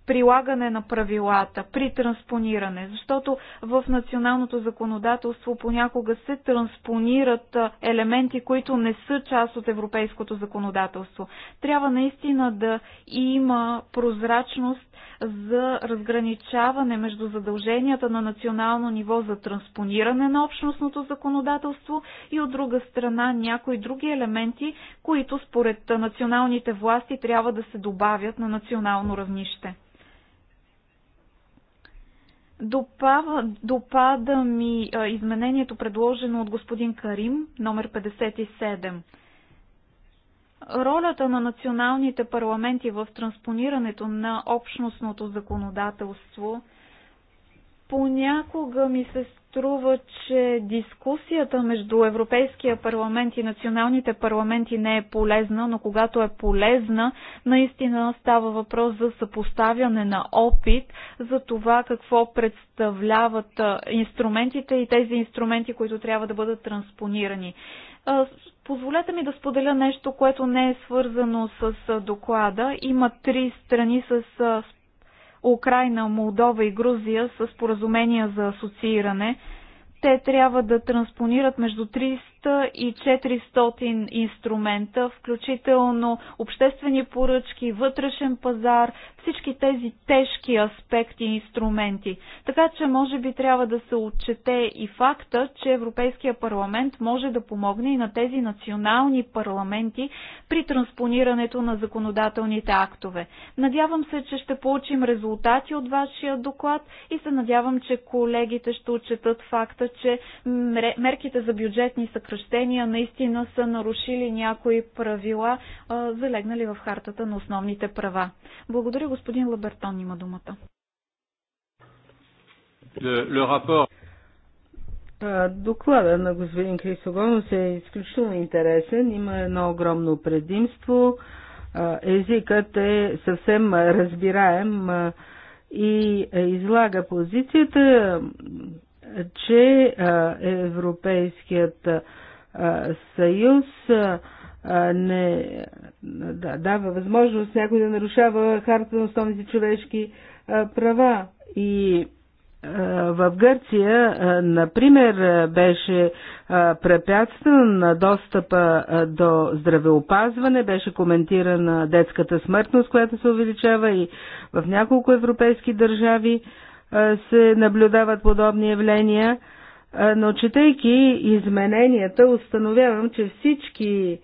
прилагане на правилата, при транспониране, защото в националното законодателство понякога се транспонират елементи, които не са част от европейското законодателство. Трябва наистина да има прозрачност за разграничаване между задълженията на национално ниво за транспониране на общностното законодателство и от друга страна някои други елементи, които според националните власти трябва да се добавят на национално равнище. Допава, допада ми а, изменението, предложено от господин Карим, номер 57. Ролята на националните парламенти в транспонирането на общностното законодателство Понякога ми се струва, че дискусията между Европейския парламент и националните парламенти не е полезна, но когато е полезна, наистина става въпрос за съпоставяне на опит, за това какво представляват инструментите и тези инструменти, които трябва да бъдат транспонирани. Позволете ми да споделя нещо, което не е свързано с доклада. Има три страни с Украина, Молдова и Грузия с поразумения за асоцииране. Те трябва да транспонират между 1400 инструмента, включително обществени поръчки, вътрешен пазар, всички тези тежки аспекти и инструменти. Така че може би трябва да се отчете и факта, че Европейския парламент може да помогне и на тези национални парламенти при транспонирането на законодателните актове. Надявам се, че ще получим резултати от вашия доклад и се надявам, че колегите ще отчетат факта, че мерките за бюджетни съкръщения съкръщения наистина са нарушили някои правила, залегнали в хартата на основните права. Благодаря, господин Лабертон има думата. Е, е, доклада на господин Крисогонос е изключително интересен. Има едно огромно предимство. Е, езикът е съвсем разбираем и излага позицията, че Европейският съюз не да, дава възможност някой да нарушава харта на основните човешки права. И в Гърция, например, беше препятстван на достъпа до здравеопазване, беше коментирана детската смъртност, която се увеличава и в няколко европейски държави се наблюдават подобни явления. Е, но четейки измененията, установявам, че всички е,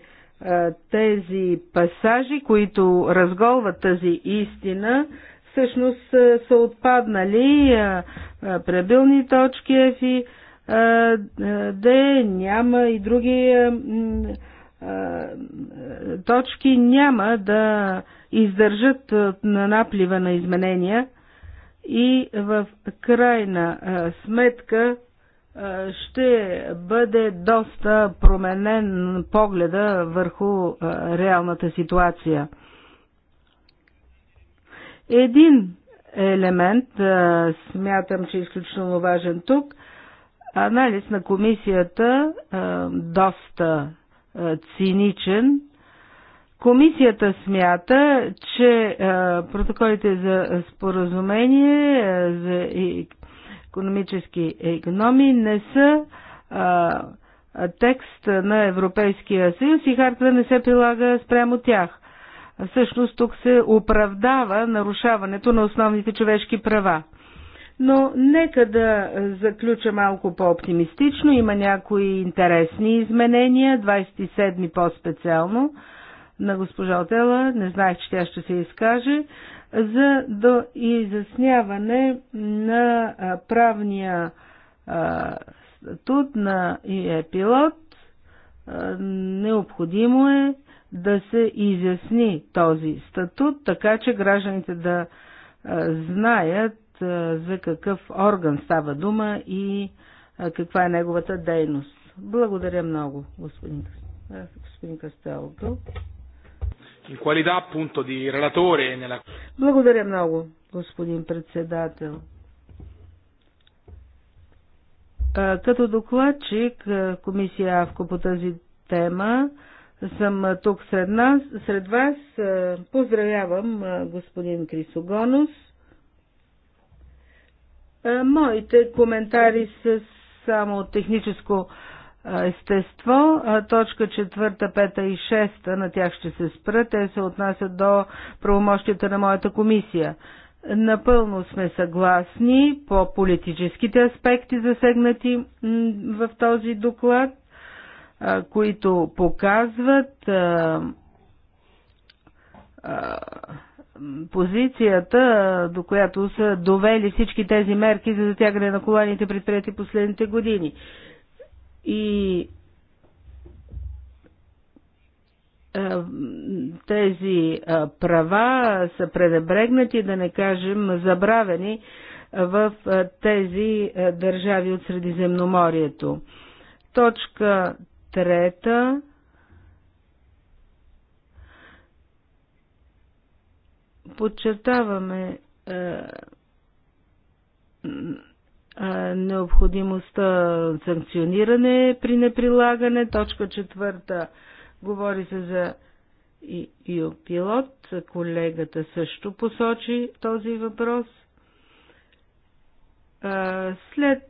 тези пасажи, които разголват тази истина, всъщност е, са отпаднали пребилни точки ефи, и няма и други точки няма да издържат на наплива на изменения и в крайна сметка ще бъде доста променен погледа върху реалната ситуация. Един елемент, смятам, че е изключително важен тук, анализ на комисията, доста циничен. Комисията смята, че протоколите за споразумение за економически економии не са а, текст на Европейския съюз и харта не се прилага спрямо тях. Всъщност тук се оправдава нарушаването на основните човешки права. Но нека да заключа малко по-оптимистично. Има някои интересни изменения, 27 по-специално на госпожа Отела. Не знаех, че тя ще се изкаже за до изясняване на правния статут на епилот, Необходимо е да се изясни този статут, така че гражданите да знаят за какъв орган става дума и каква е неговата дейност. Благодаря много, господин, господин благодаря много, господин председател. Като докладчик комисия АВКО по тази тема съм тук сред, нас, сред вас. Поздравявам господин Крисогонос. Моите коментари са само техническо естество. Точка 4, 5 и 6 на тях ще се спра. Те се отнасят до правомощията на моята комисия. Напълно сме съгласни по политическите аспекти засегнати в този доклад, които показват позицията, до която са довели всички тези мерки за затягане на коланите предприяти последните години и тези права са пренебрегнати, да не кажем забравени в тези държави от Средиземноморието. Точка трета. Подчертаваме необходимостта санкциониране при неприлагане. Точка четвърта говори се за ИО пилот. Колегата също посочи този въпрос. След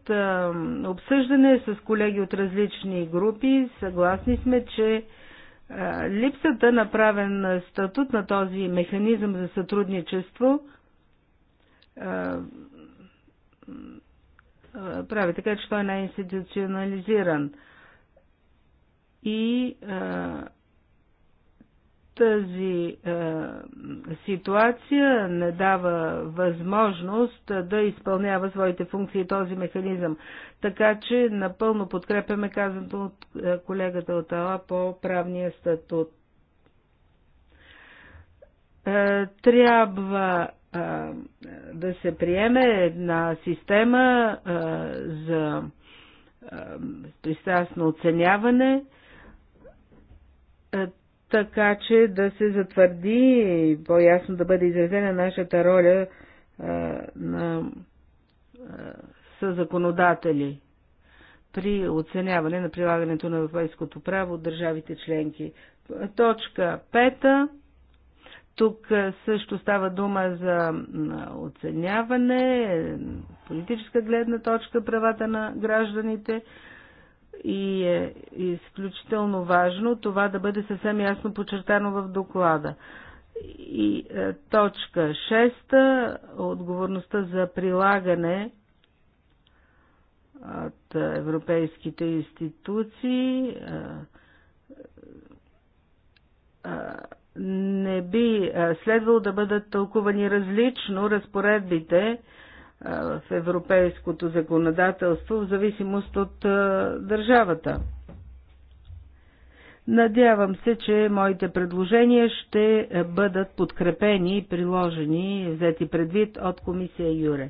обсъждане с колеги от различни групи, съгласни сме, че липсата на правен статут на този механизъм за сътрудничество прави така, че той не е институционализиран. И а, тази а, ситуация не дава възможност да изпълнява своите функции този механизъм. Така че напълно подкрепяме казаното от колегата от АЛА по правния статут трябва да се приеме една система за пристрастно оценяване, така че да се затвърди и по-ясно да бъде изразена нашата роля на съзаконодатели при оценяване на прилагането на европейското право от държавите членки. Точка тук също става дума за оценяване, политическа гледна точка, правата на гражданите и е изключително важно това да бъде съвсем ясно подчертано в доклада. И е, точка 6 отговорността за прилагане от европейските институции. Е, е, не би следвало да бъдат тълкувани различно разпоредбите в европейското законодателство в зависимост от държавата. Надявам се, че моите предложения ще бъдат подкрепени и приложени, взети предвид от комисия Юре.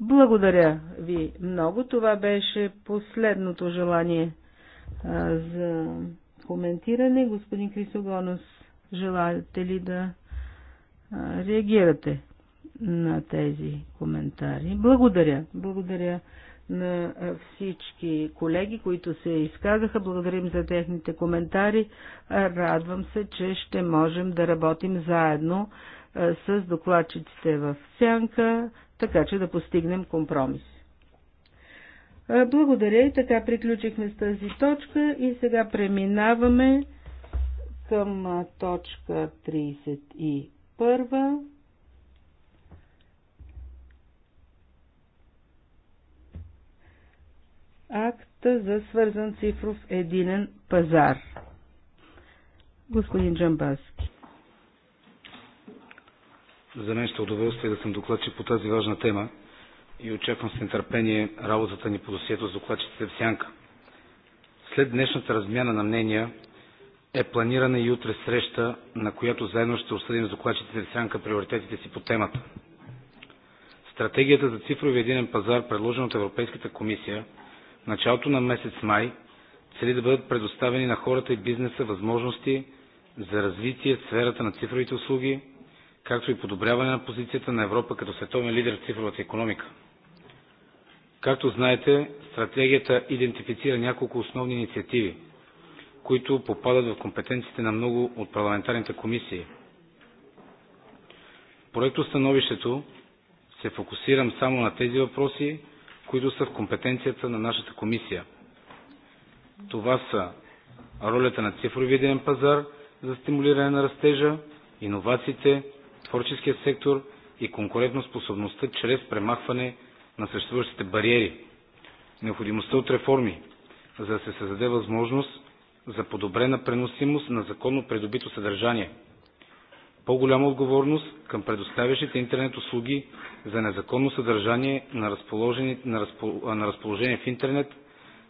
Благодаря ви много. Това беше последното желание за коментиране. Господин Крисогонос, желаете ли да реагирате на тези коментари? Благодаря. Благодаря на всички колеги, които се изказаха. Благодарим за техните коментари. Радвам се, че ще можем да работим заедно с докладчиците в сянка, така че да постигнем компромис. Благодаря и така приключихме с тази точка и сега преминаваме към точка 31. Акта за свързан цифров единен пазар. Господин Джамбаски. За мен ще е удоволствие да съм докладчик по тази важна тема и очаквам с нетърпение работата ни по досието с докладчиците в Сянка. След днешната размяна на мнения е планирана и утре среща, на която заедно ще осъдим с докладчиците в Сянка приоритетите си по темата. Стратегията за цифрови единен пазар, предложена от Европейската комисия, в началото на месец май цели да бъдат предоставени на хората и бизнеса възможности за развитие в сферата на цифровите услуги, както и подобряване на позицията на Европа като световен лидер в цифровата економика – Както знаете, стратегията идентифицира няколко основни инициативи, които попадат в компетенциите на много от парламентарните комисии. В становището се фокусирам само на тези въпроси, които са в компетенцията на нашата комисия. Това са ролята на цифрови пазар за стимулиране на растежа, иновациите, творческия сектор и конкурентоспособността чрез премахване на съществуващите бариери, необходимостта от реформи, за да се създаде възможност за подобрена преносимост на законно придобито съдържание, по-голяма отговорност към предоставящите интернет услуги за незаконно съдържание на, разположение, на, на разположение в интернет,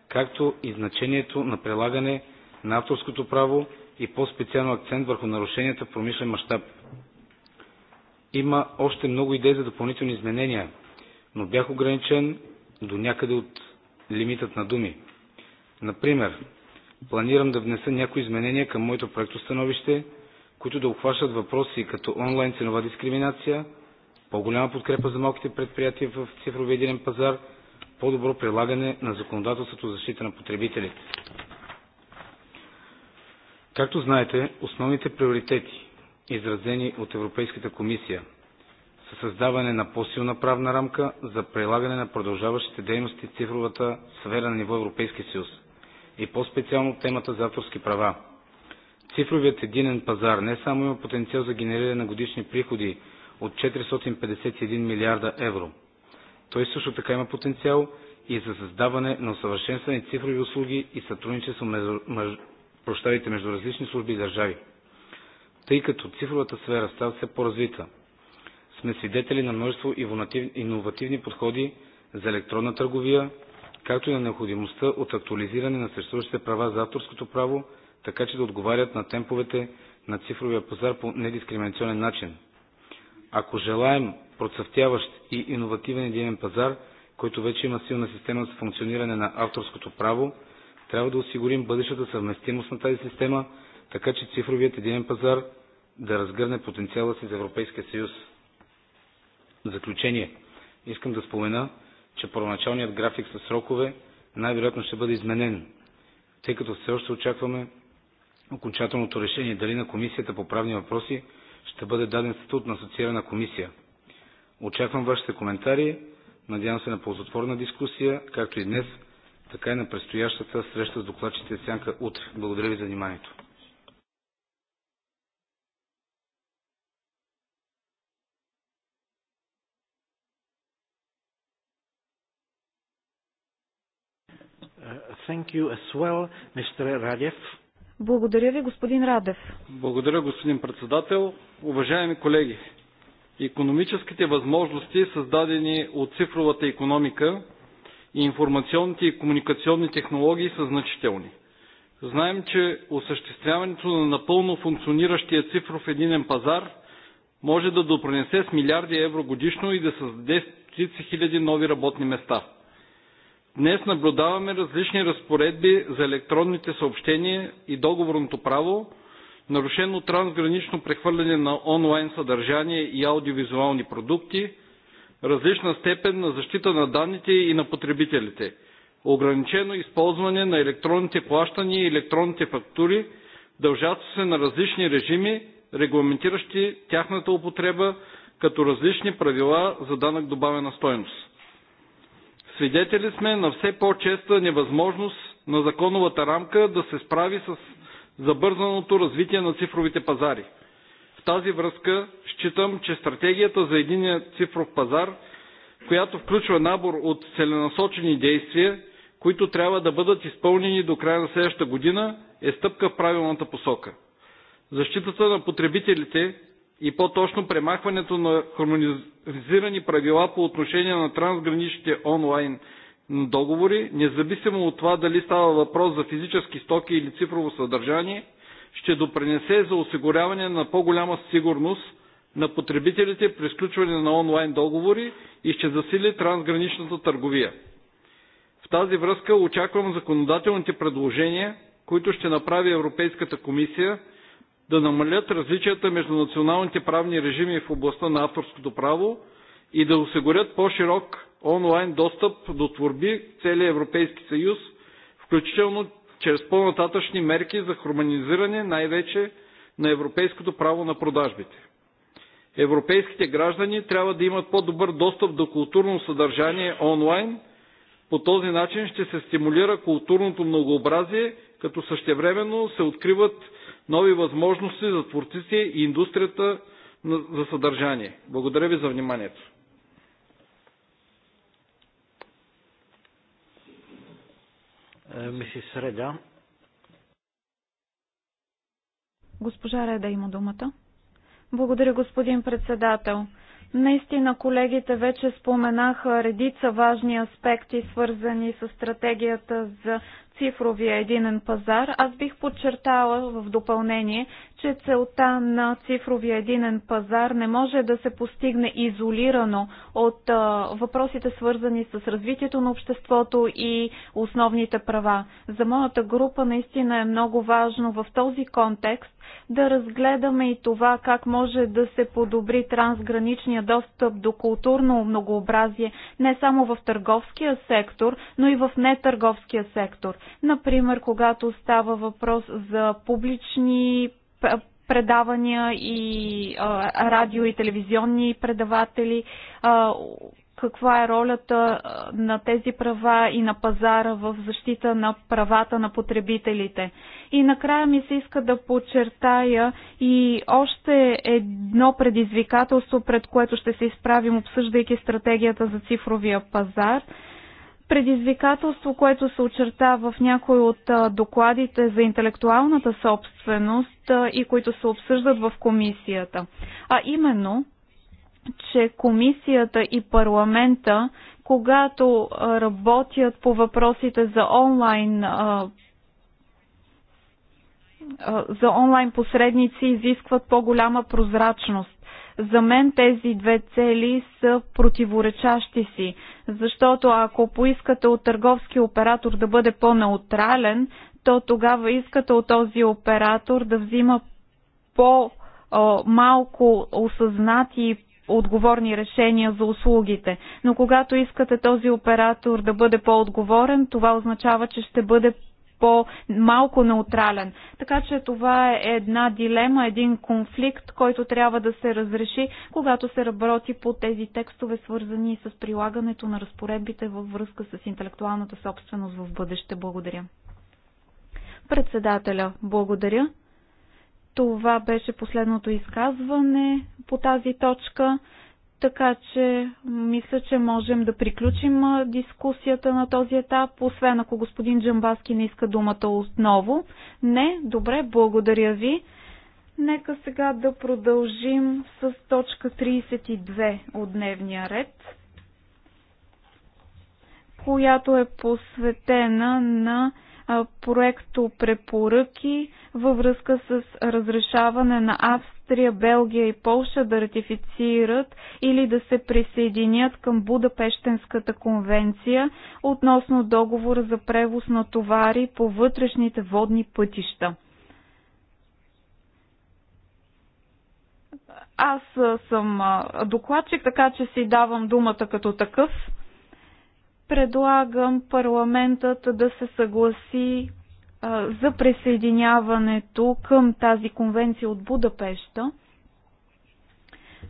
както и значението на прилагане на авторското право и по-специално акцент върху нарушенията в промишлен мащаб. Има още много идеи за допълнителни изменения – но бях ограничен до някъде от лимитът на думи. Например, планирам да внеса някои изменения към моето проекто становище, които да обхващат въпроси като онлайн ценова дискриминация, по-голяма подкрепа за малките предприятия в цифровия единен пазар, по-добро прилагане на законодателството за защита на потребителите. Както знаете, основните приоритети, изразени от Европейската комисия – със създаване на по-силна правна рамка за прилагане на продължаващите дейности в цифровата сфера на ниво Европейски съюз и по-специално темата за авторски права. Цифровият единен пазар не само има потенциал за генериране на годишни приходи от 451 милиарда евро, той също така има потенциал и за създаване на усъвършенствани цифрови услуги и сътрудничество между, прощавайте, между различни служби и държави. Тъй като цифровата сфера става все по-развита, сме свидетели на множество иновативни подходи за електронна търговия, както и на необходимостта от актуализиране на съществуващите права за авторското право, така че да отговарят на темповете на цифровия пазар по недискриминационен начин. Ако желаем процъфтяващ и иновативен единен пазар, който вече има силна система за функциониране на авторското право, трябва да осигурим бъдещата съвместимост на тази система, така че цифровият единен пазар да разгърне потенциала си за Европейския съюз. В заключение, искам да спомена, че първоначалният график със срокове най-вероятно ще бъде изменен, тъй като все още очакваме окончателното решение дали на Комисията по правни въпроси ще бъде даден статут на асоциирана комисия. Очаквам вашите коментари, надявам се на ползотворна дискусия, както и днес, така и на предстоящата среща с докладчите Сянка утре. Благодаря ви за вниманието. Thank you as well, Mr. Radev. Благодаря ви, господин Радев. Благодаря, господин председател. Уважаеми колеги, економическите възможности, създадени от цифровата економика и информационните и комуникационни технологии са значителни. Знаем, че осъществяването на напълно функциониращия цифров единен пазар може да допренесе с милиарди евро годишно и да създаде стотици хиляди нови работни места – Днес наблюдаваме различни разпоредби за електронните съобщения и договорното право, нарушено трансгранично прехвърляне на онлайн съдържание и аудиовизуални продукти, различна степен на защита на данните и на потребителите, ограничено използване на електронните плащания и електронните фактури, дължато се на различни режими, регламентиращи тяхната употреба, като различни правила за данък добавена стойност. Свидетели сме на все по-честа невъзможност на законовата рамка да се справи с забързаното развитие на цифровите пазари. В тази връзка считам, че стратегията за единия цифров пазар, която включва набор от целенасочени действия, които трябва да бъдат изпълнени до края на следващата година, е стъпка в правилната посока. Защитата на потребителите и по-точно премахването на хармонизирани правила по отношение на трансграничните онлайн договори, независимо от това дали става въпрос за физически стоки или цифрово съдържание, ще допринесе за осигуряване на по-голяма сигурност на потребителите при сключване на онлайн договори и ще засили трансграничната търговия. В тази връзка очаквам законодателните предложения, които ще направи Европейската комисия да намалят различията между националните правни режими в областта на авторското право и да осигурят по-широк онлайн достъп до творби в целия Европейски съюз, включително чрез по-нататъчни мерки за хармонизиране най-вече на европейското право на продажбите. Европейските граждани трябва да имат по-добър достъп до културно съдържание онлайн. По този начин ще се стимулира културното многообразие, като същевременно се откриват нови възможности за творците и индустрията за съдържание. Благодаря ви за вниманието. Е, мисис Среда. Госпожа Реда има думата. Благодаря, господин председател. Наистина колегите вече споменаха редица важни аспекти, свързани с стратегията за цифровия единен пазар, аз бих подчертала в допълнение, че целта на цифровия единен пазар не може да се постигне изолирано от а, въпросите свързани с развитието на обществото и основните права. За моята група наистина е много важно в този контекст да разгледаме и това как може да се подобри трансграничния достъп до културно многообразие не само в търговския сектор, но и в нетърговския сектор. Например, когато става въпрос за публични предавания и а, радио и телевизионни предаватели, а, каква е ролята на тези права и на пазара в защита на правата на потребителите. И накрая ми се иска да подчертая и още едно предизвикателство, пред което ще се изправим, обсъждайки стратегията за цифровия пазар – предизвикателство, което се очертава в някои от докладите за интелектуалната собственост и които се обсъждат в комисията. А именно, че комисията и парламента, когато работят по въпросите за онлайн за онлайн посредници изискват по-голяма прозрачност. За мен тези две цели са противоречащи си защото ако поискате от търговски оператор да бъде по-неутрален, то тогава искате от този оператор да взима по-малко осъзнати и отговорни решения за услугите. Но когато искате този оператор да бъде по-отговорен, това означава, че ще бъде по-малко неутрален. Така че това е една дилема, един конфликт, който трябва да се разреши, когато се работи по тези текстове, свързани с прилагането на разпоредбите във връзка с интелектуалната собственост в бъдеще. Благодаря. Председателя, благодаря. Това беше последното изказване по тази точка. Така че мисля, че можем да приключим дискусията на този етап, освен ако господин Джамбаски не иска думата отново. Не, добре, благодаря ви. Нека сега да продължим с точка 32 от дневния ред, която е посветена на проекто препоръки във връзка с разрешаване на австрия Австрия, Белгия и Полша да ратифицират или да се присъединят към Будапештенската конвенция относно договора за превоз на товари по вътрешните водни пътища. Аз съм докладчик, така че си давам думата като такъв. Предлагам парламентът да се съгласи за присъединяването към тази конвенция от Будапешта,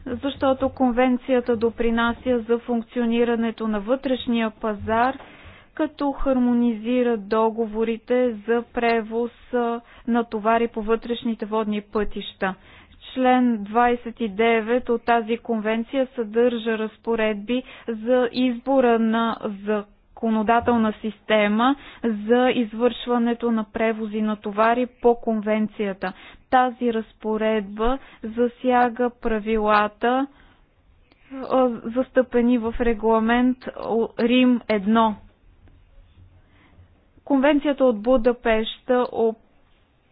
защото конвенцията допринася за функционирането на вътрешния пазар, като хармонизира договорите за превоз на товари по вътрешните водни пътища. Член 29 от тази конвенция съдържа разпоредби за избора на закон законодателна система за извършването на превози на товари по конвенцията. Тази разпоредба засяга правилата, застъпени в регламент Рим 1. Конвенцията от Будапешта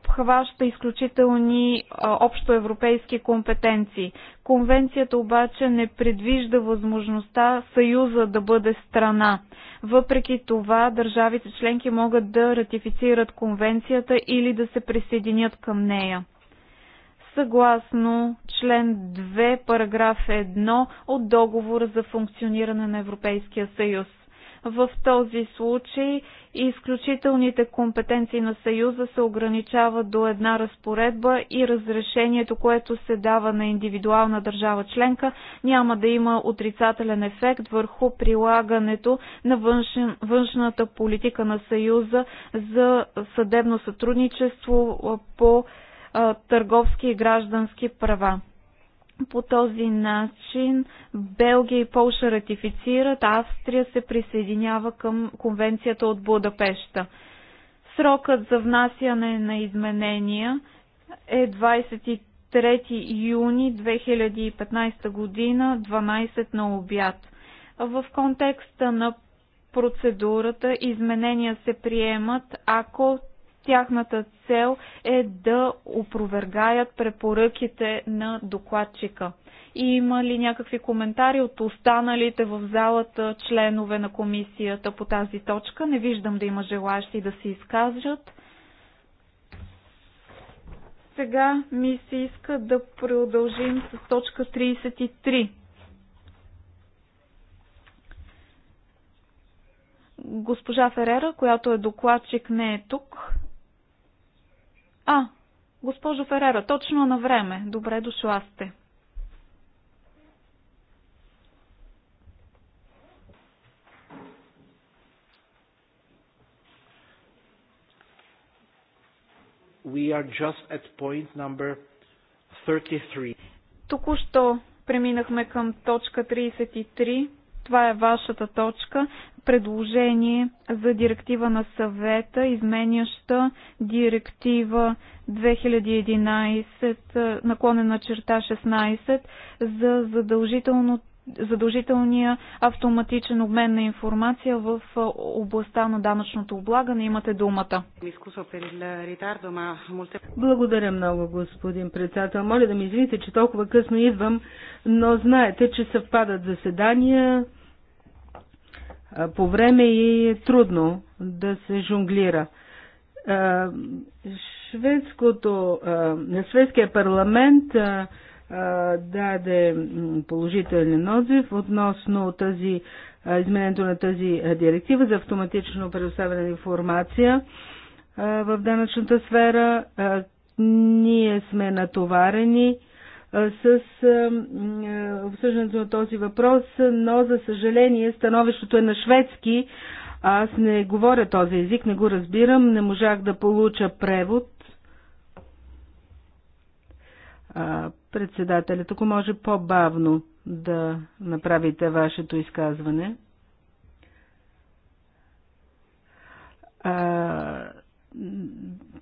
обхваща изключителни общоевропейски компетенции. Конвенцията обаче не предвижда възможността Съюза да бъде страна. Въпреки това, държавите членки могат да ратифицират конвенцията или да се присъединят към нея съгласно член 2, параграф 1 от договора за функциониране на Европейския съюз. В този случай изключителните компетенции на Съюза се ограничават до една разпоредба и разрешението, което се дава на индивидуална държава членка, няма да има отрицателен ефект върху прилагането на външен, външната политика на Съюза за съдебно сътрудничество по търговски и граждански права. По този начин Белгия и Полша ратифицират, Австрия се присъединява към конвенцията от Будапешта. Срокът за внасяне на изменения е 23 юни 2015 година, 12 на обяд. В контекста на процедурата изменения се приемат, ако Тяхната цел е да опровергаят препоръките на докладчика. И има ли някакви коментари от останалите в залата членове на комисията по тази точка? Не виждам да има желащи да се изкажат. Сега ми се иска да продължим с точка 33. Госпожа Ферера, която е докладчик, не е тук. А, госпожо Ферера, точно на време. Добре дошла сте. We are just at point number 33. Току-що преминахме към точка 33. Това е вашата точка. Предложение за директива на съвета, изменяща директива 2011 е, наклонена черта 16 за задължително задължителния автоматичен обмен на информация в е, областта на данъчното облагане. Имате думата. Благодаря много, господин председател. Моля да ми извините, че толкова късно идвам, но знаете, че съвпадат заседания по време и е трудно да се жонглира. Шведското, шведския парламент даде положителен отзив относно тази, изменението на тази директива за автоматично предоставяне на информация в данъчната сфера. Ние сме натоварени с обсъждането на този въпрос, но за съжаление становището е на шведски. Аз не говоря този език, не го разбирам, не можах да получа превод. Председателя, тук може по-бавно да направите вашето изказване.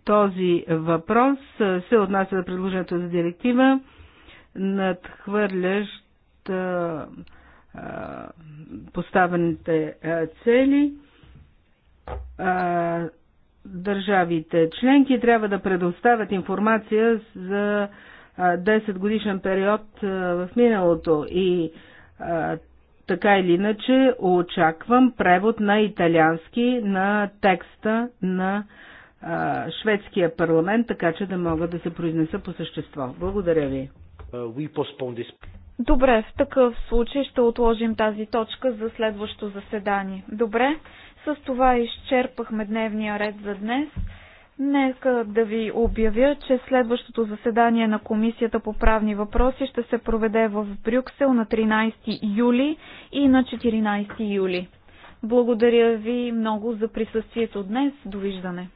този въпрос се отнася за предложението за директива надхвърлящ поставените цели. Държавите членки трябва да предоставят информация за 10 годишен период в миналото и така или иначе очаквам превод на италиански на текста на шведския парламент, така че да мога да се произнеса по същество. Благодаря ви. Е, е, Добре, в такъв случай ще отложим тази точка за следващо заседание. Добре, с това изчерпахме дневния ред за днес. Нека да ви обявя, че следващото заседание на Комисията по правни въпроси ще се проведе в Брюксел на 13 юли и на 14 юли. Благодаря ви много за присъствието днес. Довиждане!